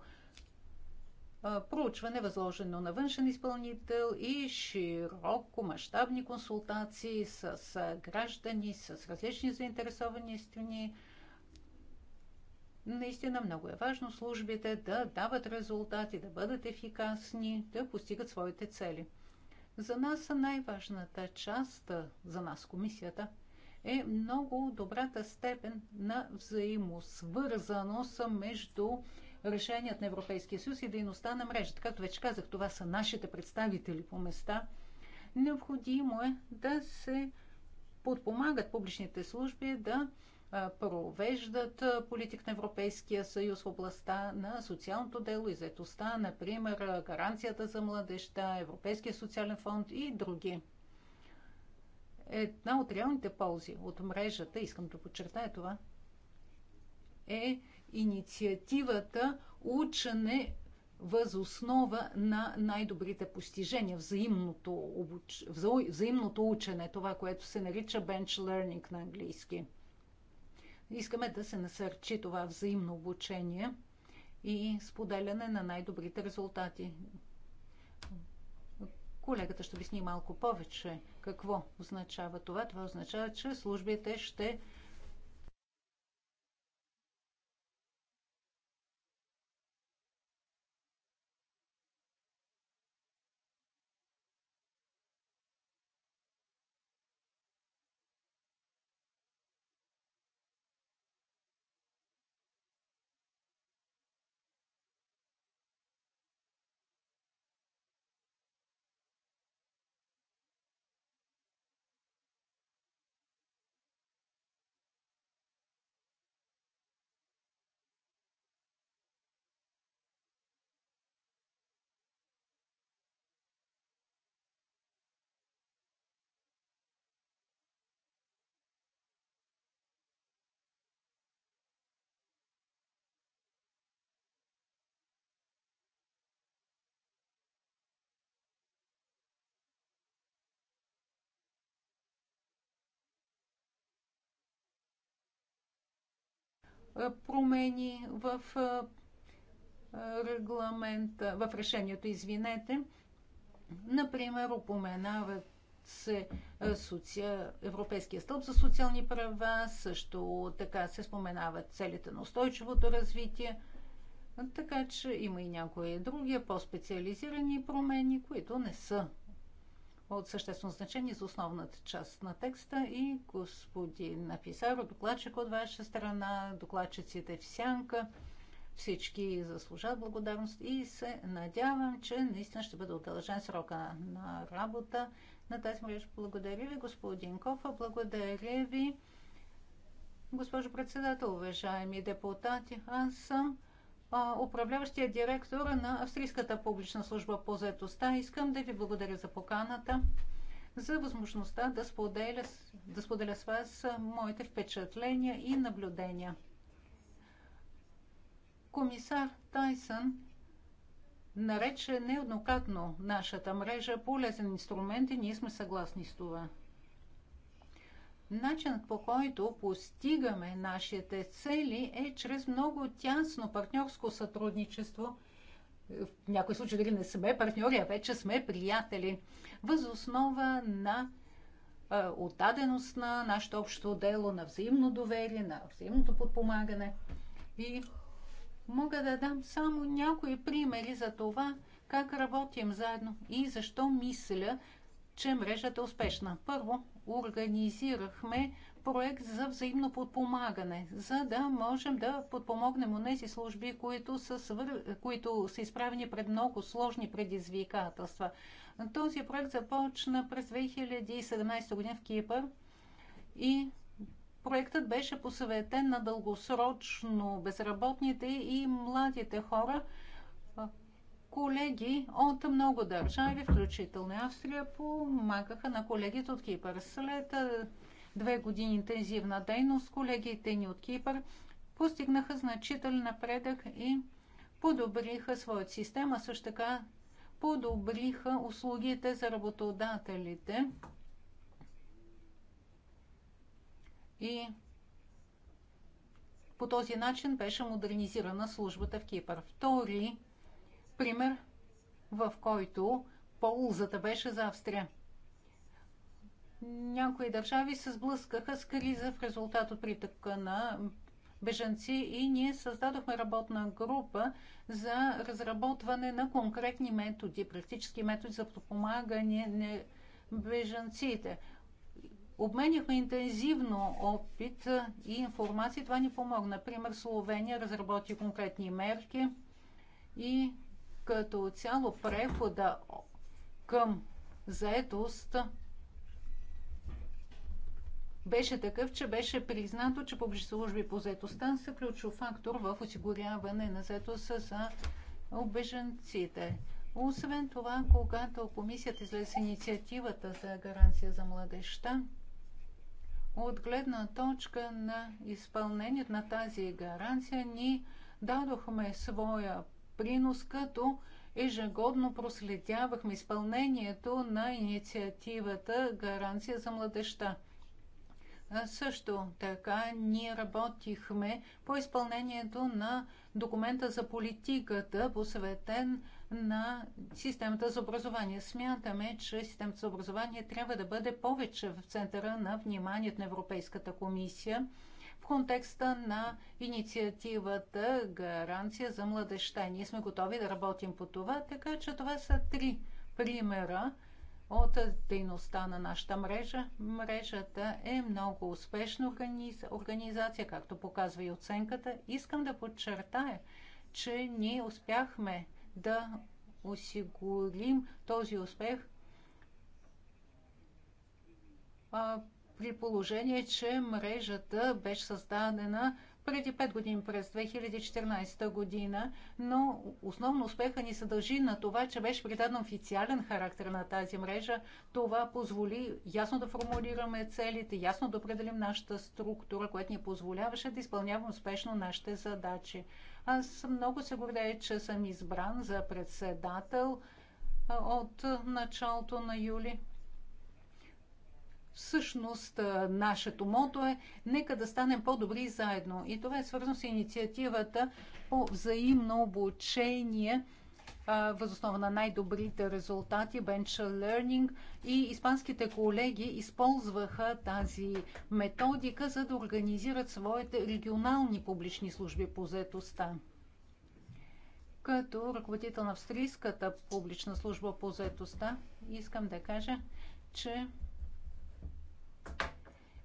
проучване, възложено на външен изпълнител и широко мащабни консултации с граждани, с различни заинтересовани страни, Наистина много е важно службите да дават резултати, да бъдат ефикасни, да постигат своите цели. За нас най-важната част, за нас комисията, е много добрата степен на взаимосвързаност между решеният на Европейския съюз и дейността на мрежата. Както вече казах, това са нашите представители по места. Необходимо е да се подпомагат публичните служби да провеждат политик на Европейския съюз в областта на социалното дело и заетостта, например гаранцията за младеща, Европейския социален фонд и други. Една от реалните ползи от мрежата, искам да подчертая това, е инициативата учене въз основа на най-добрите постижения, взаимното, обуч... взаимното учене, това, което се нарича bench learning на английски – Искаме да се насърчи това взаимно обучение и споделяне на най-добрите резултати. Колегата ще обясни малко повече какво означава това. Това означава, че службите ще промени в регламента, в решението, извинете. Например, упоменават се Европейския стълб за социални права, също така се споменават целите на устойчивото развитие, така че има и някои други по-специализирани промени, които не са от съществено значение за основната част на текста и господин Писаро, докладчик от ваша страна, докладчиците в сянка. Всички заслужават благодарност и се надявам, че наистина ще бъде удължен срока на работа на тази мрежа. Благодаря ви, господин Кофа, благодаря ви, госпожо председател, уважаеми депутати. Аз съм управляващия директор на Австрийската публична служба по заедостта. Искам да ви благодаря за поканата, за възможността да споделя, да споделя с вас моите впечатления и наблюдения. Комисар Тайсън нарече неоднократно нашата мрежа полезен инструмент и ние сме съгласни с това. Начинът по който постигаме нашите цели е чрез много тясно партньорско сътрудничество. В някои случаи дори не сме партньори, а вече сме приятели. Въз основа на отдаденост на нашето общо дело, на взаимно доверие, на взаимното подпомагане. И мога да дам само някои примери за това, как работим заедно и защо мисля, че мрежата е успешна. Първо, организирахме проект за взаимно подпомагане, за да можем да подпомогнем тези служби, които са, свър... които са изправени пред много сложни предизвикателства. Този проект започна през 2017 година в Кипър и проектът беше посъветен на дългосрочно безработните и младите хора – колеги от много държави, включително Австрия, помагаха на колегите от Кипър. След две години интензивна дейност, колегите ни от Кипър постигнаха значителен напредък и подобриха своята система, също така подобриха услугите за работодателите и по този начин беше модернизирана службата в Кипър. Втори пример, в който ползата беше за Австрия. Някои държави се сблъскаха с криза в резултат от притъка на бежанци и ние създадохме работна група за разработване на конкретни методи, практически методи за подпомагане на бежанците. Обменяхме интензивно опит и информация. Това ни помогна. Например, Словения разработи конкретни мерки и като цяло прехода към заетост беше такъв, че беше признато, че публични служби по заетостта са ключов фактор в осигуряване на заетост за обеженците. Освен това, когато комисията излезе инициативата за гаранция за младеща, от гледна точка на изпълнението на тази гаранция ни дадохме своя принос, като ежегодно проследявахме изпълнението на инициативата Гаранция за младеща. Също така ние работихме по изпълнението на документа за политиката, посветен на системата за образование. Смятаме, че системата за образование трябва да бъде повече в центъра на вниманието на Европейската комисия – контекста на инициативата Гаранция за младеща. Ние сме готови да работим по това, така че това са три примера от дейността на нашата мрежа. Мрежата е много успешна организация, както показва и оценката. Искам да подчертая, че ние успяхме да осигурим този успех при положение, че мрежата беше създадена преди 5 години, през 2014 година, но основно успеха ни се дължи на това, че беше придаден официален характер на тази мрежа. Това позволи ясно да формулираме целите, ясно да определим нашата структура, която ни позволяваше да изпълняваме успешно нашите задачи. Аз много се гордея, че съм избран за председател от началото на юли. Всъщност, нашето мото е нека да станем по-добри заедно. И това е свързано с инициативата по взаимно обучение възоснова на най-добрите резултати, Bench Learning и испанските колеги използваха тази методика, за да организират своите регионални публични служби по заетостта. Като ръководител на австрийската публична служба по заетостта, искам да кажа, че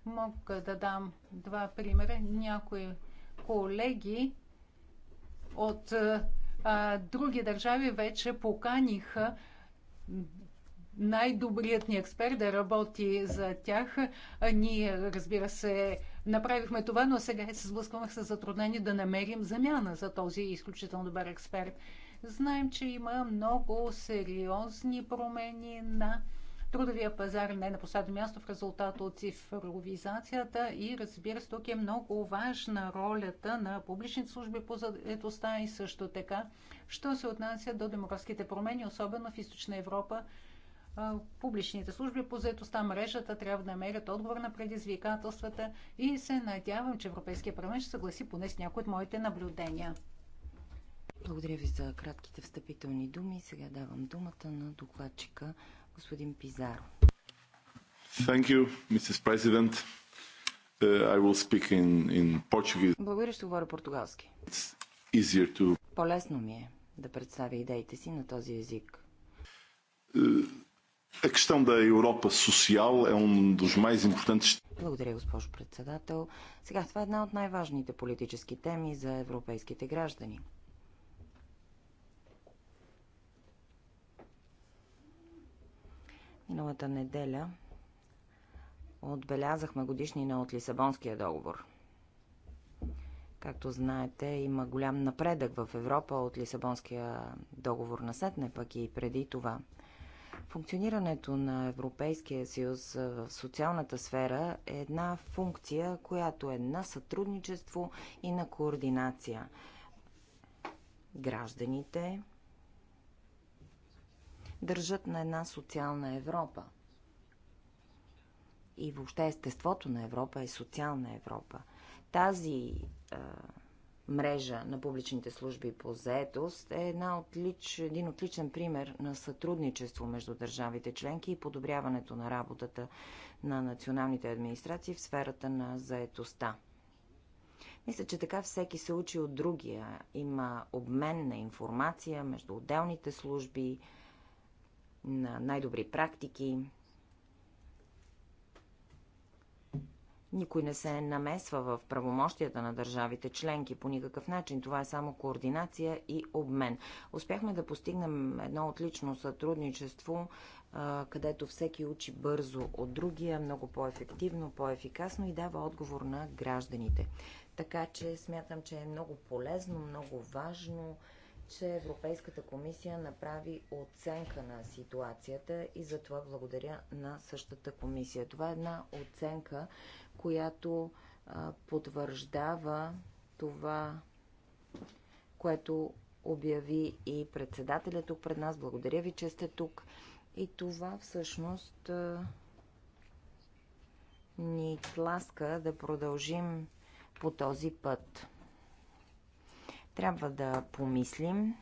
Мога да дам два примера. Някои колеги от а, други държави вече поканиха най-добрият ни експерт да работи за тях. А ние, разбира се, направихме това, но сега се сблъскваме с затруднение да намерим замяна за този изключително добър експерт. Знаем, че има много сериозни промени на трудовия пазар не на последно място в резултат от цифровизацията и разбира се, тук е много важна ролята на публичните служби по заедостта и също така, що се отнася до демографските промени, особено в Източна Европа, публичните служби по заедостта, мрежата трябва да намерят отговор на предизвикателствата и се надявам, че Европейския парламент ще съгласи поне с някои от моите наблюдения. Благодаря ви за кратките встъпителни думи. Сега давам думата на докладчика господин Пизаро. Thank you, Mrs. President. Uh, I will speak in, in Portuguese. Благодаря, ще говоря португалски. It's easier to... По-лесно ми е да представя идеите си на този език. Uh, a questão da Europa social é um dos mais importantes. Благодаря, госпожо председател. Сега това е една от най-важните политически теми за европейските граждани – Миналата неделя отбелязахме годишнина от Лисабонския договор. Както знаете, има голям напредък в Европа от Лисабонския договор на сетне, пък и преди това. Функционирането на Европейския съюз в социалната сфера е една функция, която е на сътрудничество и на координация. Гражданите, държат на една социална Европа. И въобще естеството на Европа е социална Европа. Тази е, мрежа на публичните служби по заетост е една отлич, един отличен пример на сътрудничество между държавите членки и подобряването на работата на националните администрации в сферата на заетостта. Мисля, че така всеки се учи от другия. Има обмен на информация между отделните служби, на най-добри практики. Никой не се намесва в правомощията на държавите членки по никакъв начин. Това е само координация и обмен. Успяхме да постигнем едно отлично сътрудничество, където всеки учи бързо от другия, много по-ефективно, по-ефикасно и дава отговор на гражданите. Така че смятам, че е много полезно, много важно че Европейската комисия направи оценка на ситуацията и за това благодаря на същата комисия. Това е една оценка, която а, потвърждава това, което обяви и председателя тук пред нас. Благодаря ви, че сте тук. И това всъщност а, ни тласка да продължим по този път. Трябва да помислим,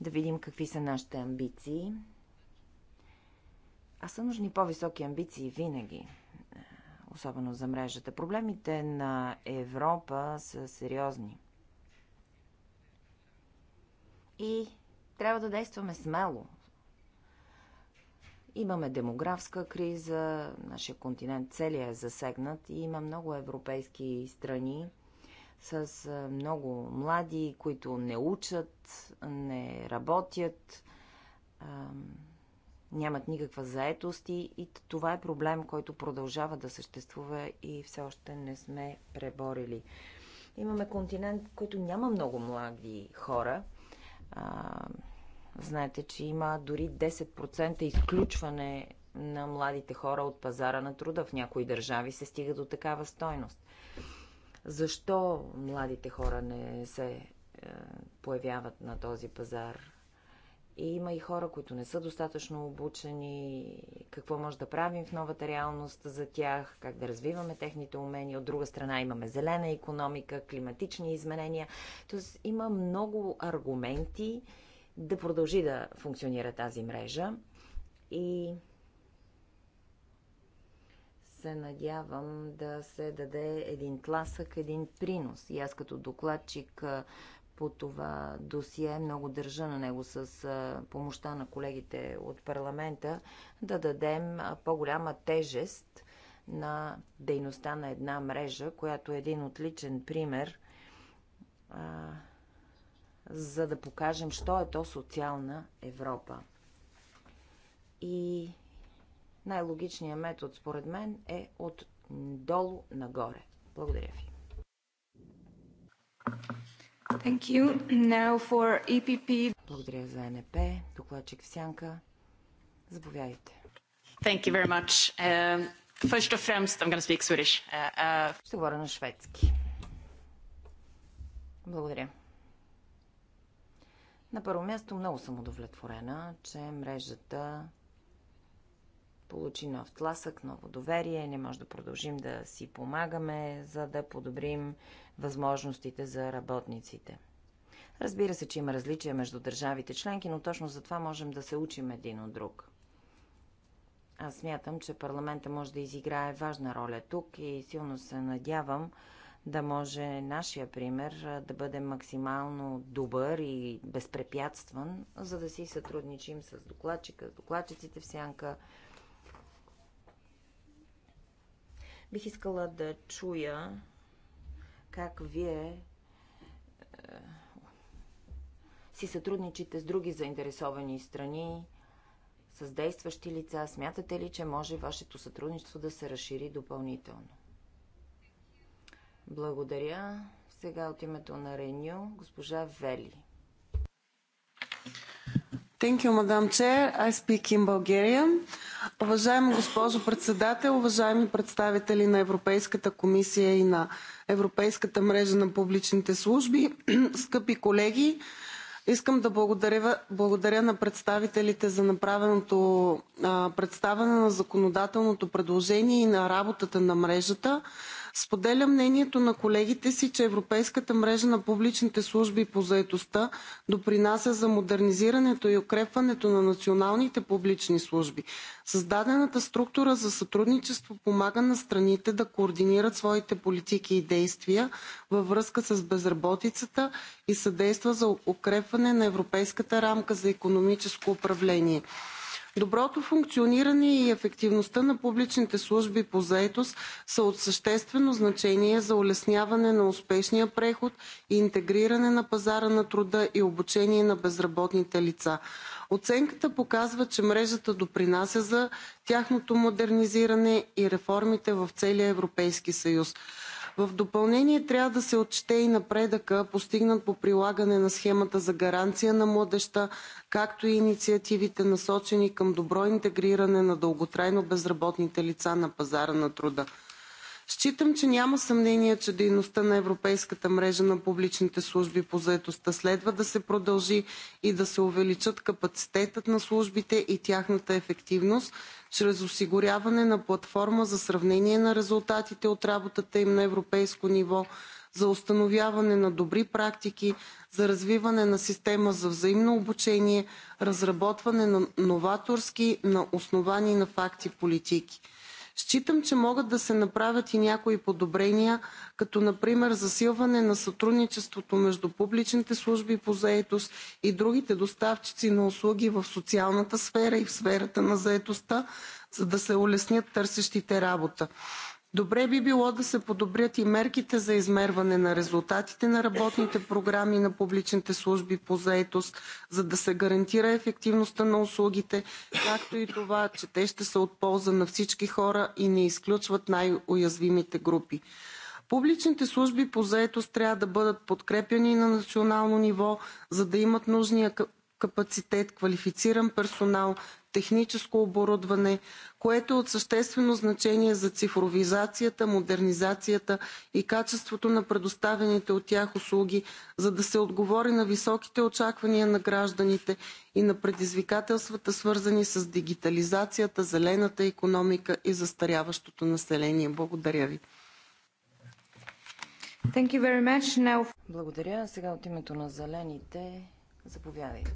да видим какви са нашите амбиции. А са нужни по-високи амбиции винаги, е, особено за мрежата. Проблемите на Европа са сериозни. И трябва да действаме смело. Имаме демографска криза, нашия континент целият е засегнат и има много европейски страни, с много млади, които не учат, не работят, нямат никаква заетост и, това е проблем, който продължава да съществува и все още не сме преборили. Имаме континент, в който няма много млади хора. знаете, че има дори 10% изключване на младите хора от пазара на труда. В някои държави се стига до такава стойност. Защо младите хора не се е, появяват на този пазар? И има и хора, които не са достатъчно обучени, какво може да правим в новата реалност за тях, как да развиваме техните умения. От друга страна имаме зелена економика, климатични изменения. Тоест има много аргументи да продължи да функционира тази мрежа. И се надявам да се даде един тласък, един принос. И аз като докладчик по това досие, много държа на него с помощта на колегите от парламента, да дадем по-голяма тежест на дейността на една мрежа, която е един отличен пример а, за да покажем, що е то социална Европа. И най-логичният метод, според мен, е от долу нагоре. Благодаря ви. Thank you. Now for EPP. Благодаря за НП. Докладчик в сянка. Заповядайте. Thank you very much. Uh, first of all, I'm going to speak Swedish. Uh, uh... Ще говоря на шведски. Благодаря. На първо място много съм удовлетворена, че мрежата получи нов тласък, ново доверие, не може да продължим да си помагаме, за да подобрим възможностите за работниците. Разбира се, че има различия между държавите членки, но точно за това можем да се учим един от друг. Аз смятам, че парламента може да изиграе важна роля тук и силно се надявам да може нашия пример да бъде максимално добър и безпрепятстван, за да си сътрудничим с докладчика, с докладчиците в сянка, Бих искала да чуя как вие е, си сътрудничите с други заинтересовани страни, с действащи лица? Смятате ли, че може вашето сътрудничество да се разшири допълнително? Благодаря. Сега от името на Реню, госпожа Вели. Thank you, Madam Chair. I speak in Bulgarian. Уважаема госпожо председател, уважаеми представители на Европейската комисия и на Европейската мрежа на публичните служби, [clears throat] скъпи колеги, искам да благодаря, благодаря на представителите за направеното а, представяне на законодателното предложение и на работата на мрежата. Споделя мнението на колегите си, че Европейската мрежа на публичните служби по заетостта допринася за модернизирането и укрепването на националните публични служби. Създадената структура за сътрудничество помага на страните да координират своите политики и действия във връзка с безработицата и съдейства за укрепване на Европейската рамка за економическо управление. Доброто функциониране и ефективността на публичните служби по заетост са от съществено значение за улесняване на успешния преход и интегриране на пазара на труда и обучение на безработните лица. Оценката показва, че мрежата допринася за тяхното модернизиране и реформите в целия Европейски съюз. В допълнение трябва да се отчете и напредъка, постигнат по прилагане на схемата за гаранция на младеща, както и инициативите, насочени към добро интегриране на дълготрайно безработните лица на пазара на труда. Считам, че няма съмнение, че дейността на Европейската мрежа на публичните служби по заетостта следва да се продължи и да се увеличат капацитетът на службите и тяхната ефективност чрез осигуряване на платформа за сравнение на резултатите от работата им на европейско ниво, за установяване на добри практики, за развиване на система за взаимно обучение, разработване на новаторски, на основани на факти политики. Считам, че могат да се направят и някои подобрения, като например засилване на сътрудничеството между публичните служби по заетост и другите доставчици на услуги в социалната сфера и в сферата на заетостта, за да се улеснят търсещите работа. Добре би било да се подобрят и мерките за измерване на резултатите на работните програми на публичните служби по заетост, за да се гарантира ефективността на услугите, както и това, че те ще са от полза на всички хора и не изключват най-уязвимите групи. Публичните служби по заетост трябва да бъдат подкрепяни на национално ниво, за да имат нужния капацитет, квалифициран персонал, техническо оборудване, което е от съществено значение за цифровизацията, модернизацията и качеството на предоставените от тях услуги, за да се отговори на високите очаквания на гражданите и на предизвикателствата, свързани с дигитализацията, зелената економика и застаряващото население. Благодаря ви. Now... Благодаря. Сега от името на зелените заповядайте.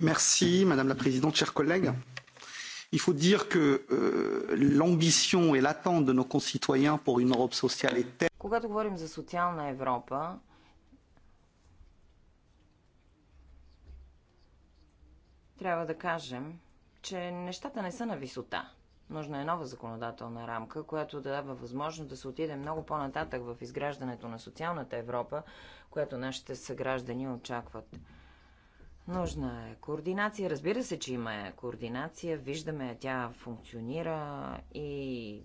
Merci, Madame la Présidente, chers collègues. Il faut dire que euh, l'ambition et l'attente de nos concitoyens pour une Europe sociale est telle. Когато говорим за социална Европа, трябва да кажем, че нещата не са на висота. Нужна е нова законодателна рамка, която да дава възможност да се отиде много по-нататък в изграждането на социалната Европа, която нашите съграждани очакват. Нужна е координация. Разбира се, че има координация. Виждаме, тя функционира и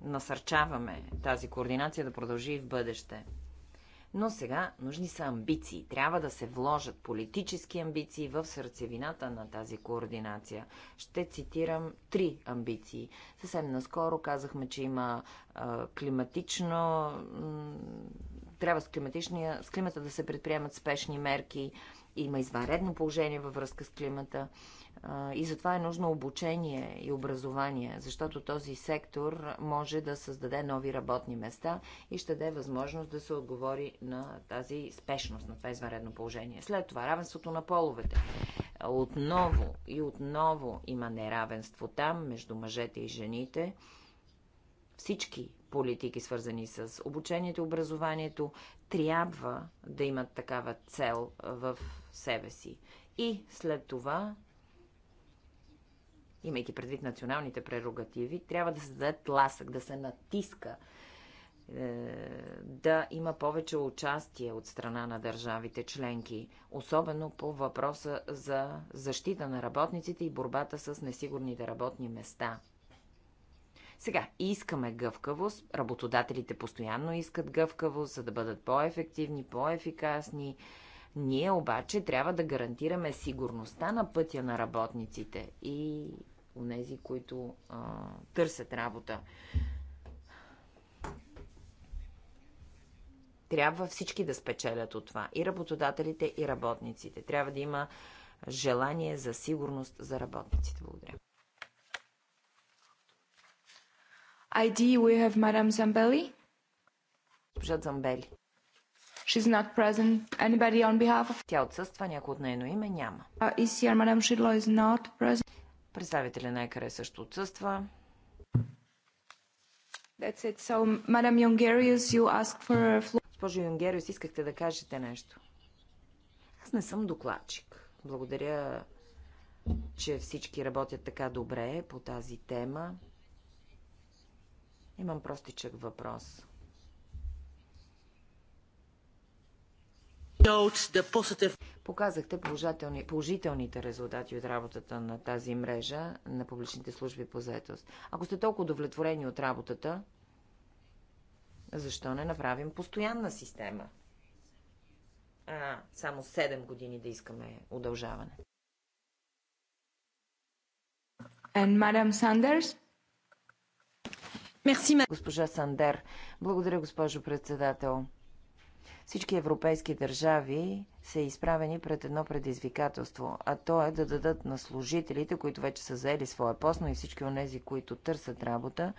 насърчаваме тази координация да продължи и в бъдеще. Но сега нужни са амбиции. Трябва да се вложат политически амбиции в сърцевината на тази координация. Ще цитирам три амбиции. Съвсем наскоро казахме, че има климатично трябва с, с климата да се предприемат спешни мерки. Има извънредно положение във връзка с климата. И затова е нужно обучение и образование, защото този сектор може да създаде нови работни места и ще даде възможност да се отговори на тази спешност, на това извънредно положение. След това равенството на половете. Отново и отново има неравенство там между мъжете и жените. Всички политики, свързани с обучението и образованието, трябва да имат такава цел в себе си. И след това, имайки предвид националните прерогативи, трябва да се даде тласък, да се натиска е, да има повече участие от страна на държавите членки, особено по въпроса за защита на работниците и борбата с несигурните работни места. Сега, искаме гъвкавост, работодателите постоянно искат гъвкавост, за да бъдат по-ефективни, по-ефикасни. Ние обаче трябва да гарантираме сигурността на пътя на работниците и у нези, които а, търсят работа. Трябва всички да спечелят от това. И работодателите, и работниците. Трябва да има желание за сигурност за работниците. Благодаря. ID we have Madame Zambelli. Госпожа Замбели. She's not present. Anybody on behalf of... Тя отсъства, някой от нейно име няма. Uh, is here, Madame Shidlo is not present. Представителя на ЕКР също отсъства. That's it. So, Madame Jungerius, you ask for a floor. Госпожо Юнгериус, искахте да кажете нещо. Аз не съм докладчик. Благодаря, че всички работят така добре по тази тема. Имам простичък въпрос. Показахте положителни, положителните резултати от работата на тази мрежа на публичните служби по заетост. Ако сте толкова удовлетворени от работата, защо не направим постоянна система? А, само 7 години да искаме удължаване. And Madam Sanders? Мерси, госпожа Сандер. Благодаря, госпожо председател. Всички европейски държави са изправени пред едно предизвикателство, а то е да дадат на служителите, които вече са заели своя пост, но и всички онези, които търсят работа,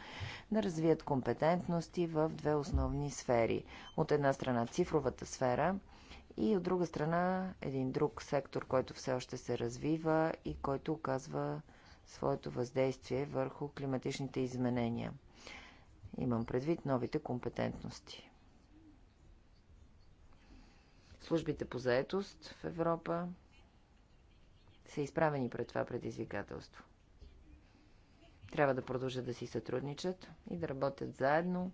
да развият компетентности в две основни сфери. От една страна цифровата сфера и от друга страна един друг сектор, който все още се развива и който оказва своето въздействие върху климатичните изменения – Имам предвид новите компетентности. Службите по заетост в Европа са изправени пред това предизвикателство. Трябва да продължат да си сътрудничат и да работят заедно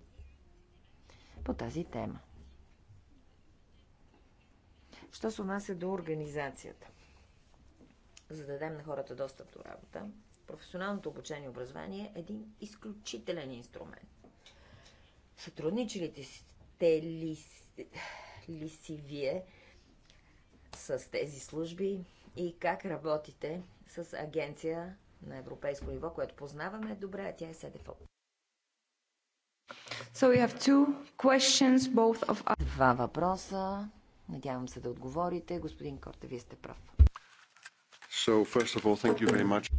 по тази тема. Що се отнася до организацията? За да дадем на хората достъп до работа, професионалното обучение и образование е един изключителен инструмент. Сътрудничилите сте ли, ли си вие с тези служби и как работите с агенция на европейско ниво, което познаваме добре, а тя е СДФО? So we have two questions, both of... Два въпроса. Надявам се да отговорите. Господин Корте, вие сте прав. So, first of all, thank you very much.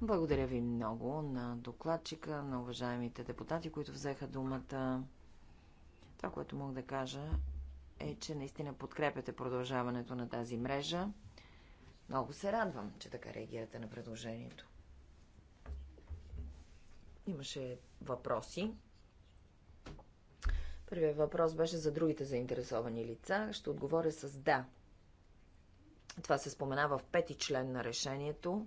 Благодаря ви много на докладчика, на уважаемите депутати, които взеха думата. Това, което мога да кажа е, че наистина подкрепяте продължаването на тази мрежа. Много се радвам, че така реагирате на предложението. Имаше въпроси. Първият въпрос беше за другите заинтересовани лица. Ще отговоря с да. Това се споменава в пети член на решението.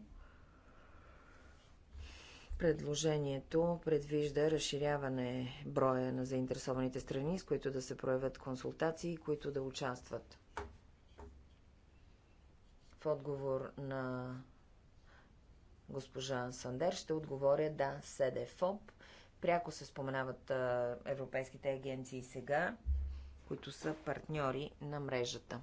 Предложението предвижда разширяване броя на заинтересованите страни, с които да се проявят консултации, които да участват. В отговор на госпожа Сандер ще отговоря да, СДФОП. Пряко се споменават европейските агенции сега, които са партньори на мрежата.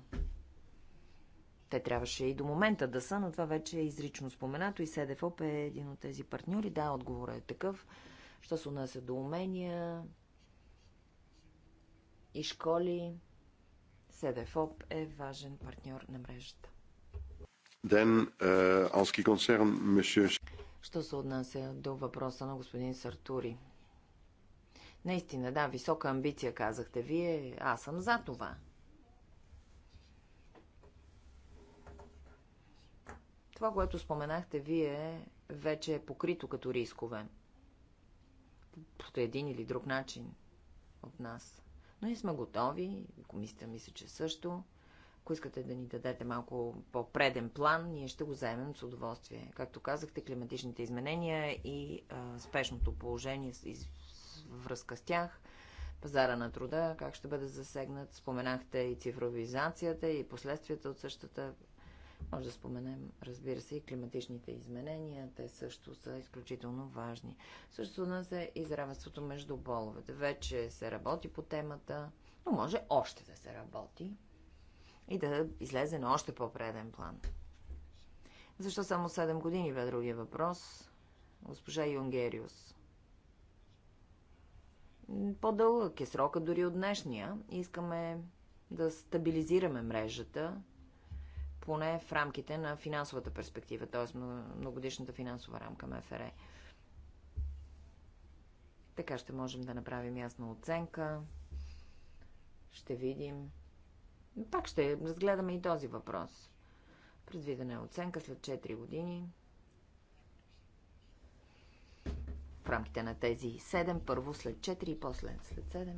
Те трябваше и до момента да са, но това вече е изрично споменато и СДФОП е един от тези партньори. Да, отговорът е такъв. Що се отнася до умения и школи, СДФОП е важен партньор на мрежата. Then, uh, en ce monsieur... Що се отнася до въпроса на господин Сартури? Наистина, да, висока амбиция, казахте вие. Аз съм за това. Това, което споменахте вие, вече е покрито като рискове. По един или друг начин от нас. Но ние сме готови, комисията мисля, че също. Ако искате да ни дадете малко по-преден план, ние ще го заемем с удоволствие. Както казахте, климатичните изменения и а, спешното положение из, връзка с тях, пазара на труда, как ще бъде засегнат. Споменахте и цифровизацията и последствията от същата. Може да споменем, разбира се, и климатичните изменения. Те също са изключително важни. Също нас е и за между половете. Вече се работи по темата, но може още да се работи и да излезе на още по-преден план. Защо само 7 години бе другия въпрос? Госпожа Юнгериус. По-дълъг е срока дори от днешния. Искаме да стабилизираме мрежата, поне в рамките на финансовата перспектива, т.е. многодишната финансова рамка МФР. Така ще можем да направим ясна оценка. Ще видим. Пак ще разгледаме и този въпрос. Предвидена е оценка след 4 години. В рамките на тези 7, първо след 4 и после след 7.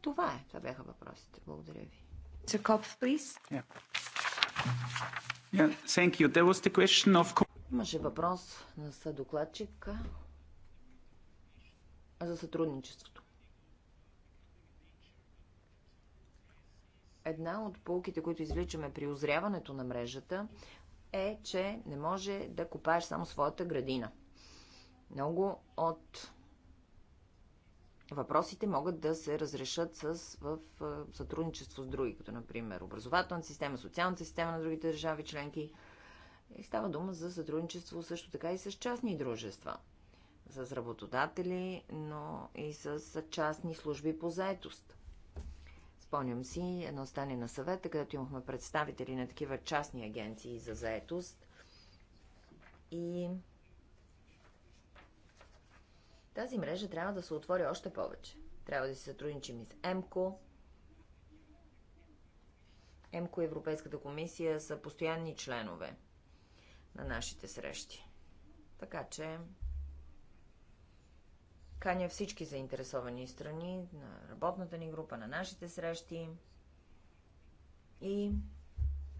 Това е. Това бяха въпросите. Благодаря ви. Kopf, yeah. Yeah, of... Имаше въпрос на съдокладчик за сътрудничеството. Една от полките, които извличаме при озряването на мрежата, е, че не може да копаеш само своята градина. Много от въпросите могат да се разрешат с, в сътрудничество с други, като например образователната система, социалната система на другите държави членки. И става дума за сътрудничество също така и с частни дружества, с работодатели, но и с частни служби по заетост. Спомням си едно стане на съвета, където имахме представители на такива частни агенции за заетост и тази мрежа трябва да се отвори още повече. Трябва да си сътрудничим и с ЕМКО. ЕМКО и Европейската комисия са постоянни членове на нашите срещи. Така че каня всички заинтересовани страни, на работната ни група, на нашите срещи и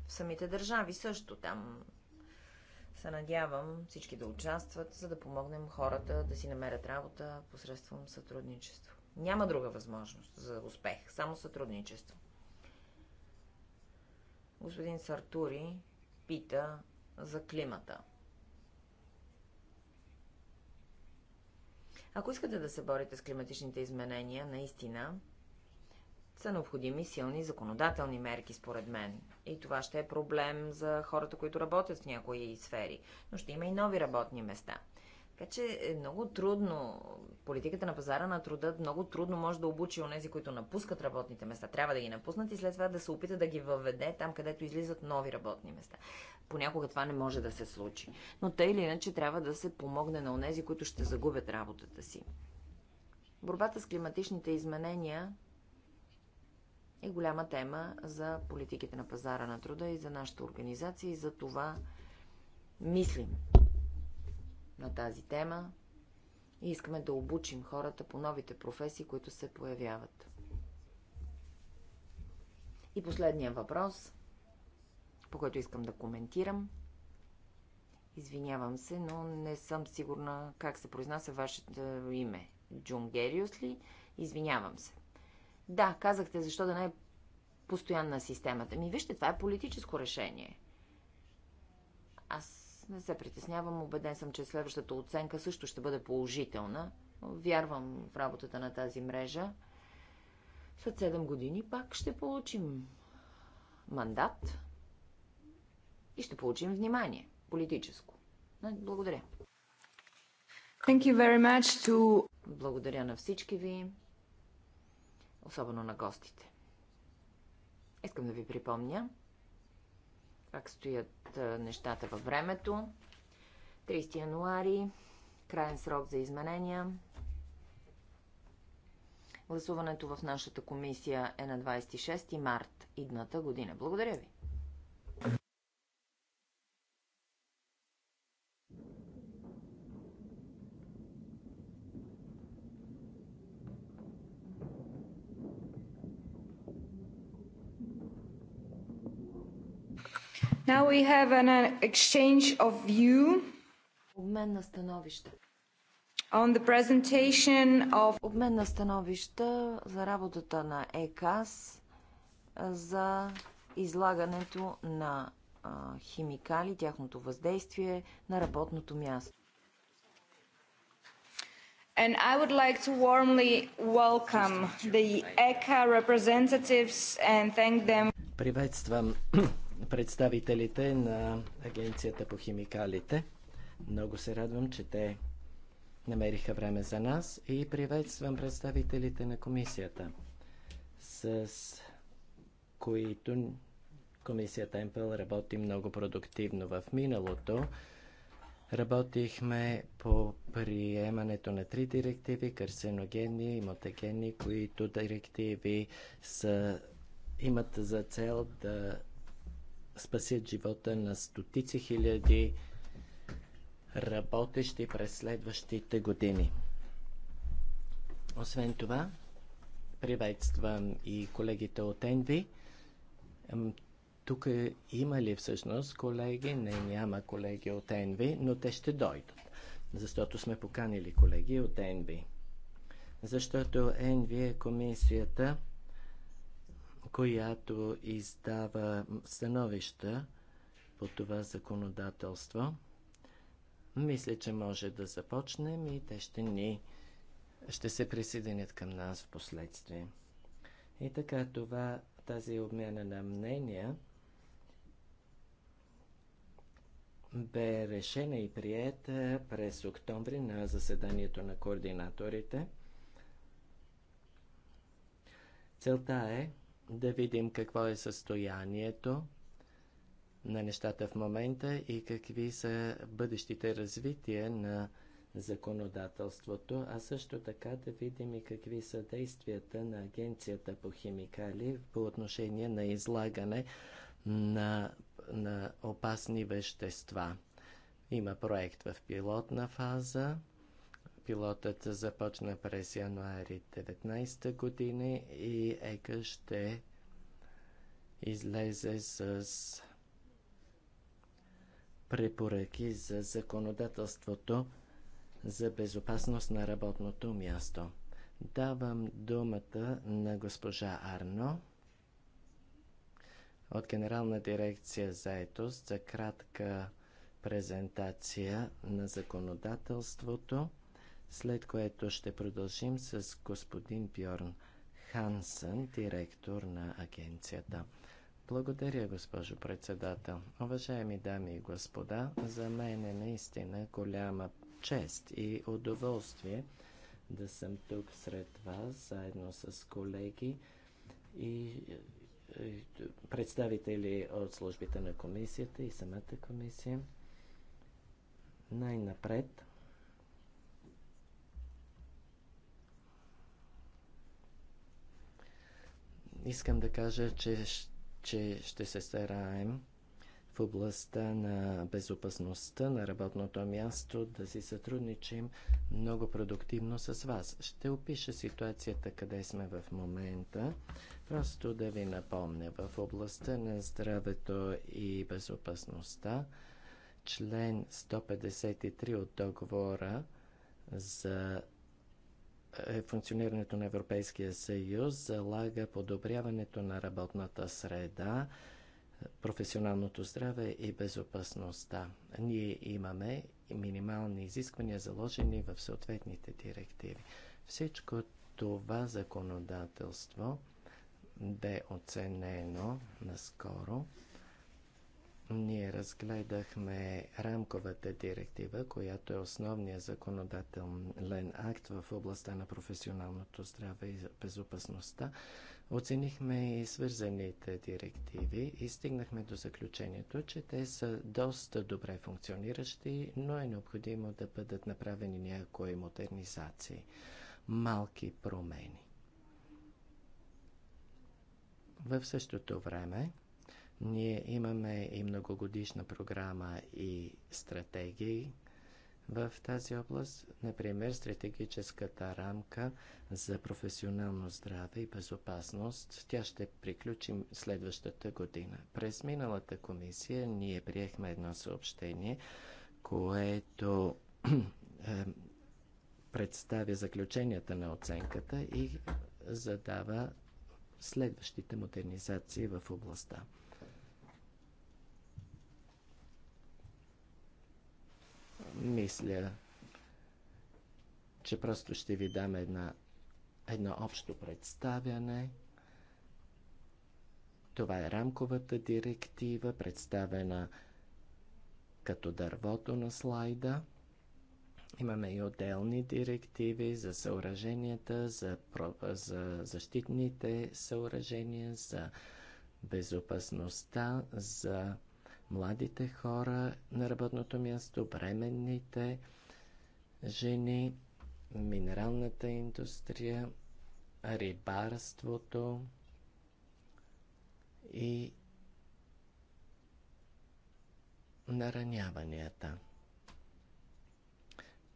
в самите държави също. Там се надявам всички да участват, за да помогнем хората да си намерят работа посредством сътрудничество. Няма друга възможност за успех, само сътрудничество. Господин Сартури пита за климата. Ако искате да се борите с климатичните изменения, наистина, са необходими силни законодателни мерки, според мен. И това ще е проблем за хората, които работят в някои сфери. Но ще има и нови работни места. Така че е много трудно. Политиката на пазара на труда много трудно може да обучи онези, които напускат работните места. Трябва да ги напуснат и след това да се опита да ги въведе там, където излизат нови работни места. Понякога това не може да се случи. Но тъй или иначе трябва да се помогне на онези, които ще загубят работата си. Борбата с климатичните изменения е голяма тема за политиките на пазара на труда и за нашата организация и за това мислим на тази тема и искаме да обучим хората по новите професии, които се появяват. И последния въпрос, по който искам да коментирам. Извинявам се, но не съм сигурна как се произнася вашето име. Джунгериус ли? Извинявам се. Да, казахте, защо да не е постоянна системата. Ми вижте, това е политическо решение. Аз не се притеснявам, убеден съм, че следващата оценка също ще бъде положителна. Вярвам в работата на тази мрежа. След 7 години пак ще получим мандат и ще получим внимание политическо. Благодаря. Thank you very much to... Благодаря на всички ви особено на гостите. Искам да ви припомня как стоят нещата във времето. 30 януари, крайен срок за изменения. Гласуването в нашата комисия е на 26 март идната година. Благодаря ви! Now we have an uh, exchange of view. Обмен на становища. On the presentation of... Обмен на становища за работата на ЕКАС за излагането на а, химикали, тяхното въздействие на работното място. And I would like to warmly welcome the ECHA representatives and thank them. Приветствам представителите на Агенцията по химикалите. Много се радвам, че те намериха време за нас и приветствам представителите на комисията, с които комисията МПЛ работи много продуктивно в миналото. Работихме по приемането на три директиви, карсеногени и мотогени, които директиви са, имат за цел да спасят живота на стотици хиляди работещи през следващите години. Освен това, приветствам и колегите от Енви. Тук има ли всъщност колеги? Не, няма колеги от Енви, но те ще дойдат, защото сме поканили колеги от Енви. Защото Енви е комисията, която издава становища по това законодателство. Мисля, че може да започнем и те ще ни ще се присъединят към нас в последствие. И така, това, тази обмяна на мнения бе решена и приета през октомври на заседанието на координаторите. Целта е да видим какво е състоянието на нещата в момента и какви са бъдещите развития на законодателството, а също така да видим и какви са действията на Агенцията по химикали по отношение на излагане на, на опасни вещества. Има проект в пилотна фаза. Пилотът започна през януари 19 години и ЕКА ще излезе с препоръки за законодателството за безопасност на работното място. Давам думата на госпожа Арно от Генерална дирекция заетост за кратка презентация на законодателството след което ще продължим с господин Бьорн Хансън, директор на агенцията. Благодаря, госпожо председател. Уважаеми дами и господа, за мен е наистина голяма чест и удоволствие да съм тук сред вас, заедно с колеги и представители от службите на комисията и самата комисия. Най-напред искам да кажа, че, че ще се стараем в областта на безопасността на работното място да си сътрудничим много продуктивно с вас. Ще опиша ситуацията къде сме в момента. Просто да ви напомня, в областта на здравето и безопасността, член 153 от договора за е, функционирането на Европейския съюз залага подобряването на работната среда, професионалното здраве и безопасността. Ние имаме минимални изисквания, заложени в съответните директиви. Всичко това законодателство бе оценено наскоро ние разгледахме рамковата директива, която е основният законодателен акт в областта на професионалното здраве и безопасността. Оценихме и свързаните директиви и стигнахме до заключението, че те са доста добре функциониращи, но е необходимо да бъдат направени някои модернизации, малки промени. В същото време ние имаме и многогодишна програма и стратегии в тази област, например стратегическата рамка за професионално здраве и безопасност. Тя ще приключим следващата година. През миналата комисия ние приехме едно съобщение, което [clears throat] е, представя заключенията на оценката и задава следващите модернизации в областта. Мисля, че просто ще ви дам една, едно общо представяне. Това е рамковата директива, представена като дървото на слайда. Имаме и отделни директиви за съоръженията, за, за защитните съоръжения, за безопасността, за младите хора на работното място, бременните жени, минералната индустрия, рибарството и нараняванията.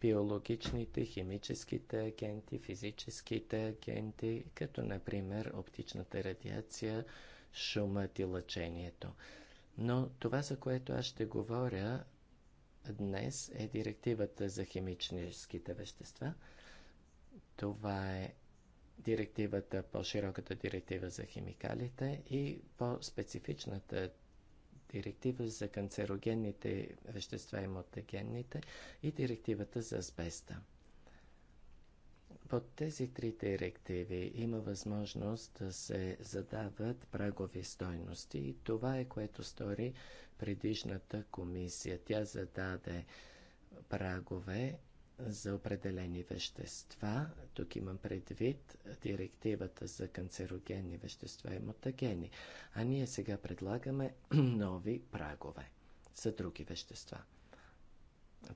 Биологичните, химическите агенти, физическите агенти, като например оптичната радиация, шумът и лъчението – но това, за което аз ще говоря днес, е директивата за химическите вещества. Това е директивата, по-широката директива за химикалите и по-специфичната директива за канцерогенните вещества и мутагенните и директивата за асбеста. Под тези три директиви има възможност да се задават прагови стойности и това е което стори предишната комисия. Тя зададе прагове за определени вещества. Тук имам предвид директивата за канцерогенни вещества и мутагени. А ние сега предлагаме [clears throat] нови прагове за други вещества.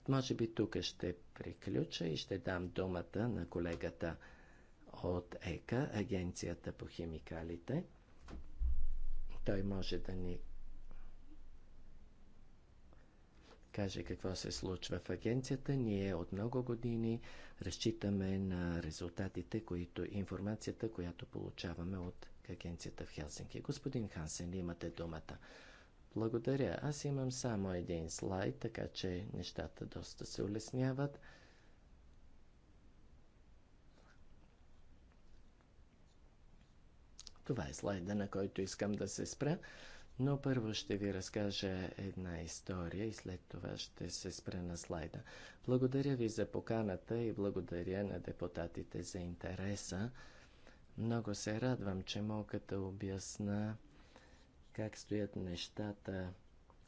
Може би тук ще приключа и ще дам думата на колегата от ЕКА, Агенцията по химикалите. Той може да ни каже какво се случва в агенцията. Ние от много години разчитаме на резултатите, които информацията, която получаваме от агенцията в Хелсинки. Господин Хансен, имате думата. Благодаря. Аз имам само един слайд, така че нещата доста се улесняват. Това е слайда, на който искам да се спра, но първо ще ви разкажа една история и след това ще се спра на слайда. Благодаря ви за поканата и благодаря на депутатите за интереса. Много се радвам, че мога да обясна как стоят нещата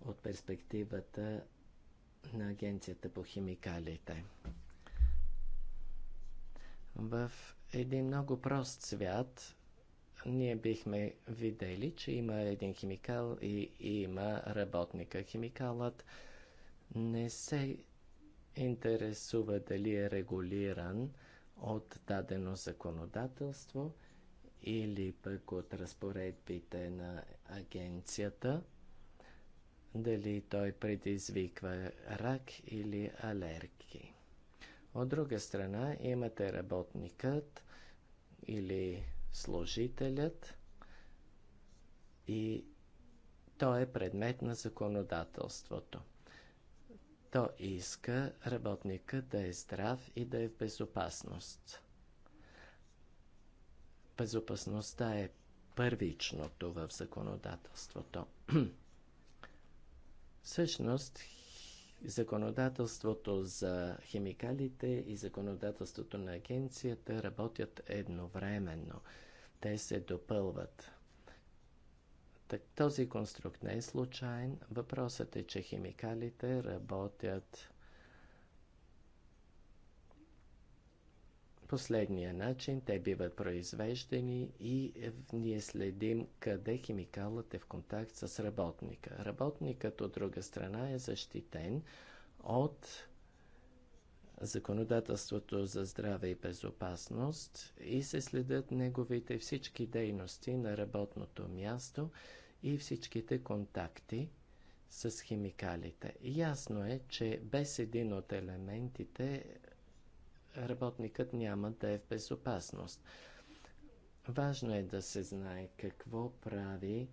от перспективата на Агенцията по химикалите. В един много прост свят ние бихме видели, че има един химикал и, и има работника. Химикалът не се интересува дали е регулиран от дадено законодателство – или пък от разпоредбите на агенцията, дали той предизвиква рак или алергии. От друга страна имате работникът или служителят и той е предмет на законодателството. То иска работникът да е здрав и да е в безопасност. Безопасността е първичното в законодателството. [clears throat] Всъщност, законодателството за химикалите и законодателството на агенцията работят едновременно. Те се допълват. Так, този конструкт не е случайен. Въпросът е, че химикалите работят последния начин те биват произвеждани и е ние следим къде химикалът е в контакт с работника. Работникът от друга страна е защитен от законодателството за здраве и безопасност и се следят неговите всички дейности на работното място и всичките контакти с химикалите. Ясно е, че без един от елементите работникът няма да е в безопасност. Важно е да се знае какво прави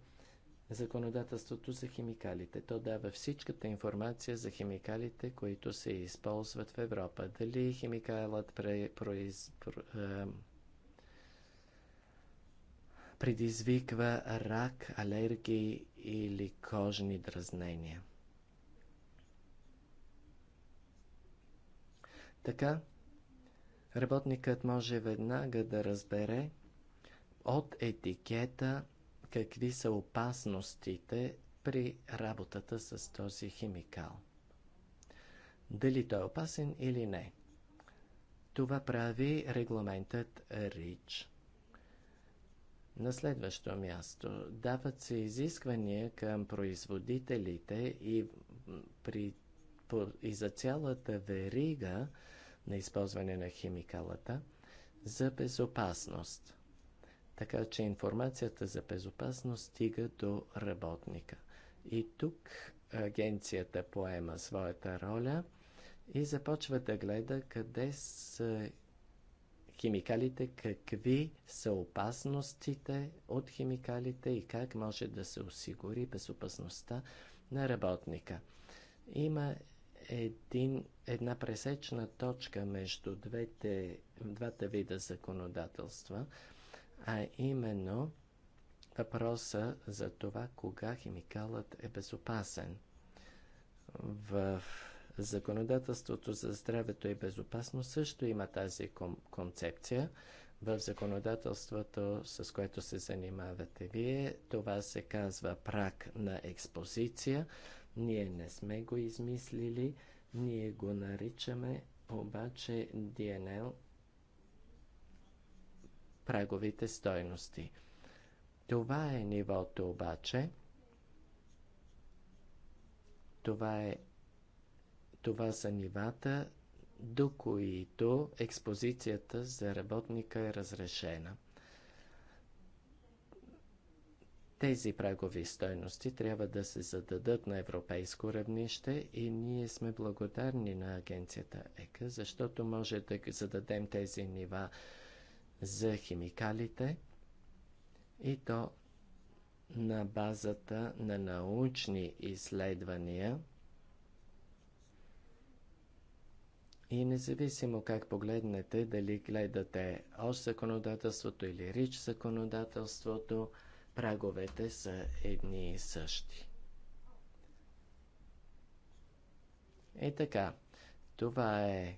законодателството за химикалите. То дава всичката информация за химикалите, които се използват в Европа. Дали химикалът пре, произ, е, предизвиква рак, алергии или кожни дразнения. Така, Работникът може веднага да разбере от етикета какви са опасностите при работата с този химикал. Дали той е опасен или не. Това прави регламентът РИЧ. На следващо място дават се изисквания към производителите и, при, по, и за цялата верига на използване на химикалата за безопасност. Така че информацията за безопасност стига до работника. И тук агенцията поема своята роля и започва да гледа къде са химикалите, какви са опасностите от химикалите и как може да се осигури безопасността на работника. Има един, една пресечна точка между двете, двата вида законодателства, а именно въпроса за това кога химикалът е безопасен. В законодателството за здравето и безопасност също има тази концепция. В законодателството, с което се занимавате вие, това се казва прак на експозиция – ние не сме го измислили, ние го наричаме обаче ДНЛ праговите стойности. Това е нивото обаче. Това, е, това са нивата, до които експозицията за работника е разрешена. Тези прагови стойности трябва да се зададат на европейско равнище и ние сме благодарни на агенцията ЕКА, защото може да зададем тези нива за химикалите и то на базата на научни изследвания и независимо как погледнете, дали гледате ОС законодателството или РИЧ законодателството – праговете са едни и същи. И така, това е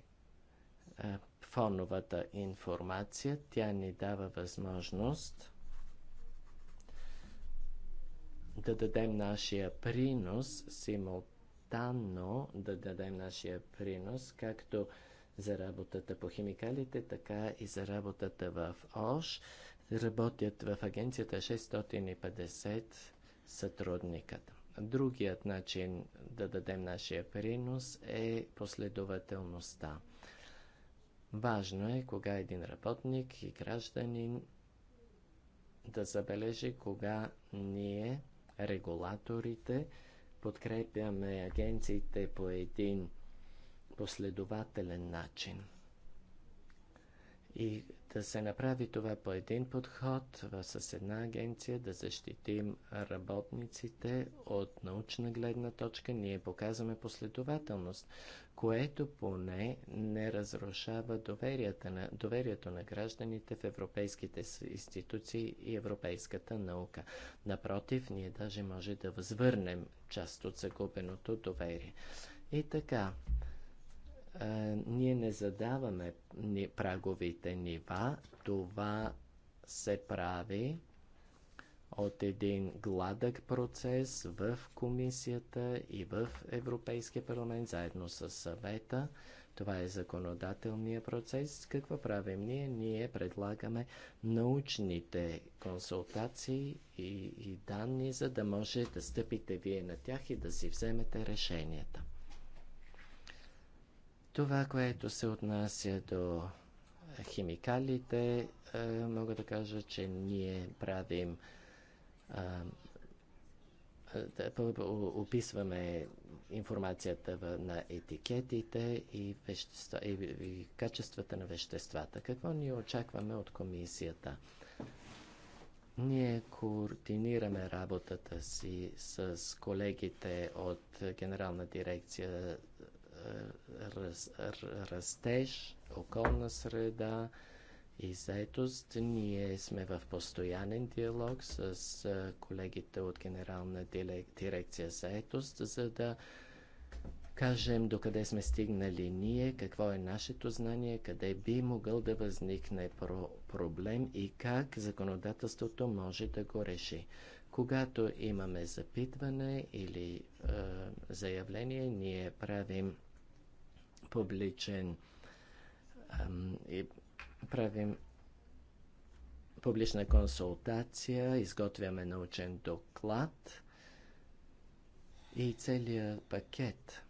фоновата информация. Тя ни дава възможност да дадем нашия принос симултанно, да дадем нашия принос както за работата по химикалите, така и за работата в ОШ. Работят в агенцията 650 сътрудниката. Другият начин да дадем нашия принос е последователността. Важно е кога един работник и гражданин да забележи кога ние, регулаторите, подкрепяме агенциите по един последователен начин. И да се направи това по един подход с една агенция, да защитим работниците от научна гледна точка. Ние показваме последователност, което поне не разрушава доверието на, доверието на гражданите в европейските институции и европейската наука. Напротив, ние даже може да възвърнем част от загубеното доверие. И така, ние не задаваме ни праговите нива. Това се прави от един гладък процес в комисията и в Европейския парламент, заедно с съвета. Това е законодателния процес. Какво правим ние? Ние предлагаме научните консултации и, и данни, за да може да стъпите вие на тях и да си вземете решенията. Това, което се отнася до химикалите, е, мога да кажа, че ние правим е, описваме информацията на етикетите и, вещества, и, и качествата на веществата. Какво ние очакваме от комисията? Ние координираме работата си с колегите от Генерална дирекция раз, растеж, околна среда и заетост. Ние сме в постоянен диалог с колегите от Генерална дирекция заетост, за да кажем докъде сме стигнали ние, какво е нашето знание, къде би могъл да възникне про- проблем и как законодателството може да го реши. Когато имаме запитване или е, заявление, ние правим публичен и правим публична консултация, изготвяме научен доклад и целият пакет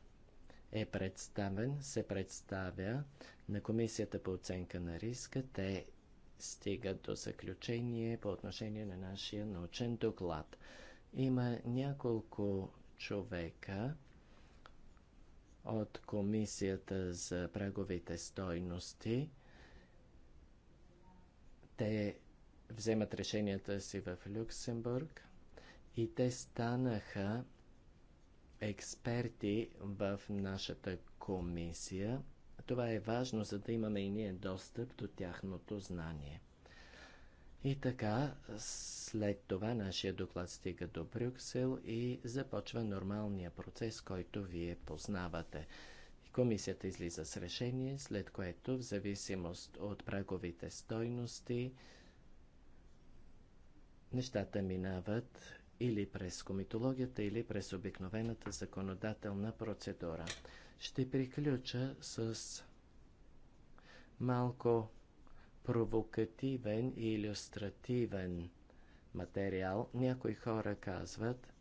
е представен, се представя на Комисията по оценка на риска. Те стигат до заключение по отношение на нашия научен доклад. Има няколко човека, от Комисията за праговите стойности. Те вземат решенията си в Люксембург и те станаха експерти в нашата комисия. Това е важно, за да имаме и ние достъп до тяхното знание. И така, след това нашия доклад стига до Брюксел и започва нормалния процес, който вие познавате. Комисията излиза с решение, след което в зависимост от праговите стойности нещата минават или през комитологията, или през обикновената законодателна процедура. Ще приключа с малко провокативен и иллюстративен материал. Някои хора казват,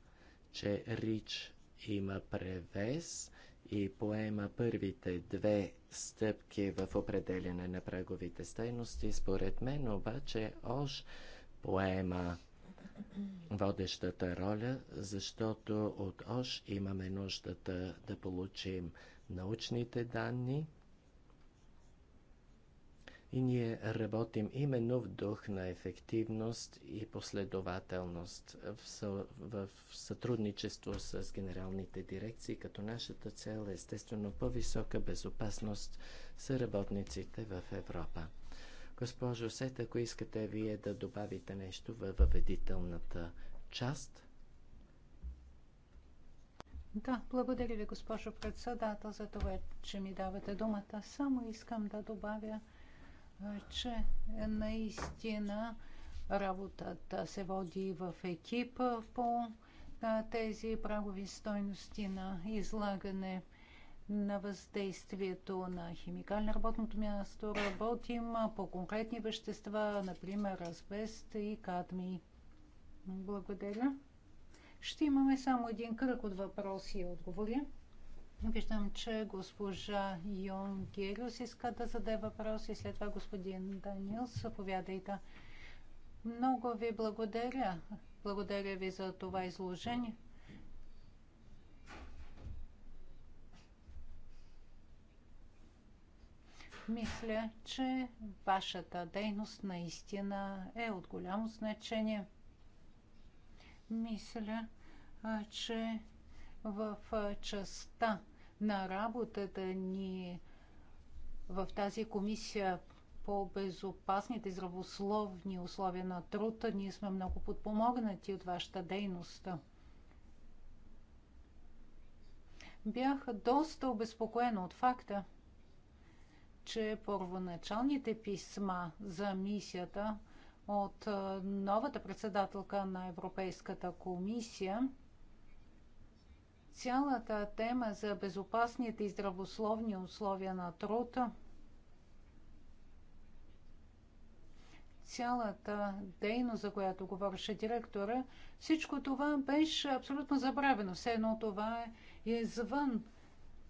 че Рич има превес и поема първите две стъпки в определене на праговите стойности. Според мен обаче Ош поема водещата роля, защото от Ош имаме нуждата да получим научните данни – и ние работим именно в дух на ефективност и последователност в, в сътрудничество с генералните дирекции, като нашата цел е естествено по-висока безопасност за работниците в Европа. Госпожо Сет, ако искате вие да добавите нещо във въведителната част. Да, благодаря ви, госпожо председател, за това, че ми давате думата. Само искам да добавя че наистина работата се води в екип по тези прагови стойности на излагане на въздействието на химикали на работното място. Работим по конкретни вещества, например Разбест и кадмий. Благодаря. Ще имаме само един кръг от въпроси и отговори. Виждам, че госпожа Йон Гелюс иска да зададе въпрос и след това господин Данилс. Заповядайте. Много ви благодаря. Благодаря ви за това изложение. Мисля, че вашата дейност наистина е от голямо значение. Мисля, че в частта на работата ни в тази комисия по безопасните и здравословни условия на труд. Ние сме много подпомогнати от вашата дейност. Бях доста обезпокоена от факта, че първоначалните писма за мисията от новата председателка на Европейската комисия Цялата тема за безопасните и здравословни условия на труда, цялата дейност, за която говореше директора, всичко това беше абсолютно забравено. Все едно това е извън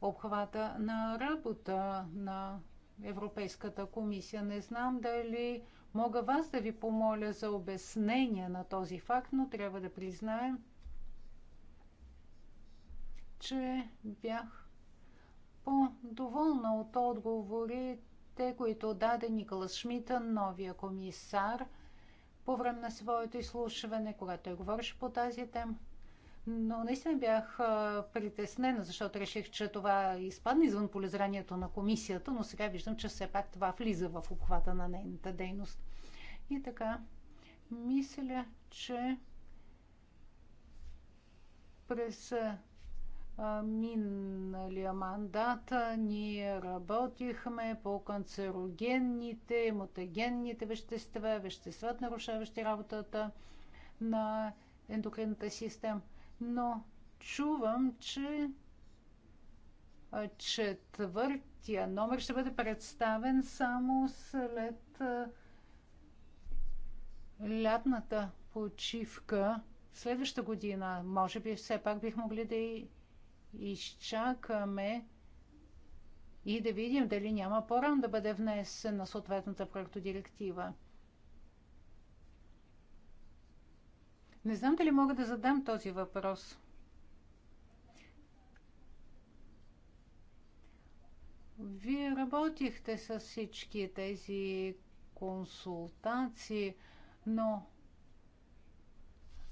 обхвата на работа на Европейската комисия. Не знам дали мога вас да ви помоля за обяснение на този факт, но трябва да признаем, че бях по-доволна от отговорите, които даде Николас Шмита, новия комисар, по време на своето изслушване, когато той говореше по тази тема. Но наистина бях притеснена, защото реших, че това изпадна извън полезранието на комисията, но сега виждам, че все пак това влиза в обхвата на нейната дейност. И така, мисля, че през миналия мандат ние работихме по канцерогенните, мутагенните вещества, вещества, нарушаващи работата на ендокринната система. Но чувам, че четвъртия номер ще бъде представен само след лятната почивка следваща година. Може би все пак бих могли да и изчакаме и да видим дали няма по ран да бъде внесен на съответната проектодиректива. Не знам дали мога да задам този въпрос. Вие работихте с всички тези консултации, но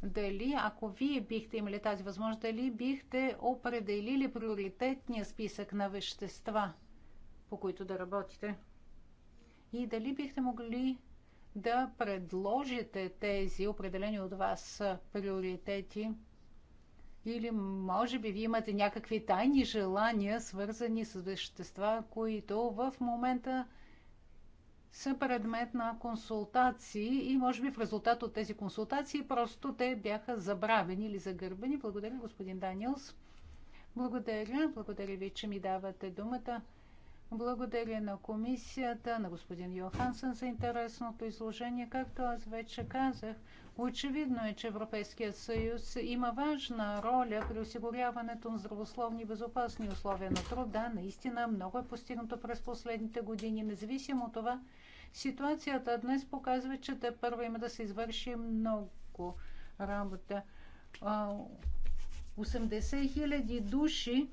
дали, ако вие бихте имали тази възможност, дали бихте определили приоритетния списък на вещества, по които да работите? И дали бихте могли да предложите тези определени от вас приоритети? Или може би вие имате някакви тайни желания, свързани с вещества, които в момента са предмет на консултации и може би в резултат от тези консултации просто те бяха забравени или загърбени. Благодаря, господин Данилс. Благодаря. Благодаря ви, че ми давате думата. Благодаря на комисията, на господин Йохансен за интересното изложение. Както аз вече казах, очевидно е, че Европейският съюз има важна роля при осигуряването на здравословни и безопасни условия на труда. Наистина много е постигнато през последните години, независимо от това, Ситуацията днес показва, че те първо има да се извърши много работа. 80 хиляди души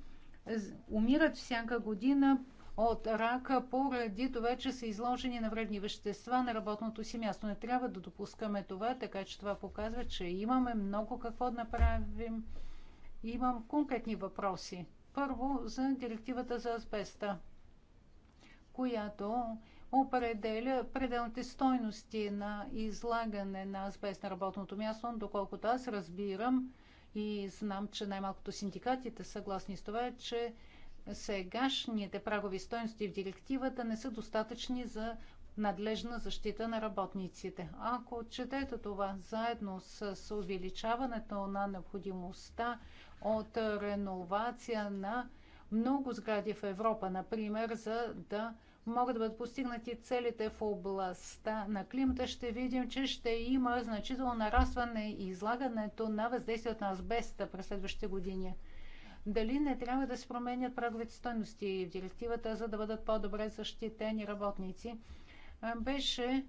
умират всяка година от рака поради това, че са изложени на вредни вещества на работното си място. Не трябва да допускаме това, така че това показва, че имаме много какво да направим. Имам конкретни въпроси. Първо за директивата за азбеста, която определя пределните стойности на излагане на азбест на работното място, доколкото аз разбирам и знам, че най-малкото синдикатите са съгласни с това, е, че сегашните прагови стойности в директивата не са достатъчни за надлежна защита на работниците. Ако четете това заедно с увеличаването на необходимостта от реновация на много сгради в Европа, например, за да могат да бъдат постигнати целите в областта на климата, ще видим, че ще има значително нарастване и излагането на въздействието на азбеста през следващите години. Дали не трябва да се променят праговите стойности в директивата, за да бъдат по-добре защитени работници? Беше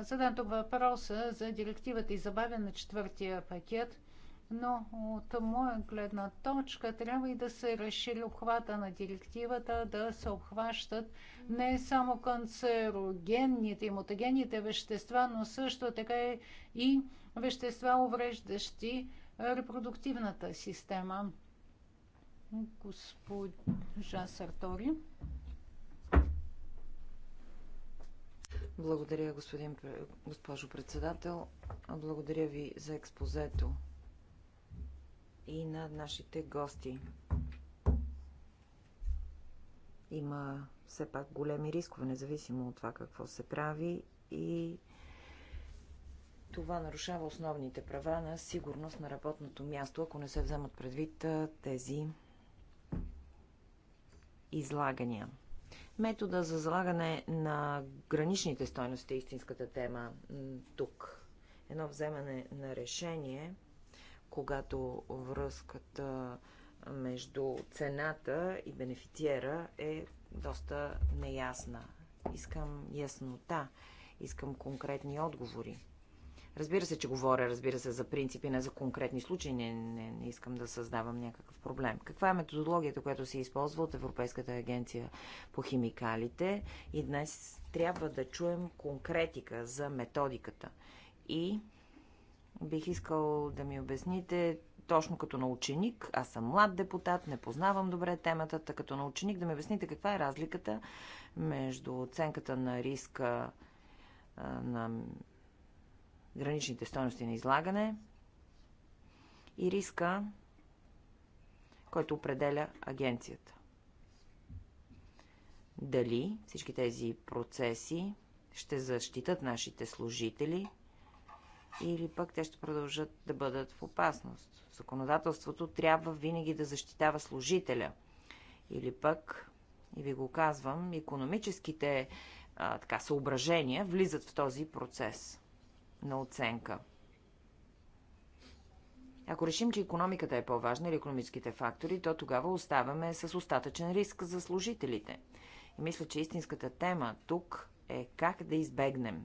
задан тук въпроса за директивата и забавен на четвъртия пакет – но от моя гледна точка трябва и да се разшири обхвата на директивата, да се обхващат не само канцерогенните и мутагенните вещества, но също така и вещества, увреждащи е, репродуктивната система. Госпожа Сартори. Благодаря, господин, госпожо председател. Благодаря ви за експозето и на нашите гости. Има все пак големи рискове, независимо от това какво се прави и това нарушава основните права на сигурност на работното място, ако не се вземат предвид тези излагания. Метода за залагане на граничните стойности е истинската тема тук. Едно вземане на решение когато връзката между цената и бенефициера е доста неясна. Искам яснота, искам конкретни отговори. Разбира се, че говоря, разбира се, за принципи, не за конкретни случаи. Не, не, не искам да създавам някакъв проблем. Каква е методологията, която се използва от Европейската агенция по химикалите? И днес трябва да чуем конкретика за методиката. И Бих искал да ми обясните, точно като на ученик, аз съм млад депутат, не познавам добре темата, така като на ученик да ми обясните каква е разликата между оценката на риска на граничните стоености на излагане и риска, който определя агенцията. Дали всички тези процеси ще защитат нашите служители – или пък те ще продължат да бъдат в опасност. Законодателството трябва винаги да защитава служителя. Или пък, и ви го казвам, економическите а, така, съображения влизат в този процес на оценка. Ако решим, че економиката е по-важна или економическите фактори, то тогава оставаме с остатъчен риск за служителите. И мисля, че истинската тема тук е как да избегнем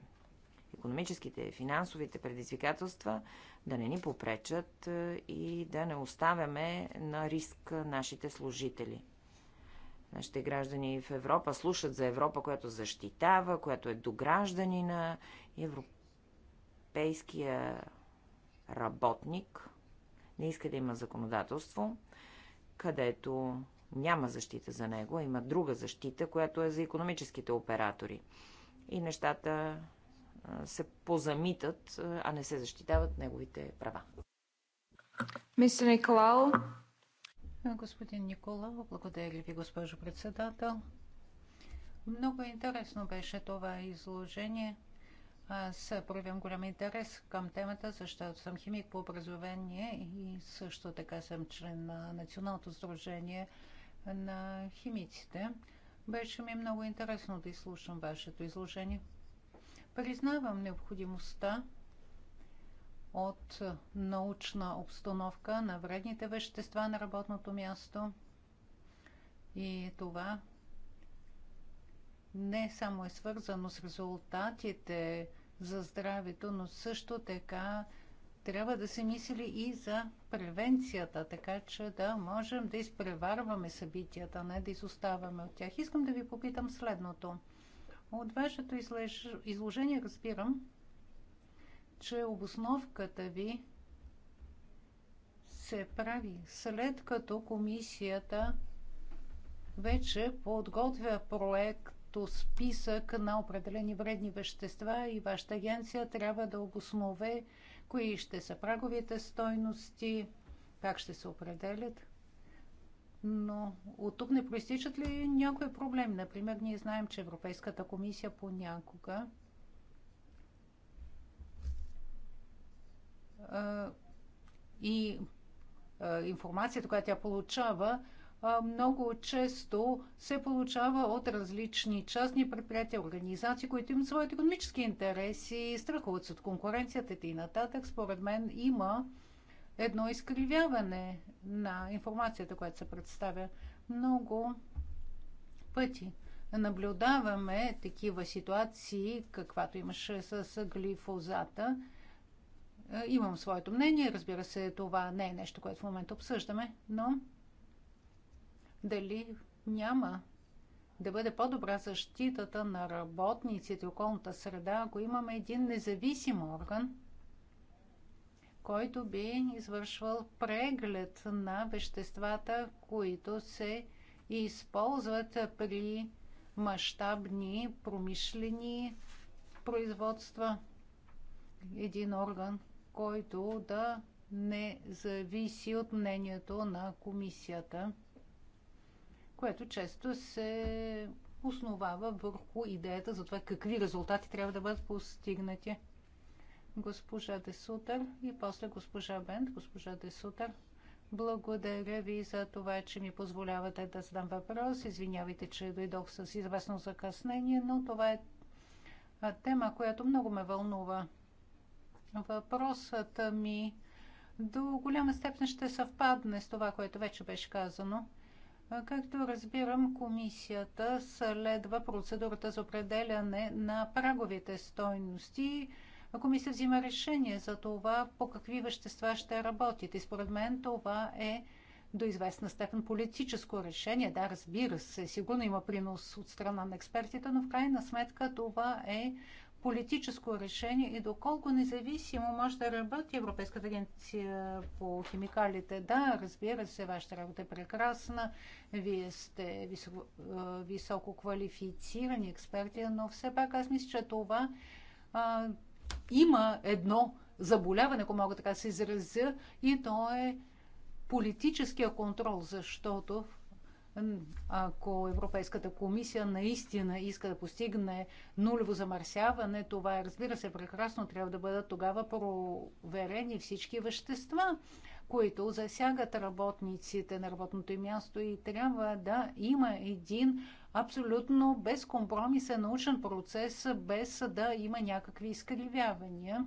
економическите, финансовите предизвикателства да не ни попречат е, и да не оставяме на риск нашите служители. Нашите граждани в Европа слушат за Европа, която защитава, която е до граждани на европейския работник. Не иска да има законодателство, където няма защита за него, а има друга защита, която е за економическите оператори. И нещата се позамитат, а не се защитават неговите права. Мистер Николао. Господин Никола, благодаря ви, госпожо председател. Много интересно беше това изложение. Аз проявям голям интерес към темата, защото съм химик по образование и също така съм член на Националното сдружение на химиците. Беше ми много интересно да изслушам вашето изложение. Признавам необходимостта от научна обстановка на вредните вещества на работното място. И това не само е свързано с резултатите за здравето, но също така трябва да се мисли и за превенцията, така че да можем да изпреварваме събитията, не да изоставаме от тях. Искам да ви попитам следното – от вашето изложение разбирам, че обосновката ви се прави след като комисията вече подготвя проекто списък на определени вредни вещества и вашата агенция трябва да обоснове кои ще са праговите стойности, как ще се определят но от тук не проистичат ли някои проблеми? Например, ние знаем, че Европейската комисия понякога и информацията, която тя получава, много често се получава от различни частни предприятия, организации, които имат своите економически интереси, страхуват се от конкуренцията и нататък. Според мен има едно изкривяване на информацията, която се представя. Много пъти наблюдаваме такива ситуации, каквато имаше с глифозата. Е, имам своето мнение, разбира се, това не е нещо, което в момента обсъждаме, но дали няма да бъде по-добра защитата на работниците и околната среда, ако имаме един независим орган, който би извършвал преглед на веществата, които се използват при мащабни промишлени производства. Един орган, който да не зависи от мнението на комисията, което често се основава върху идеята за това какви резултати трябва да бъдат постигнати госпожа Десутър и после госпожа Бент. Госпожа Десутър, благодаря ви за това, че ми позволявате да задам въпрос. Извинявайте, че дойдох с известно закъснение, но това е тема, която много ме вълнува. Въпросът ми до голяма степен ще съвпадне с това, което вече беше казано. Както разбирам, комисията следва процедурата за определяне на праговите стойности – комисия взима решение за това по какви вещества ще работите. И според мен това е до известна степен политическо решение. Да, разбира се, сигурно има принос от страна на експертите, но в крайна сметка това е политическо решение и доколко независимо може да работи Европейската агенция по химикалите. Да, разбира се, вашата работа е прекрасна, вие сте високо, високо квалифицирани експерти, но все пак аз мисля, че това има едно заболяване, ако мога така се изразя, и то е политическия контрол, защото ако Европейската комисия наистина иска да постигне нулево замърсяване, това е, разбира се, е прекрасно. Трябва да бъдат тогава проверени всички вещества, които засягат работниците на работното им място и трябва да има един абсолютно безкомпромисен научен процес, без да има някакви изкривявания.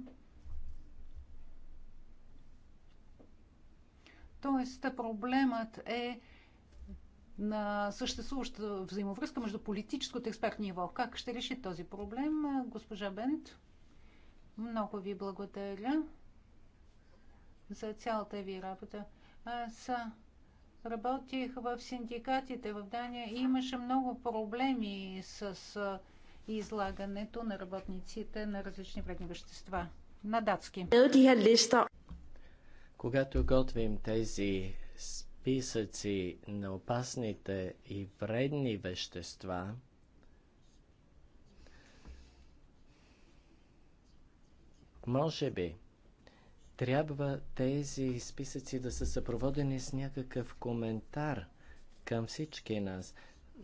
Тоест, проблемът е на съществуваща взаимовръзка между политическото и експертно ниво. Как ще реши този проблем, госпожа Бенет? Много ви благодаря за цялата ви работа. Аз работих в синдикатите в Дания и имаше много проблеми с излагането на работниците на различни вредни вещества. На датски. Er Когато готвим тези списъци на опасните и вредни вещества, може би трябва тези списъци да са съпроводени с някакъв коментар към всички нас.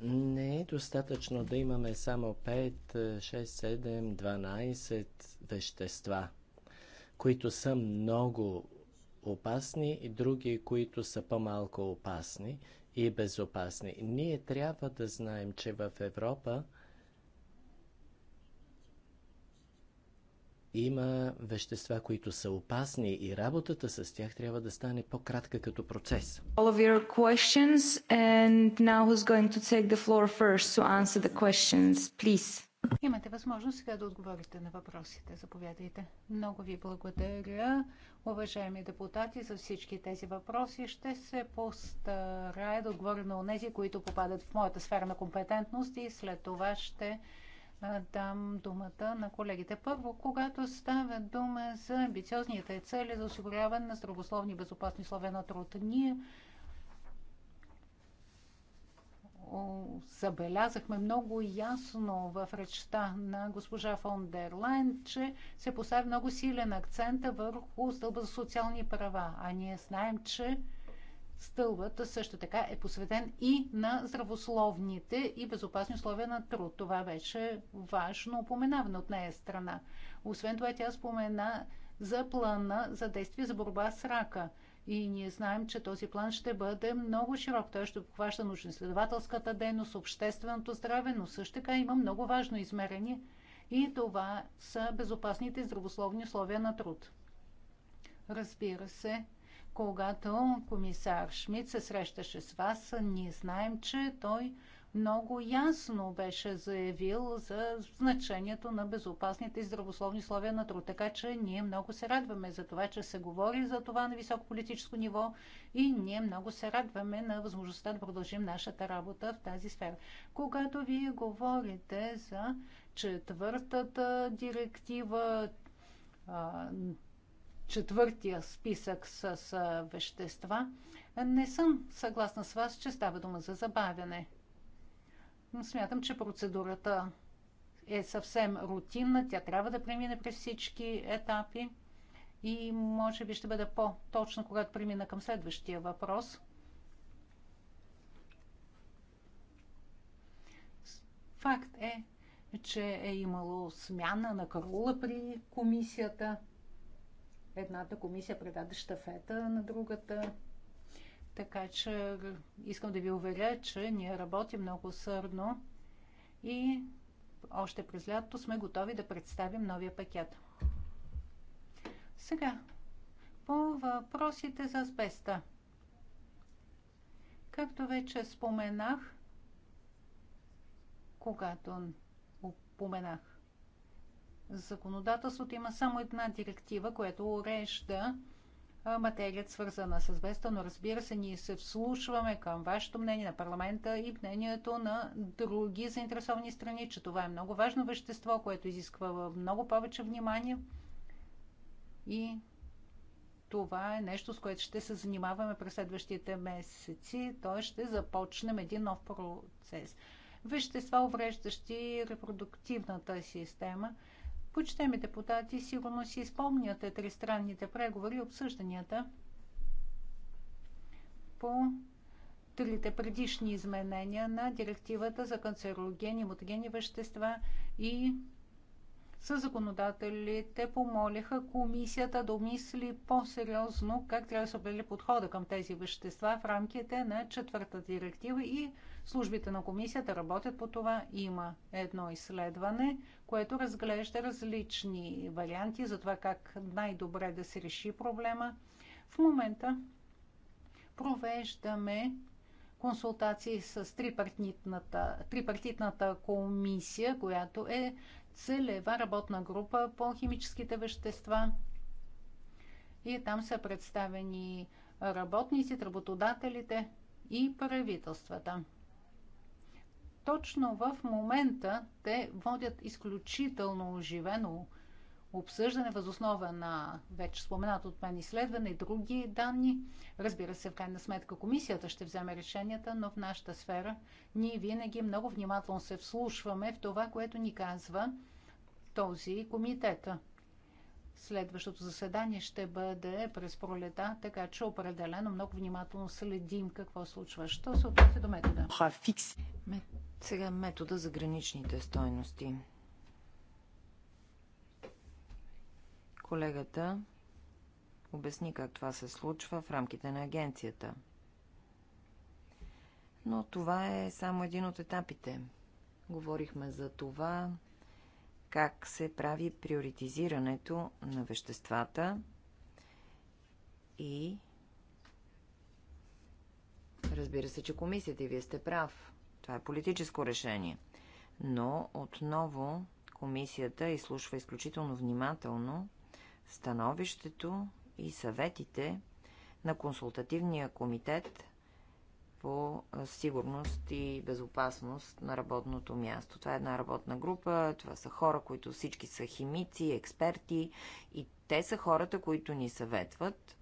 Не е достатъчно да имаме само 5, 6, 7, 12 вещества, които са много опасни и други, които са по-малко опасни и безопасни. Ние трябва да знаем, че в Европа Има вещества, които са опасни и работата с тях трябва да стане по-кратка като процес. All of your questions and now who's going to take the floor first to answer the questions, please. Имате възможност сега да отговорите на въпросите. Заповядайте. Много ви благодаря, уважаеми депутати, за всички тези въпроси. Ще се постарая да отговоря на тези, които попадат в моята сфера на компетентност и след това ще дам думата на колегите. Първо, когато става дума за амбициозните цели за осигуряване на здравословни и безопасни условия на труд, ние забелязахме много ясно в речта на госпожа фон дер Лайн, че се поставя много силен акцент върху стълба за социални права. А ние знаем, че Стълбата също така е посветен и на здравословните и безопасни условия на труд. Това беше важно упоменаване от нея страна. Освен това, тя спомена за плана за действие за борба с рака. И ние знаем, че този план ще бъде много широк. Той ще обхваща научно-изследователската дейност, общественото здраве, но също така има много важно измерение и това са безопасните и здравословни условия на труд. Разбира се, когато комисар Шмидт се срещаше с вас, ние знаем, че той много ясно беше заявил за значението на безопасните и здравословни условия на труд. Така че ние много се радваме за това, че се говори за това на високо политическо ниво и ние много се радваме на възможността да продължим нашата работа в тази сфера. Когато вие говорите за четвъртата директива, четвъртия списък с вещества, не съм съгласна с вас, че става дума за забавяне. Смятам, че процедурата е съвсем рутинна, тя трябва да премине през всички етапи и може би ще бъде по-точно, когато премина към следващия въпрос. Факт е, че е имало смяна на Карула при комисията – едната комисия предаде штафета на другата. Така че искам да ви уверя, че ние работим много сърдно и още през лятото сме готови да представим новия пакет. Сега, по въпросите за асбеста. Както вече споменах, когато упоменах законодателството има само една директива, която урежда материята свързана с Веста, но разбира се, ние се вслушваме към вашето мнение на парламента и мнението на други заинтересовани страни, че това е много важно вещество, което изисква много повече внимание и това е нещо, с което ще се занимаваме през следващите месеци, т.е. ще започнем един нов процес. Вещества, увреждащи репродуктивната система – Почтеми депутати, сигурно си спомняте тристранните преговори и обсъжданията по трите предишни изменения на директивата за канцерогени и мутагени вещества и със законодателите помолиха комисията да мисли по-сериозно как трябва да се определи подхода към тези вещества в рамките на четвърта директива и службите на комисията работят по това. Има едно изследване, което разглежда различни варианти за това как най-добре да се реши проблема. В момента провеждаме консултации с трипартитната, трипартитната комисия, която е целева работна група по химическите вещества. И там са представени работниците, работодателите и правителствата. Точно в момента те водят изключително оживено обсъждане възоснова на вече споменато от мен изследване и други данни. Разбира се, в крайна сметка комисията ще вземе решенията, но в нашата сфера ние винаги много внимателно се вслушваме в това, което ни казва този комитет. Следващото заседание ще бъде през пролета, така че определено много внимателно следим какво случва. Що се отнася до метода? Сега метода за граничните стойности. Колегата обясни как това се случва в рамките на агенцията. Но това е само един от етапите. Говорихме за това, как се прави приоритизирането на веществата и разбира се, че комисията и вие сте прав. Това е политическо решение. Но отново комисията изслушва изключително внимателно становището и съветите на консултативния комитет по сигурност и безопасност на работното място. Това е една работна група, това са хора, които всички са химици, експерти и те са хората, които ни съветват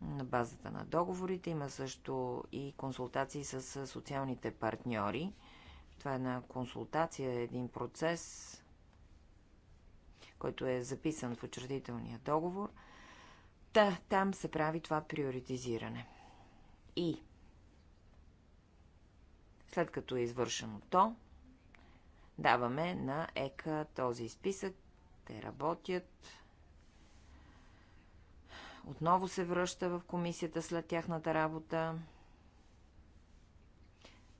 на базата на договорите. Има също и консултации с социалните партньори. Това е една консултация, един процес, който е записан в учредителния договор, та там се прави това приоритизиране. И след като е извършено то, даваме на ЕКА този списък. Те работят. Отново се връща в комисията след тяхната работа.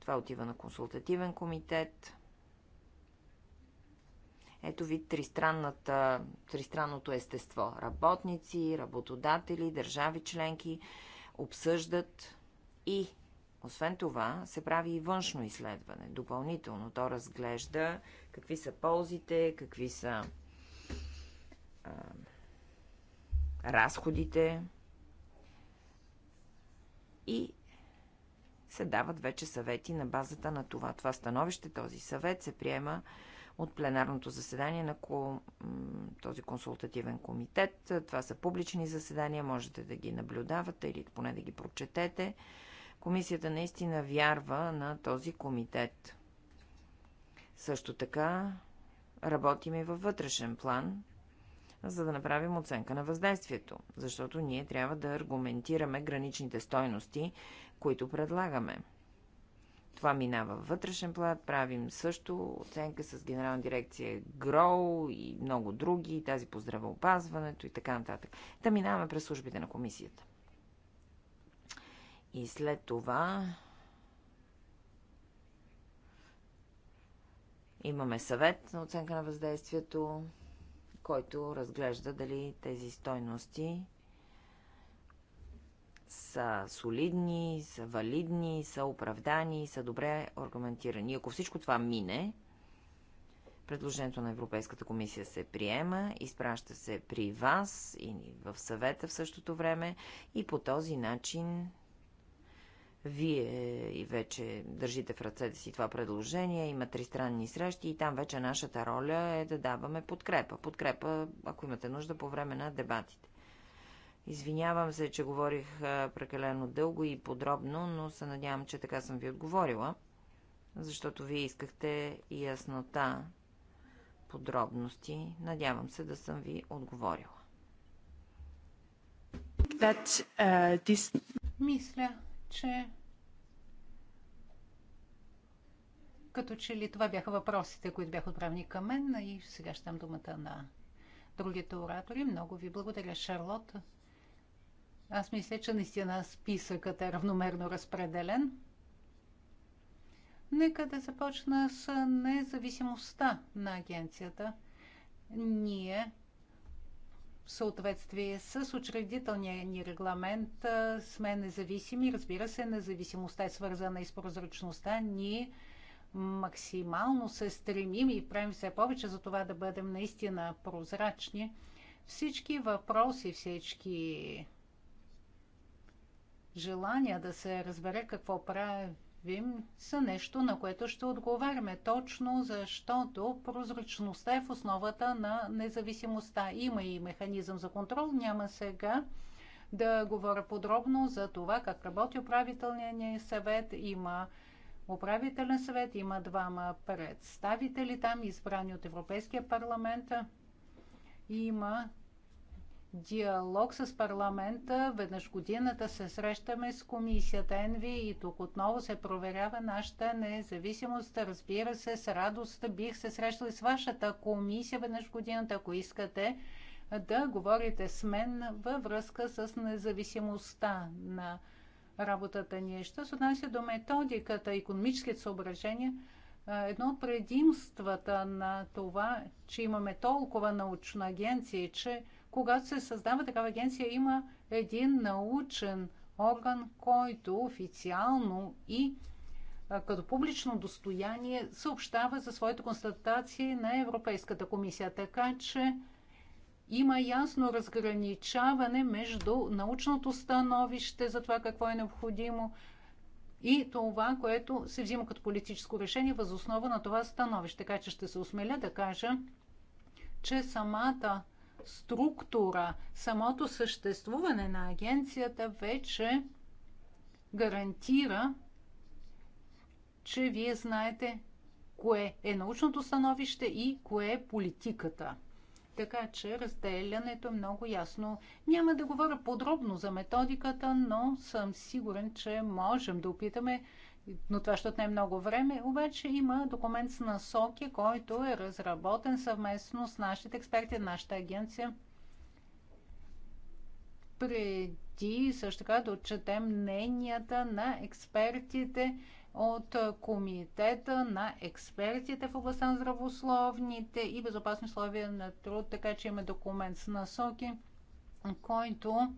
Това отива на консултативен комитет. Ето ви тристранното естество. Работници, работодатели, държави членки обсъждат и освен това се прави и външно изследване. Допълнително то разглежда какви са ползите, какви са а, разходите и се дават вече съвети на базата на това. Това становище, този съвет се приема от пленарното заседание на този консултативен комитет. Това са публични заседания, можете да ги наблюдавате или поне да ги прочетете. Комисията наистина вярва на този комитет. Също така работим и във вътрешен план, за да направим оценка на въздействието, защото ние трябва да аргументираме граничните стойности, които предлагаме. Това минава в вътрешен плат. Правим също оценка с генерална дирекция ГРОУ и много други, тази по здравеопазването и така нататък. Та минаваме през службите на комисията. И след това имаме съвет на оценка на въздействието, който разглежда дали тези стойности са солидни, са валидни, са оправдани, са добре аргументирани. ако всичко това мине, предложението на Европейската комисия се приема, изпраща се при вас и в съвета в същото време и по този начин вие и вече държите в ръцете си това предложение, има тристранни срещи и там вече нашата роля е да даваме подкрепа. Подкрепа, ако имате нужда, по време на дебатите. Извинявам се, че говорих прекалено дълго и подробно, но се надявам, че така съм ви отговорила, защото вие искахте яснота, подробности. Надявам се да съм ви отговорила. That, uh, this... Мисля, че като че ли това бяха въпросите, които бяха отправени към мен и сега ще дам думата на другите оратори. Много ви благодаря, Шарлот. Аз мисля, че наистина списъкът е равномерно разпределен. Нека да започна с независимостта на агенцията. Ние в съответствие с учредителния ни регламент сме независими. Разбира се, независимостта е свързана и с прозрачността. Ние максимално се стремим и правим все повече за това да бъдем наистина прозрачни. Всички въпроси, всички желания да се разбере какво правим, са нещо, на което ще отговаряме, точно защото прозрачността е в основата на независимостта. Има и механизъм за контрол, няма сега да говоря подробно за това как работи управителният ни съвет. Има управителен съвет, има двама представители там, избрани от Европейския парламент. Има диалог с парламента. Веднъж годината се срещаме с комисията Енви и тук отново се проверява нашата независимост. Разбира се, с радост бих се срещала с вашата комисия веднъж годината, ако искате да говорите с мен във връзка с независимостта на работата ни. Що се отнася до методиката, економическите съображения, едно от предимствата на това, че имаме толкова научна агенция, че когато се създава такава агенция, има един научен орган, който официално и като публично достояние съобщава за своите констатации на Европейската комисия. Така че има ясно разграничаване между научното становище за това какво е необходимо и това, което се взима като политическо решение възоснова на това становище. Така че ще се осмеля да кажа, че самата структура, самото съществуване на агенцията вече гарантира, че вие знаете кое е научното становище и кое е политиката. Така че разделянето е много ясно. Няма да говоря подробно за методиката, но съм сигурен, че можем да опитаме но това ще отнеме много време. Обаче има документ с насоки, който е разработен съвместно с нашите експерти, нашата агенция. Преди също така да отчетем мненията на експертите от комитета на експертите в областта на здравословните и безопасни условия на труд, така че има документ с насоки, който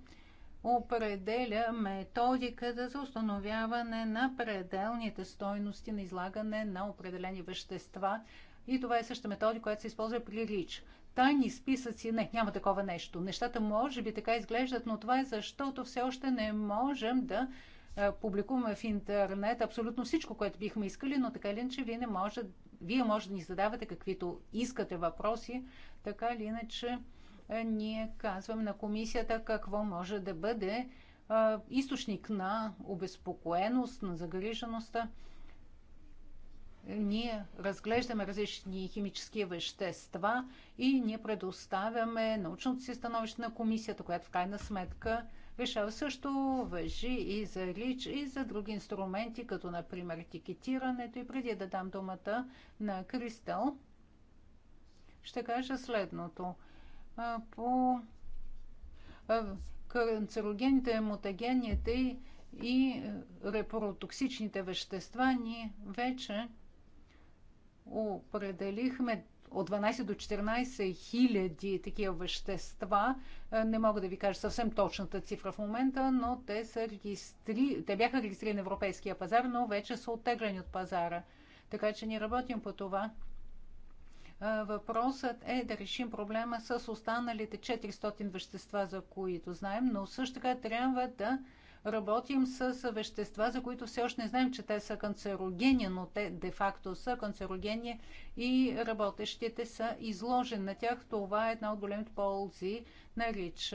определя методиката за установяване на пределните стойности на излагане на определени вещества. И това е същата методика, която се използва при РИЧ. Тайни списъци, не, няма такова нещо. Нещата може би така изглеждат, но това е защото все още не можем да е, публикуваме в интернет абсолютно всичко, което бихме искали, но така или иначе вие, не може, вие може да ни задавате каквито искате въпроси, така или иначе ние казваме на комисията какво може да бъде източник на обезпокоеност, на загрижеността. Ние разглеждаме различни химически вещества и ние предоставяме научното си становище на комисията, която в крайна сметка решава също въжи и за рич, и за други инструменти, като например етикетирането. И преди да дам думата на Кристал, ще кажа следното по канцерогените, мутагените и репротоксичните вещества, ние вече определихме от 12 до 14 хиляди такива вещества. Не мога да ви кажа съвсем точната цифра в момента, но те, са регистри... те бяха регистрирани на европейския пазар, но вече са оттеглени от пазара. Така че ние работим по това Въпросът е да решим проблема с останалите 400 вещества, за които знаем, но също така трябва да работим с вещества, за които все още не знаем, че те са канцерогени, но те де-факто са канцерогени и работещите са изложени на тях. Това е една от големите ползи на РИЧ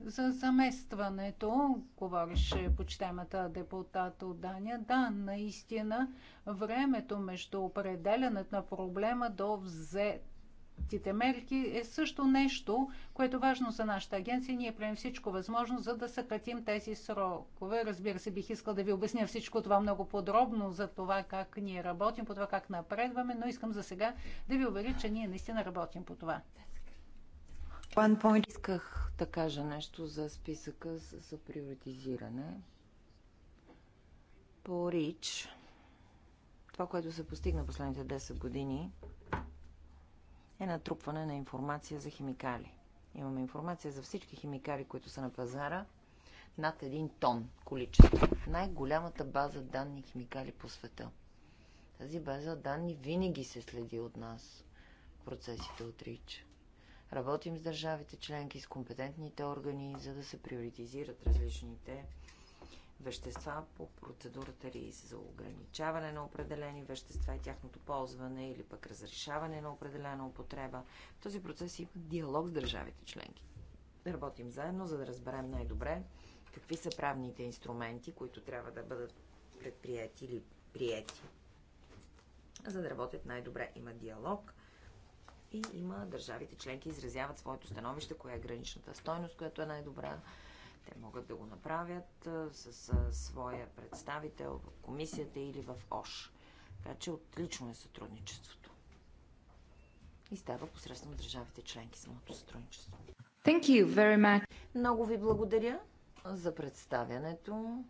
за заместването, говореше почитаемата депутат от Дания. Да, наистина времето между определянето на проблема до взетите мерки е също нещо, което е важно за нашата агенция. Ние правим всичко възможно, за да съкратим тези срокове. Разбира се, бих искал да ви обясня всичко това много подробно за това как ние работим, по това как напредваме, но искам за сега да ви уверя, че ние наистина работим по това. Исках да кажа нещо за списъка за приоритизиране. По РИЧ, това, което се постигна последните 10 години, е натрупване на информация за химикали. Имаме информация за всички химикали, които са на пазара, над един тон количество. Най-голямата база данни химикали по света. Тази база данни винаги се следи от нас в процесите от РИЧ. Работим с държавите членки, с компетентните органи, за да се приоритизират различните вещества по процедурата РИС за ограничаване на определени вещества и тяхното ползване или пък разрешаване на определена употреба. В този процес има диалог с държавите членки. Работим заедно, за да разберем най-добре какви са правните инструменти, които трябва да бъдат предприяти или приети, за да работят най-добре. Има диалог и има държавите членки изразяват своето становище, коя е граничната стойност, която е най-добра. Те могат да го направят с своя представител в комисията или в ОШ. Така че отлично е сътрудничеството. И става посредством държавите членки самото сътрудничество. Thank you very much. Много ви благодаря за представянето.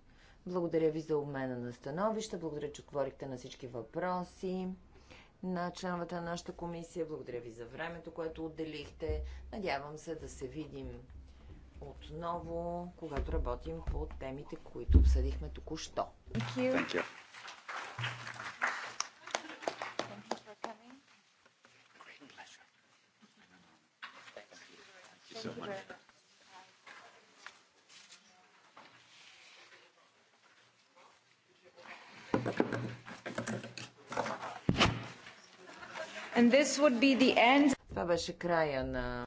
Благодаря ви за обмена на становища. Благодаря, че отговорихте на всички въпроси на членовете на нашата комисия. Благодаря ви за времето, което отделихте. Надявам се да се видим отново, когато работим по темите, които обсъдихме току-що. Thank you. Thank you. Това беше края на